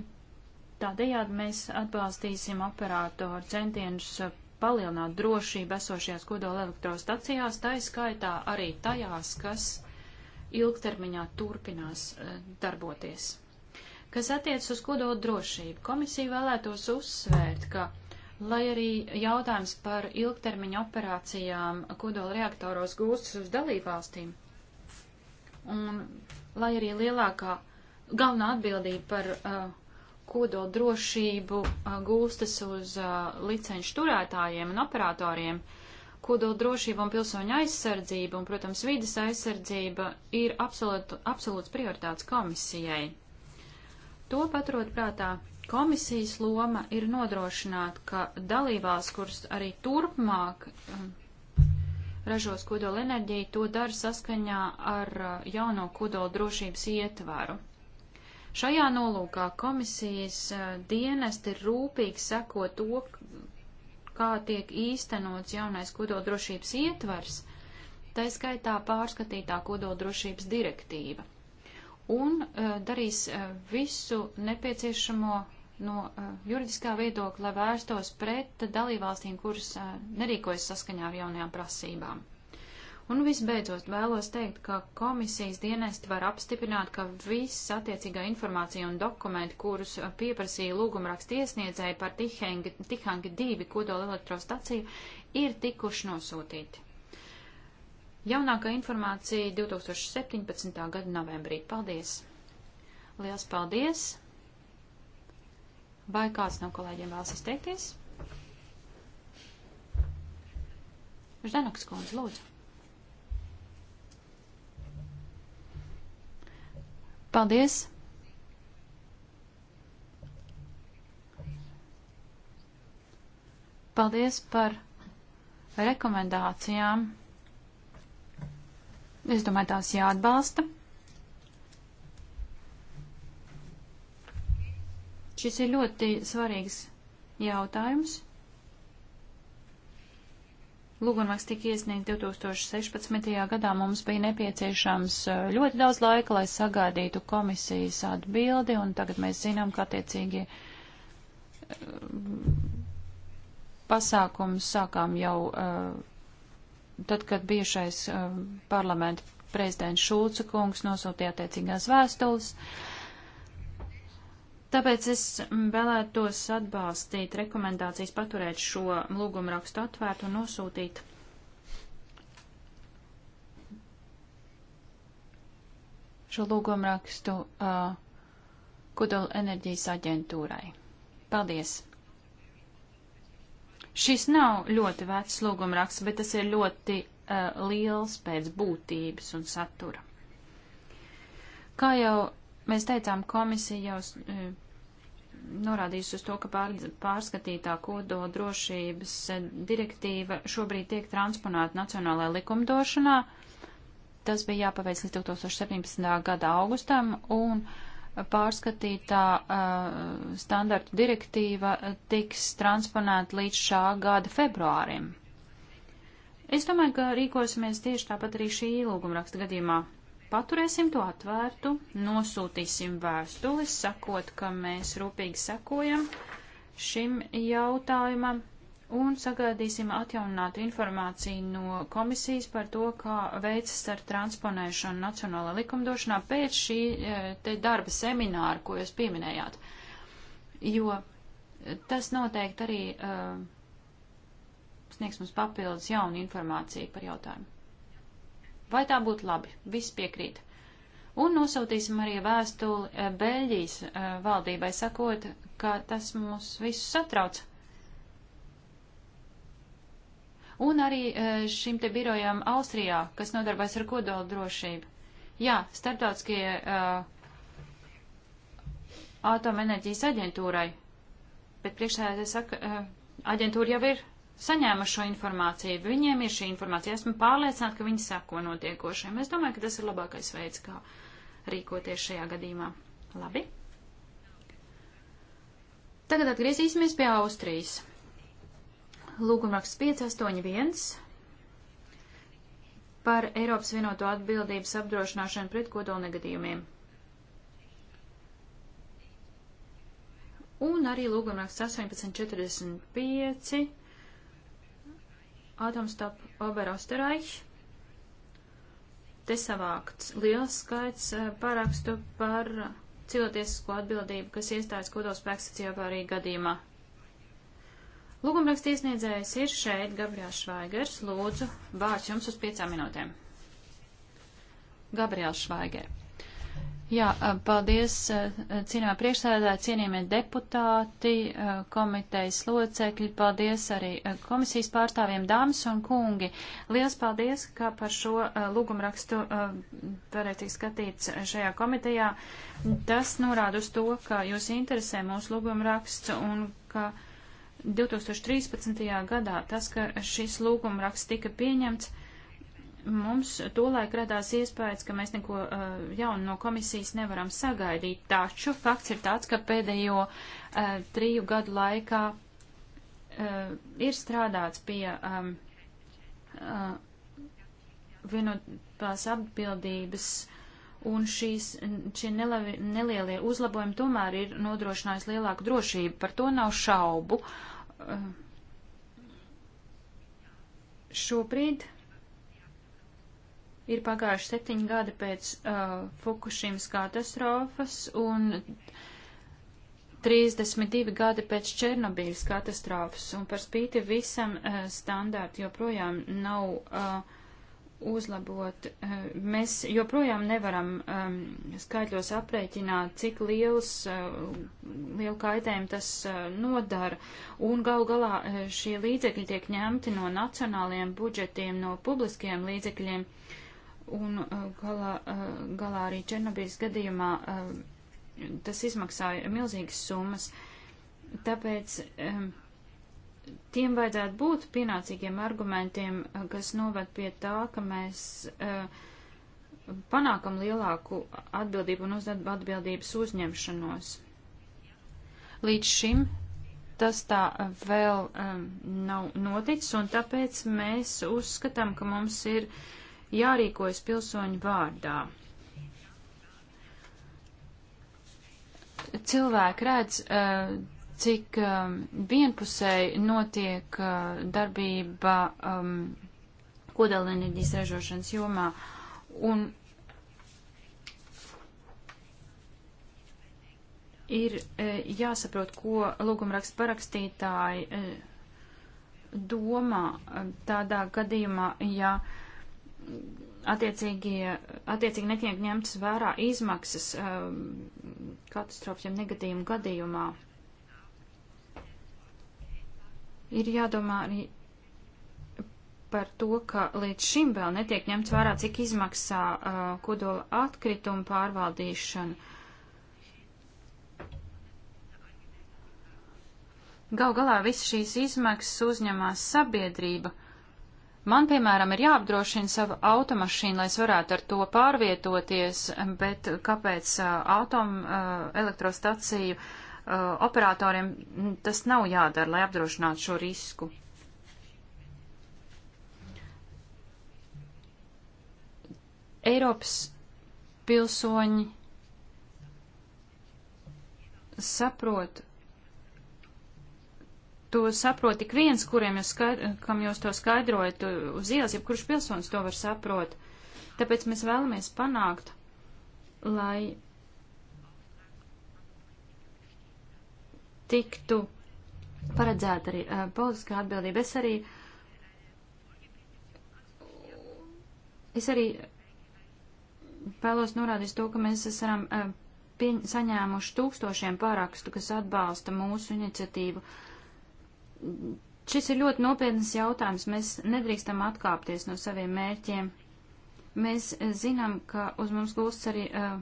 tādējādi mēs atbalstīsim operātoru centienus eh, palielināt drošību esošajās kodola elektrostacijās, tā skaitā arī tajās, kas ilgtermiņā turpinās eh, darboties. Kas attiec uz kodola drošību, komisija vēlētos uzsvērt, ka, lai arī jautājums par ilgtermiņa operācijām kodola reaktoros gūstas uz dalībvalstīm, un lai arī lielākā galvenā atbildība par uh, kodola drošību uh, gūstas uz uh, licenšu turētājiem un operatoriem. Kodola drošība un pilsoņa aizsardzība un, protams, vidas aizsardzība ir absolūtu, absolūts prioritāts komisijai. To paturot prātā, komisijas loma ir nodrošināt, ka dalībās, kuras arī turpmāk um, ražos kodola enerģiju, to dara saskaņā ar uh, jauno kodola drošības ietvaru. Šajā nolūkā komisijas eh, dienesti rūpīgi seko to, kā tiek īstenots jaunais kodoldrošības ietvars, tā skaitā pārskatītā kodoldrošības direktīva, un uh, darīs uh, visu nepieciešamo no uh, juridiskā viedokļa, lai vērstos pret dalībvalstīm, kuras nerīkojas saskaņā ar jaunajām prasībām. Un visbeidzot vēlos teikt, ka komisijas dienesti var apstiprināt, ka viss attiecīgā informācija un dokumenti, kurus pieprasīja lūgumraksta iesniedzēji par Tihangi, tihangi 2 kodola elektrostaciju, ir tikuši nosūtīti. Jaunākā informācija 2017. gada novembrī. Paldies! Liels paldies! Vai kāds no kolēģiem vēlas izteikties? Ždanoks kundze, lūdzu. Paldies! Paldies par rekomendācijām. Es domāju, tās jāatbalsta. Šis ir ļoti svarīgs jautājums. Lūgunvaks tika iesniegt 2016. gadā. Mums bija nepieciešams ļoti daudz laika, lai sagādītu komisijas atbildi, un tagad mēs zinām, ka attiecīgi pasākums sākām jau tad, kad bijušais parlamenta prezidents Šulca kungs nosūtīja attiecīgās vēstules. Uh, Tāpēc es vēlētos atbalstīt rekomendācijas paturēt šo lūgumu rakstu atvērtu un nosūtīt šo lūgumu rakstu uh, Kudala enerģijas aģentūrai. Paldies! Šis nav ļoti vecs lūguma raksts, bet tas ir ļoti uh, liels pēc būtības un satura. Kā jau Mēs teicām, komisija jau e, norādījusi uz to, ka pār, pārskatītā kodola drošības e, direktīva šobrīd tiek transponēta nacionālajā likumdošanā. Tas bija jāpaveic līdz 2017. gada augustam, un pārskatītā uh, standartu direktīva tiks transponēta līdz šā gada februārim. Es domāju, ka rīkosimies tieši tāpat arī šī ielūguma raksta gadījumā. Paturēsim to atvērtu, nosūtīsim vēstuli, sakot, ka mēs rūpīgi sekojam šim jautājumam un sagaidīsim atjauninātu informāciju no komisijas par to, kā veicas ar transponēšanu nacionālā likumdošanā pēc šī e, te darba semināra, ko jūs pieminējāt. Jo tas noteikti arī uh, sniegs mums papildus jaunu informāciju par jautājumu. Vai tā būtu labi? Viss piekrīt. Un nosūtīsim arī vēstuli eh, Beļģijas eh, valdībai, sakot, ka tas mūs visus satrauc. Un arī eh, šim te birojam Austrijā, kas nodarbojas ar kodola drošību. Jā, starptautiskie uh, atomenerģijas aģentūrai, bet priekšsēdētāji saka, uh, aģentūra jau ir saņēma šo informāciju, viņiem ir šī informācija. Esmu pārliecināta, ka viņi sako notiekošiem. Es domāju, ka tas ir labākais veids, kā rīkoties šajā gadījumā. Labi. Tagad atgriezīsimies pie Austrijas. Lūgumraksts 581 par Eiropas vienoto atbildības apdrošināšanu pret kodolnegadījumiem. Un arī lūgumraksts 1845 Atomstop Oberosteraiķi. Te savākts liels skaits eh, parakstu par cilvēcisko atbildību, kas iestājas kodos spēkstacijā arī gadījumā. Lūgumraksta iesniedzējs ir šeit Gabriels Švaigers. Lūdzu, vārds jums uz piecām minūtēm. Gabriels Švaigers. Jā, paldies, cienījumā priekšsēdā, cienījumie deputāti, komitejas locekļi, paldies arī komisijas pārstāvjiem, dāmas un kungi. Liels paldies, ka par šo lūgumrakstu varētu tikt skatīts šajā komitejā. Tas norāda uz to, ka jūs interesē mūsu lūgumraksts un ka 2013. gadā tas, ka šis lūgumraksts tika pieņemts, Mums tolaik radās iespējas, ka mēs neko uh, jaunu no komisijas nevaram sagaidīt, taču fakts ir tāds, ka pēdējo uh, triju gadu laikā uh, ir strādāts pie um, uh, vienotās atbildības un šīs, šie nelavi, nelielie uzlabojumi tomēr ir nodrošinājusi lielāku drošību. Par to nav šaubu. Uh, šobrīd Ir pagājuši septiņi gadi pēc uh, Fukushimas katastrofas un 32 gadi pēc Černobīļas katastrofas, un par spīti visam uh, standārti joprojām nav uh, uzlabot. Uh, mēs joprojām nevaram um, skaitļos aprēķināt, cik liels, uh, lielu kaitējumu tas uh, nodara. Un gal galā uh, šie līdzekļi tiek ņemti no nacionālajiem budžetiem, no publiskajiem līdzekļiem. Uh, un uh, galā, uh, galā arī Černobīļas gadījumā uh, tas izmaksāja milzīgas summas. Tāpēc um, tiem vajadzētu būt pienācīgiem argumentiem, kas noved pie tā, ka mēs panākam lielāku atbildību un atbildības uzņemšanos. Līdz šim tas tā vēl um, nav noticis, un tāpēc mēs uzskatām, ka mums ir uh, jārīkojas pilsoņu vārdā. Cilvēki redz, eh, cik eh, vienpusēji notiek eh, darbība kodolenerģijas ražošanas jomā. Un ir jāsaprot, ko lūgumraksta parakstītāji domā tādā gadījumā, ja. Uh, attiecīgi, attiecīgi netiek ņemtas vērā izmaksas um, katastrofiem negadījumu gadījumā. Ir jādomā arī par to, ka līdz šim vēl netiek ņemts vērā, cik izmaksā uh, kodola atkrituma pārvaldīšana. Gal galā visas šīs izmaksas uzņemās sabiedrība. Uh, Man, piemēram, ir jāapdrošina sava automašīna, lai es varētu ar to pārvietoties, bet kāpēc uh, atomu uh, elektrostaciju uh, operatoriem tas nav jādara, lai apdrošinātu šo risku? Eiropas pilsoņi saprot, to saprot tik viens, kuriem jūs, skaidro, kam jūs to skaidrojat uz ielas, jebkurš pilsonis to var saprot. Tāpēc mēs vēlamies panākt, lai tiktu paredzēta arī uh, politiskā atbildība. Es arī, es arī vēlos norādīt to, ka mēs esam uh, pieņ, saņēmuši tūkstošiem pārakstu, kas atbalsta mūsu iniciatīvu. Uh, šis ir ļoti nopietnas jautājums. Mēs nedrīkstam atkāpties no saviem mērķiem. Mēs eh, zinām, ka uz mums gūsts arī uh,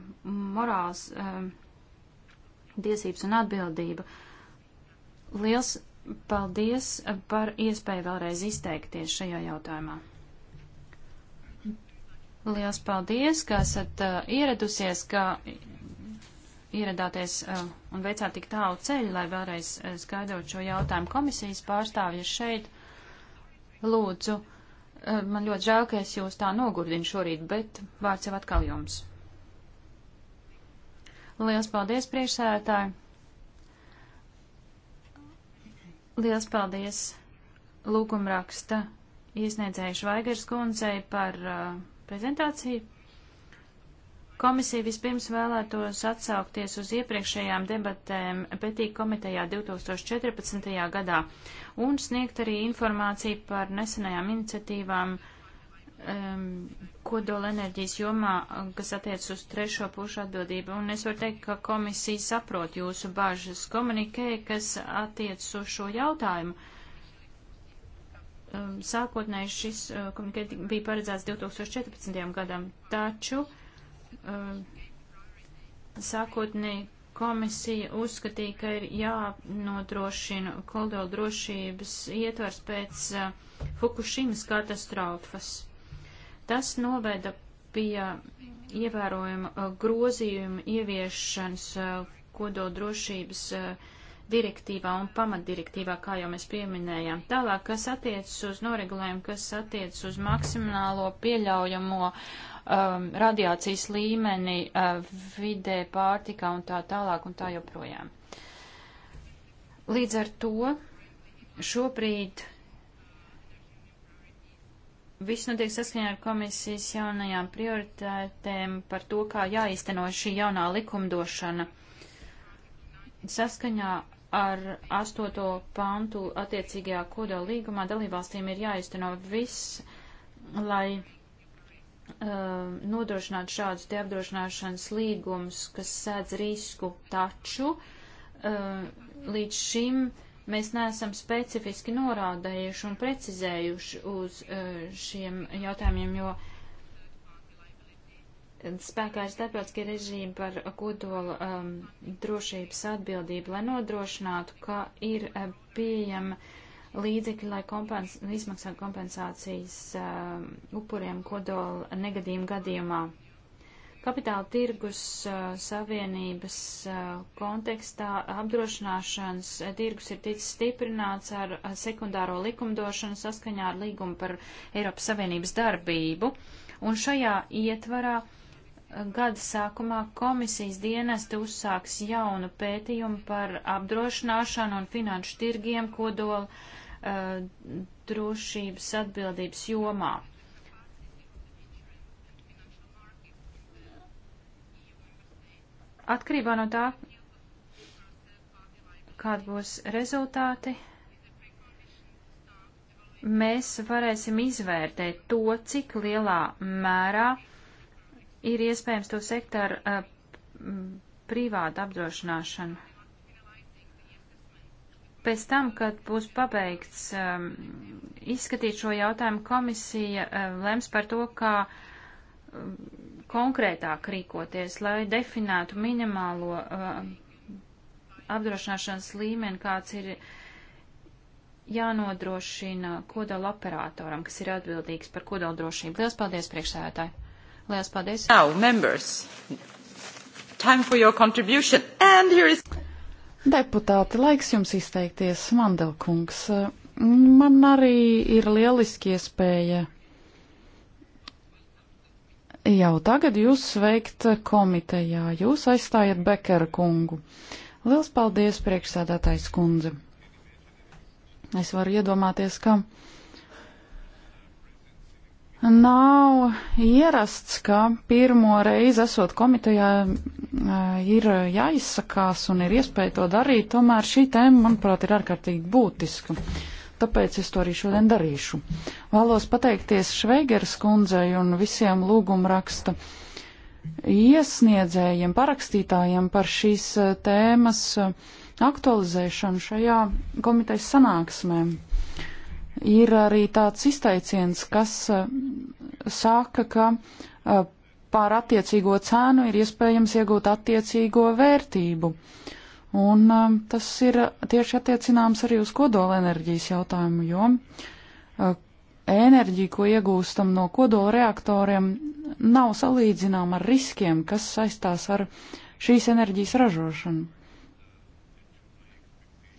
morāls uh, tiesības un atbildība. Liels paldies par iespēju vēlreiz izteikties šajā jautājumā. Liels paldies, ka esat uh, ieradusies, ka ieradāties uh, un veicāt tik tālu ceļu, lai vēlreiz uh, eh, skaidrot šo jautājumu komisijas pārstāvju šeit. Lūdzu, uh, man ļoti žēl, ka es jūs tā nogurdinu šorīt, bet vārds jau atkal jums. Liels paldies, priekšsēdētāji! Liels paldies lūgumraksta iesniedzēju Švaigers kundzei par uh, prezentāciju Komisija vispirms vēlētos atsaukties uz iepriekšējām debatēm petīk komitejā 2014. gadā un sniegt arī informāciju par nesenajām iniciatīvām um, kodolenerģijas jomā, kas attiec uz trešo pušu atbildību. Un es varu teikt, ka komisija saprot jūsu bažas komunikē, kas attiec uz šo jautājumu. Um, sākotnēji šis uh, komunikē bija paredzēts 2014. gadam, taču. Uh, Uh, sākotnēji komisija uzskatīja, ka ir jānodrošina kodola drošības ietvars pēc uh, Fukushimas katastrofas. Tas noveda pie ievērojama uh, grozījuma ieviešanas uh, kodola drošības uh, direktīvā un pamatdirektīvā, kā jau mēs pieminējām. Tālāk, kas attiecas uz noregulējumu, kas attiecas uz maksimālo pieļaujamo uh, um, radiācijas līmeni uh, vidē, pārtika un tā tālāk un tā joprojām. Līdz ar to šobrīd viss notiek saskaņā ar komisijas jaunajām prioritētēm par to, kā jāīsteno šī jaunā likumdošana. Saskaņā ar 8. pantu attiecīgajā kodola līgumā dalībvalstīm ir jāizteno viss, lai Um, nodrošināt šādus te apdrošināšanas līgumus, kas sēdz risku, taču um, līdz šim mēs neesam specifiski norādējuši un precizējuši uz uh, šiem jautājumiem, jo spēkā ir starptautiskie režīmi par kodola um, drošības atbildību, lai nodrošinātu, ka ir uh, pieejama uh, līdzekļi, lai kompens, izmaksātu kompensācijas uh, upuriem kodola negadījuma gadījumā. Kapitāla tirgus uh, savienības uh, kontekstā apdrošināšanas uh, tirgus ir ticis stiprināts ar uh, sekundāro likumdošanu saskaņā ar līgumu par Eiropas Savienības darbību. Un šajā ietvarā uh, gada sākumā komisijas dienesti uzsāks jaunu pētījumu par apdrošināšanu un finanšu tirgiem kodola uh, Uh, drošības atbildības jomā. Atkarībā no tā, kādi būs rezultāti, mēs varēsim izvērtēt to, cik lielā mērā ir iespējams to sektoru uh, privātu apdrošināšanu. Pēc tam, kad būs pabeigts um, izskatīt šo jautājumu, komisija um, lems par to, kā um, konkrētāk rīkoties, lai definētu minimālo um, apdrošināšanas līmeni, kāds ir jānodrošina kodola operatoram, kas ir atbildīgs par kodola drošību. Lielas paldies, priekšsēdētāji! Lielas paldies! Now, members, time for your contribution and here is... Deputāti, laiks jums izteikties, Mandelkungs. Man arī ir lieliski iespēja jau tagad jūs sveikt komitejā. Jūs aizstājat Bekera kungu. Liels paldies, priekšsēdētājs kundze. Es varu iedomāties, ka Nav ierasts, ka pirmo reizi esot komitejā ir jāizsakās un ir iespēja to darīt, tomēr šī tēma, manuprāt, ir ārkārtīgi būtiska. Tāpēc es to arī šodien darīšu. Vēlos pateikties Šveigeras kundzei un visiem lūgumraksta iesniedzējiem, parakstītājiem par šīs tēmas aktualizēšanu šajā komitejas sanāksmēm ir arī tāds izteiciens, kas eh, saka, ka eh, pār attiecīgo cēnu ir iespējams iegūt attiecīgo vērtību. Un eh, tas ir tieši attiecināms arī uz kodolenerģijas jautājumu, jo enerģija, ko iegūstam no kodola reaktoriem, nav salīdzināma ar riskiem, kas saistās ar šīs enerģijas ražošanu.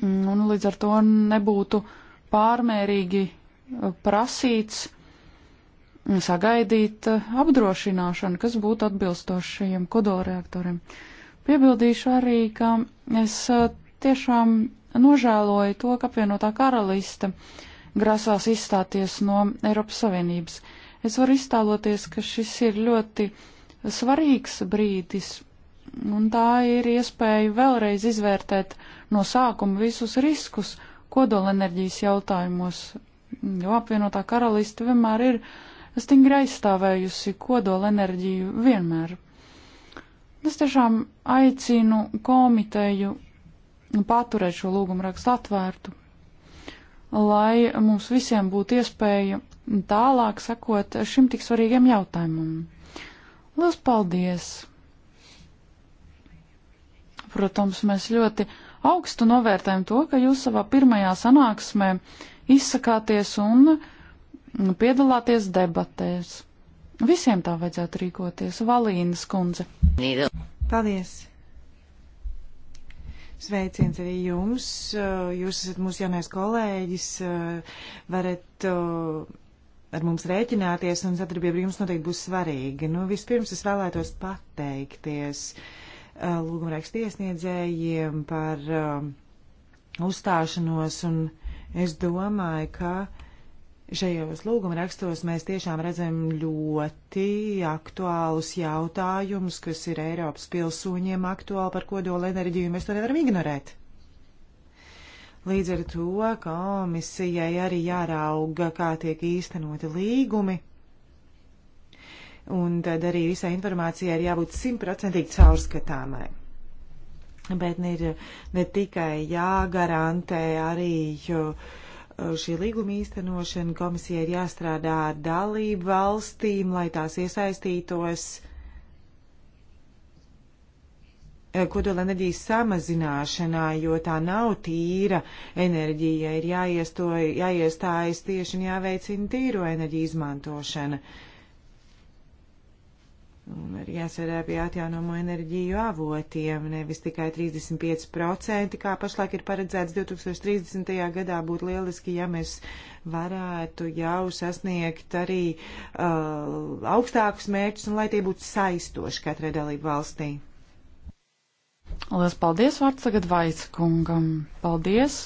Un līdz ar to nebūtu uh, pārmērīgi uh, prasīts mm, sagaidīt uh, apdrošināšanu, kas būtu atbilstošajiem kodolreaktoriem. Piebildīšu arī, ka es uh, tiešām nožēloju to, ka apvienotā karaliste grasās izstāties no Eiropas Savienības. Es varu iztēloties, ka šis ir ļoti svarīgs brīdis, un tā ir iespēja vēlreiz izvērtēt no sākuma visus riskus, uh, kodolenerģijas jautājumos, jo apvienotā karaliste vienmēr ir stingri aizstāvējusi kodolenerģiju vienmēr. Es tiešām aicinu komiteju paturēt šo lūgumu rakstu atvērtu, lai mums visiem būtu iespēja tālāk sekot šim tik svarīgiem jautājumam. Lielas paldies! Protams, mēs ļoti augstu novērtējam to, ka jūs savā pirmajā sanāksmē izsakāties un piedalāties debatēs. Visiem tā vajadzētu rīkoties. Valīnas kundze. Paldies! Sveiciens arī jums. Jūs esat mūsu jaunais kolēģis. Varat uh, ar mums rēķināties un sadarbība jums noteikti būs svarīga. Nu, vispirms es vēlētos pateikties. Uh, Eh, lūgumrakstu iesniedzējiem par eh, uzstāšanos, un es domāju, ka šajos lūgumrakstos mēs tiešām redzam ļoti aktuālus jautājumus, kas ir Eiropas pilsūņiem aktuāli par kodola enerģiju, mēs to nevaram ignorēt. Līdz ar to komisijai arī jārauga, kā tiek īstenoti līgumi un tad arī visai informācijai ir jābūt simtprocentīgi caurskatāmai. Bet ir ne tikai jāgarantē arī uh, šī līguma īstenošana, komisija ir jāstrādā ar dalību valstīm, lai tās iesaistītos uh, kodola enerģijas samazināšanā, jo tā nav tīra enerģija, ir jāiestājas tieši un jāveicina tīro enerģiju izmantošana. Uh, arī jāsarā pie atjaunomo enerģiju avotiem, nevis tikai 35%, kā pašlaik ir paredzēts 2030. gadā, būtu lieliski, ja mēs varētu jau sasniegt arī uh, augstākus mērķus un lai tie būtu saistoši katrai dalību valstī. Lielas paldies vārds tagad Vaickungam. Paldies!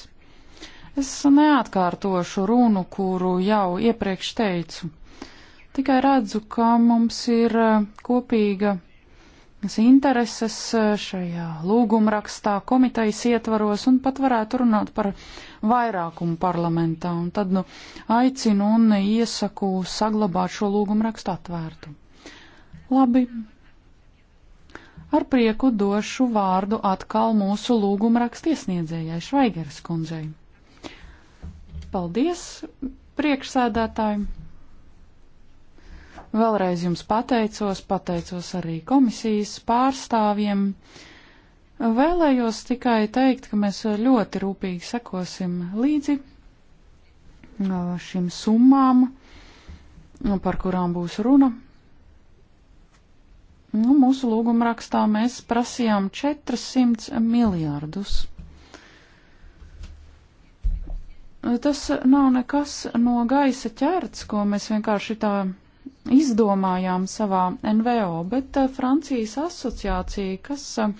Es neatkārtošu runu, kuru jau iepriekš teicu. Tikai redzu, ka mums ir eh, kopīga intereses eh, šajā lūgumrakstā, komitejas ietvaros un pat varētu runāt par vairākumu parlamentā. Un tad nu, aicinu un iesaku saglabāt šo lūgumrakstu atvērtu. Labi. Ar prieku došu vārdu atkal mūsu lūgumrakstu iesniedzējai Švaigeras kundzei. Paldies, priekšsēdētāji! Vēlreiz jums pateicos, pateicos arī komisijas pārstāvjiem. Vēlējos tikai teikt, ka mēs ļoti rūpīgi sekosim līdzi šīm summām, nu, par kurām būs runa. Nu, mūsu lūgumrakstā mēs prasījām 400 miljārdus. Tas nav nekas no gaisa ķerts, ko mēs vienkārši tā izdomājām savā NVO, bet eh, Francijas asociācija, kas eh,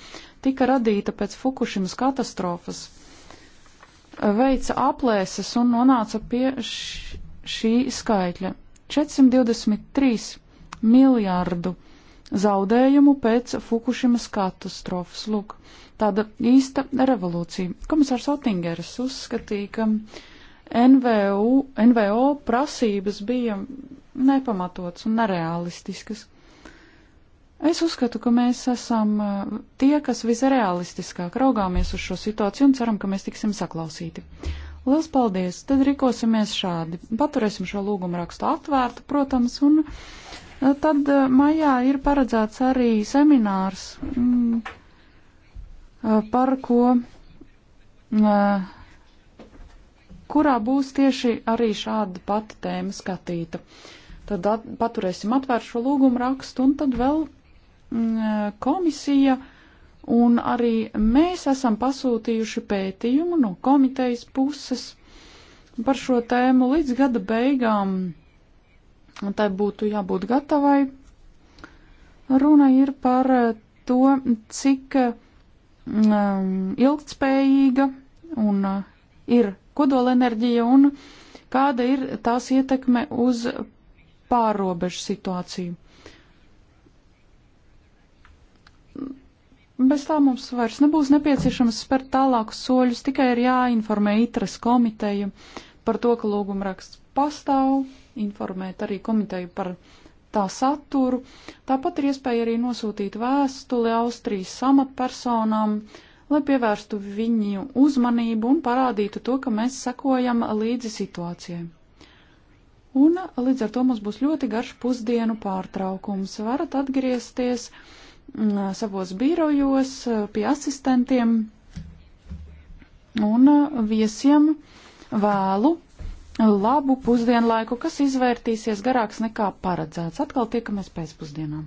tika radīta pēc Fukushimas katastrofas, eh, veica aplēses un nonāca pie šī skaitļa - 423 miljārdu zaudējumu pēc Fukushimas katastrofas. Lūk, tāda īsta revolūcija. Komisārs Otingeris uzskatīja, ka NVU, NVO prasības bija nepamatots un nereālistiskas. Es uzskatu, ka mēs esam eh, tie, kas visrealistiskāk raugāmies uz šo situāciju un ceram, ka mēs tiksim saklausīti. Lielas paldies! Tad rīkosimies šādi. Paturēsim šo lūgumu rakstu atvērtu, protams, un eh, tad eh, maijā ir paredzēts arī seminārs, mm, par ko, kurā būs tieši arī šāda pati tēma skatīta. Tad at, paturēsim atvērt šo lūgumu rakstu un tad vēl mm, komisija un arī mēs esam pasūtījuši pētījumu no komitejas puses par šo tēmu līdz gada beigām. Un tai būtu jābūt gatavai. Runa ir par to, cik um, ilgtspējīga un uh, ir kodolenerģija un kāda ir tās ietekme uz pārobežu situāciju. Bez tā mums vairs nebūs nepieciešams spērt tālākus soļus, tikai ir jāinformē ITRAS komiteju par to, ka lūgumraksts pastāv, informēt arī komiteju par tā saturu. Tāpat ir iespēja arī nosūtīt vēstuli Austrijas samatpersonām, lai pievērstu viņu uzmanību un parādītu to, ka mēs sekojam līdzi situācijai. Un līdz ar to mums būs ļoti garš pusdienu pārtraukums. Varat atgriezties m, mm, savos birojos pie asistentiem un uh, viesiem vēlu labu pusdienlaiku, kas izvērtīsies garāks nekā paredzēts. Atkal tiekamies pēcpusdienām.